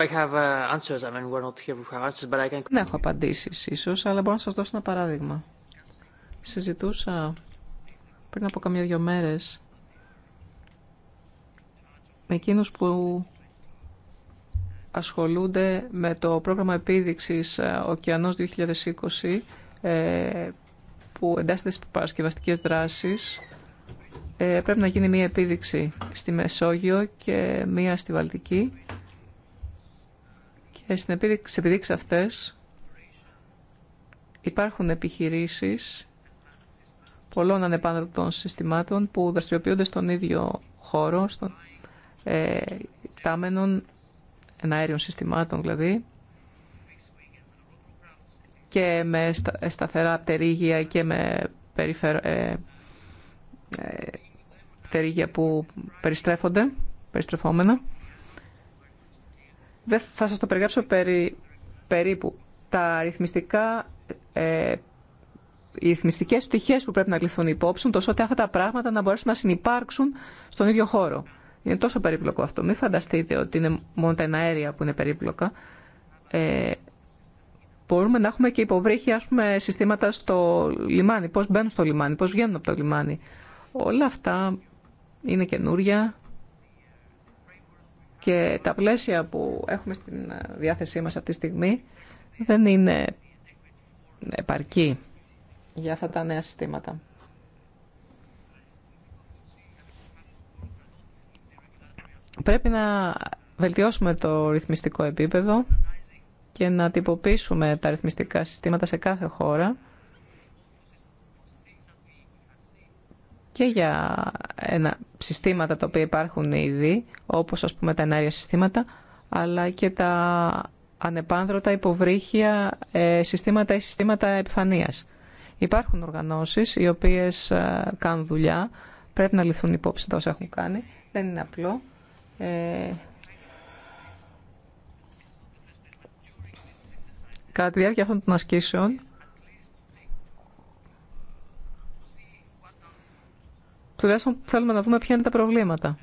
Uh, I mean, we're not here for but I can... Δεν έχω απαντήσεις ίσως, αλλά μπορώ να σας δώσω ένα παράδειγμα. Συζητούσα πριν από καμιά δυο μέρες με εκείνους που ασχολούνται με το πρόγραμμα επίδειξης Οκεανός ε, 2020 ε, που εντάσσεται στις παρασκευαστικές δράσεις ε, πρέπει να γίνει μία επίδειξη στη Μεσόγειο και μία στη Βαλτική και στην επιδείξεις αυτές υπάρχουν επιχειρήσεις πολλών των συστημάτων που δραστηριοποιούνται στον ίδιο χώρο, στον ε, τάμενων εναέριων συστημάτων δηλαδή, και με ε, σταθερά πτερήγια και με περιφερ... Ε, ε που περιστρέφονται, περιστρεφόμενα. Δεν θα σας το περιγράψω περί, περίπου. Τα αριθμιστικά ε, οι ρυθμιστικέ πτυχέ που πρέπει να ληφθούν υπόψη, τόσο ότι αυτά τα πράγματα να μπορέσουν να συνεπάρξουν στον ίδιο χώρο. Είναι τόσο περίπλοκο αυτό. Μην φανταστείτε ότι είναι μόνο τα εναέρια που είναι περίπλοκα. Ε, μπορούμε να έχουμε και υποβρύχια ας πούμε, συστήματα στο λιμάνι. Πώ μπαίνουν στο λιμάνι, πώ βγαίνουν από το λιμάνι. Όλα αυτά είναι καινούρια και τα πλαίσια που έχουμε στην διάθεσή μας αυτή τη στιγμή δεν είναι επαρκή για αυτά τα νέα συστήματα. Πρέπει να βελτιώσουμε το ρυθμιστικό επίπεδο και να τυποποιήσουμε τα ρυθμιστικά συστήματα σε κάθε χώρα και για ένα, συστήματα τα οποία υπάρχουν ήδη, όπως ας πούμε τα ενάρια συστήματα, αλλά και τα ανεπάνδρωτα υποβρύχια ε, συστήματα ή συστήματα επιφανείας. Υπάρχουν οργανώσεις οι οποίες ε, κάνουν δουλειά, πρέπει να λυθούν υπόψη τα όσα έχουν κάνει. Δεν είναι απλό. Ε... Κατά τη διάρκεια αυτών των ασκήσεων, τουλάχιστον θέλουμε να δούμε ποια είναι τα προβλήματα.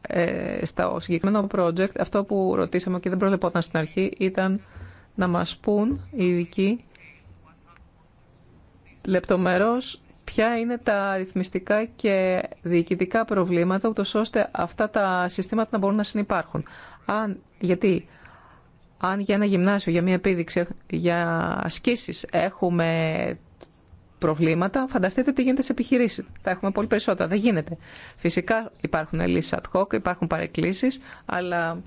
Ε, στο συγκεκριμένο project, αυτό που ρωτήσαμε και δεν προβλεπόταν στην αρχή ήταν να μας πούν οι ειδικοί λεπτομερώς ποια είναι τα αριθμιστικά και διοικητικά προβλήματα, ούτως ώστε αυτά τα συστήματα να μπορούν να συνεπάρχουν. Αν, γιατί αν για ένα γυμνάσιο, για μια επίδειξη, για ασκήσεις έχουμε προβλήματα, φανταστείτε τι γίνεται σε επιχειρήσει. Τα έχουμε πολύ περισσότερα. Δεν γίνεται. Φυσικά υπάρχουν λύσει ad hoc, υπάρχουν παρεκκλήσει, αλλά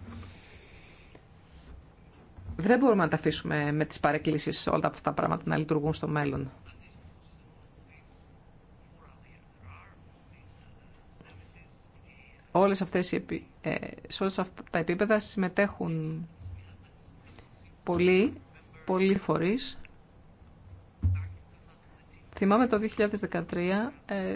δεν μπορούμε να τα αφήσουμε με τι παρεκκλήσει όλα αυτά τα πράγματα να λειτουργούν στο μέλλον. όλες αυτές οι, ε, σε όλες αυτά τα επίπεδα συμμετέχουν πολλοί, πολλοί φορείς. Θυμάμαι το 2013 ε,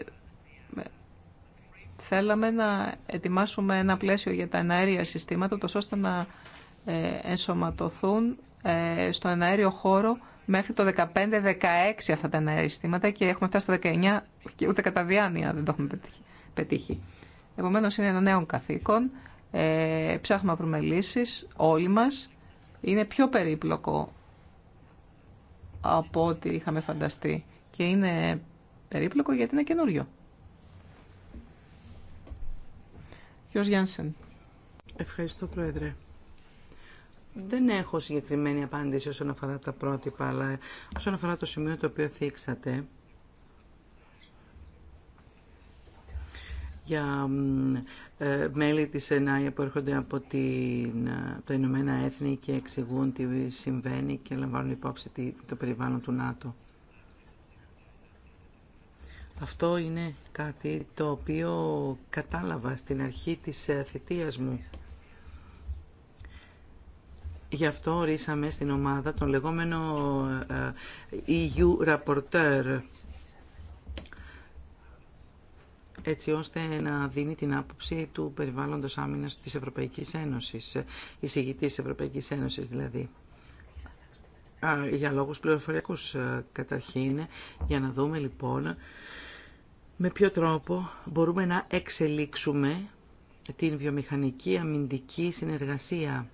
θέλαμε να ετοιμάσουμε ένα πλαίσιο για τα εναέρια συστήματα, τόσο ώστε να ε, ενσωματωθούν ε, στο εναέριο χώρο μέχρι το 15-16 αυτά τα εναέρια συστήματα και έχουμε φτάσει στο 19 και ούτε κατά διάνοια δεν το έχουμε πετύχει. Επομένως είναι ένα νέο καθήκον. Ε, ψάχνουμε να βρούμε όλοι μας. Είναι πιο περίπλοκο από ό,τι είχαμε φανταστεί. Και είναι περίπλοκο γιατί είναι καινούριο. Γιος Γιάνσεν. Ευχαριστώ, Πρόεδρε. Δεν έχω συγκεκριμένη απάντηση όσον αφορά τα πρότυπα, αλλά όσον αφορά το σημείο το οποίο θίξατε, για ε, μέλη της ΕΝΑΙΑ που έρχονται από, την, ε, τα Ηνωμένα Έθνη και εξηγούν τι συμβαίνει και λαμβάνουν υπόψη το περιβάλλον του ΝΑΤΟ. Αυτό είναι κάτι το οποίο κατάλαβα στην αρχή της ε, θητείας μου. Γι' αυτό ορίσαμε στην ομάδα τον λεγόμενο EU Rapporteur έτσι ώστε να δίνει την άποψη του περιβάλλοντος άμυνας της Ευρωπαϊκής Ένωσης, εισηγητής της Ευρωπαϊκής Ένωσης δηλαδή. Για λόγους πληροφοριακούς ε, καταρχήν, για να δούμε λοιπόν με ποιο τρόπο μπορούμε να εξελίξουμε την βιομηχανική αμυντική συνεργασία.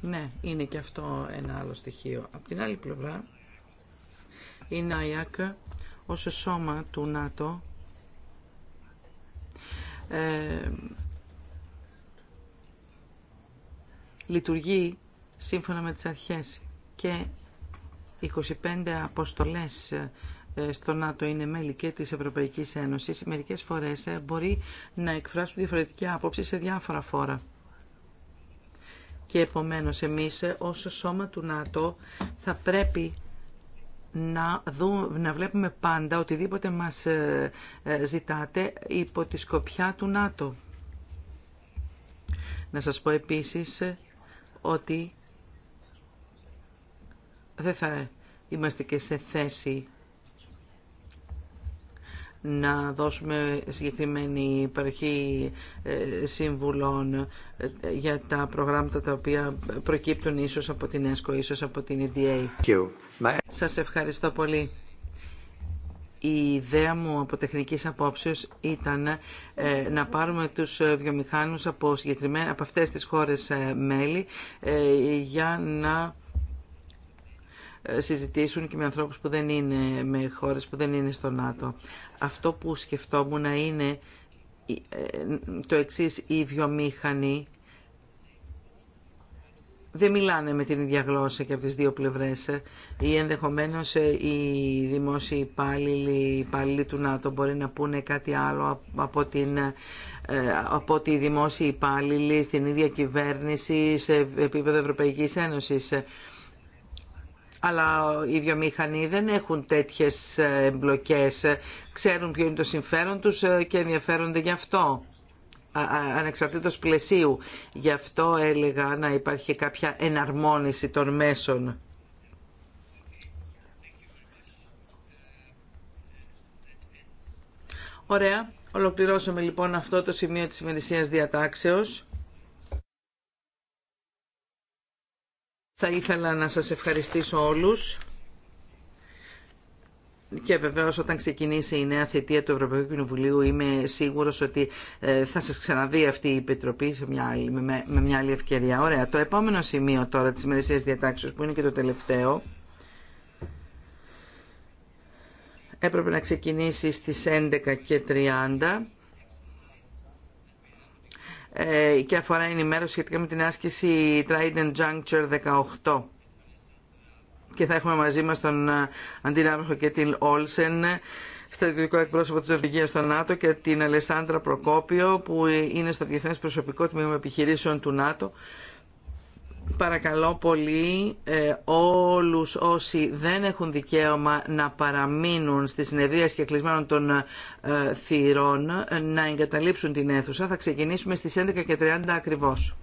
Ναι, είναι και αυτό ένα άλλο στοιχείο. Από την άλλη πλευρά, η ΝΑΙΑΚ ως σώμα του ΝΑΤΟ ε, λειτουργεί σύμφωνα με τις αρχές και 25 αποστολές ε, στο ΝΑΤΟ είναι μέλη και της Ευρωπαϊκής Ένωσης. Μερικές φορές ε, μπορεί να εκφράσουν διαφορετική άποψη σε διάφορα φόρα. Και επομένως εμείς ως σώμα του ΝΑΤΟ θα πρέπει να, να βλέπουμε πάντα οτιδήποτε μας ε, ε, ζητάτε υπό τη σκοπιά του ΝΑΤΟ. Να σας πω επίσης ε, ότι δεν θα είμαστε και σε θέση να δώσουμε συγκεκριμένη παροχή συμβουλών για τα προγράμματα τα οποία προκύπτουν ίσως από την ΕΣΚΟ, ίσως από την EDA. Σας ευχαριστώ πολύ. Η ιδέα μου από τεχνικής απόψεως ήταν ε, να πάρουμε τους βιομηχάνους από, από αυτές τις χώρες ε, μέλη ε, για να συζητήσουν και με ανθρώπους που δεν είναι, με χώρες που δεν είναι στο ΝΑΤΟ. Αυτό που σκεφτόμουν να είναι το εξής, οι βιομηχανοί δεν μιλάνε με την ίδια γλώσσα και από τις δύο πλευρές ή ε, ενδεχομένως ε, οι δημόσιοι υπάλληλοι, υπάλληλοι του ΝΑΤΟ μπορεί να πούνε κάτι άλλο από την ε, από ότι οι δημόσιοι υπάλληλοι στην ίδια κυβέρνηση σε επίπεδο Ευρωπαϊκής Ένωσης. Αλλά οι βιομηχανοί δεν έχουν τέτοιες εμπλοκές. Ξέρουν ποιο είναι το συμφέρον τους και ενδιαφέρονται γι' αυτό ανεξαρτήτως πλαισίου. Γι' αυτό έλεγα να υπάρχει κάποια εναρμόνιση των μέσων. Ωραία. Ολοκληρώσαμε λοιπόν αυτό το σημείο της ημερησίας διατάξεως. Θα ήθελα να σας ευχαριστήσω όλους και βεβαίω όταν ξεκινήσει η νέα θητεία του Ευρωπαϊκού Κοινοβουλίου είμαι σίγουρο ότι ε, θα σα ξαναδεί αυτή η επιτροπή μια άλλη, με, με μια άλλη ευκαιρία. Ωραία. Το επόμενο σημείο τώρα τη ημερησία διατάξεω που είναι και το τελευταίο. Έπρεπε να ξεκινήσει στις 11.30 και 30 ε, και αφορά ενημέρωση σχετικά με την άσκηση Trident Juncture 18 και θα έχουμε μαζί μας τον ε, Αντινάμεχο και την Όλσεν στρατιωτικό εκπρόσωπο της Νορβηγίας στο ΝΑΤΟ και την Αλεσάνδρα Προκόπιο που είναι στο Διεθνές Προσωπικό Τμήμα Επιχειρήσεων του ΝΑΤΟ. Παρακαλώ πολύ ε, όλους όσοι δεν έχουν δικαίωμα να παραμείνουν στη συνεδρία και κλεισμένων των ε, θυρών ε, να εγκαταλείψουν την αίθουσα. Θα ξεκινήσουμε στις 11.30 ακριβώς.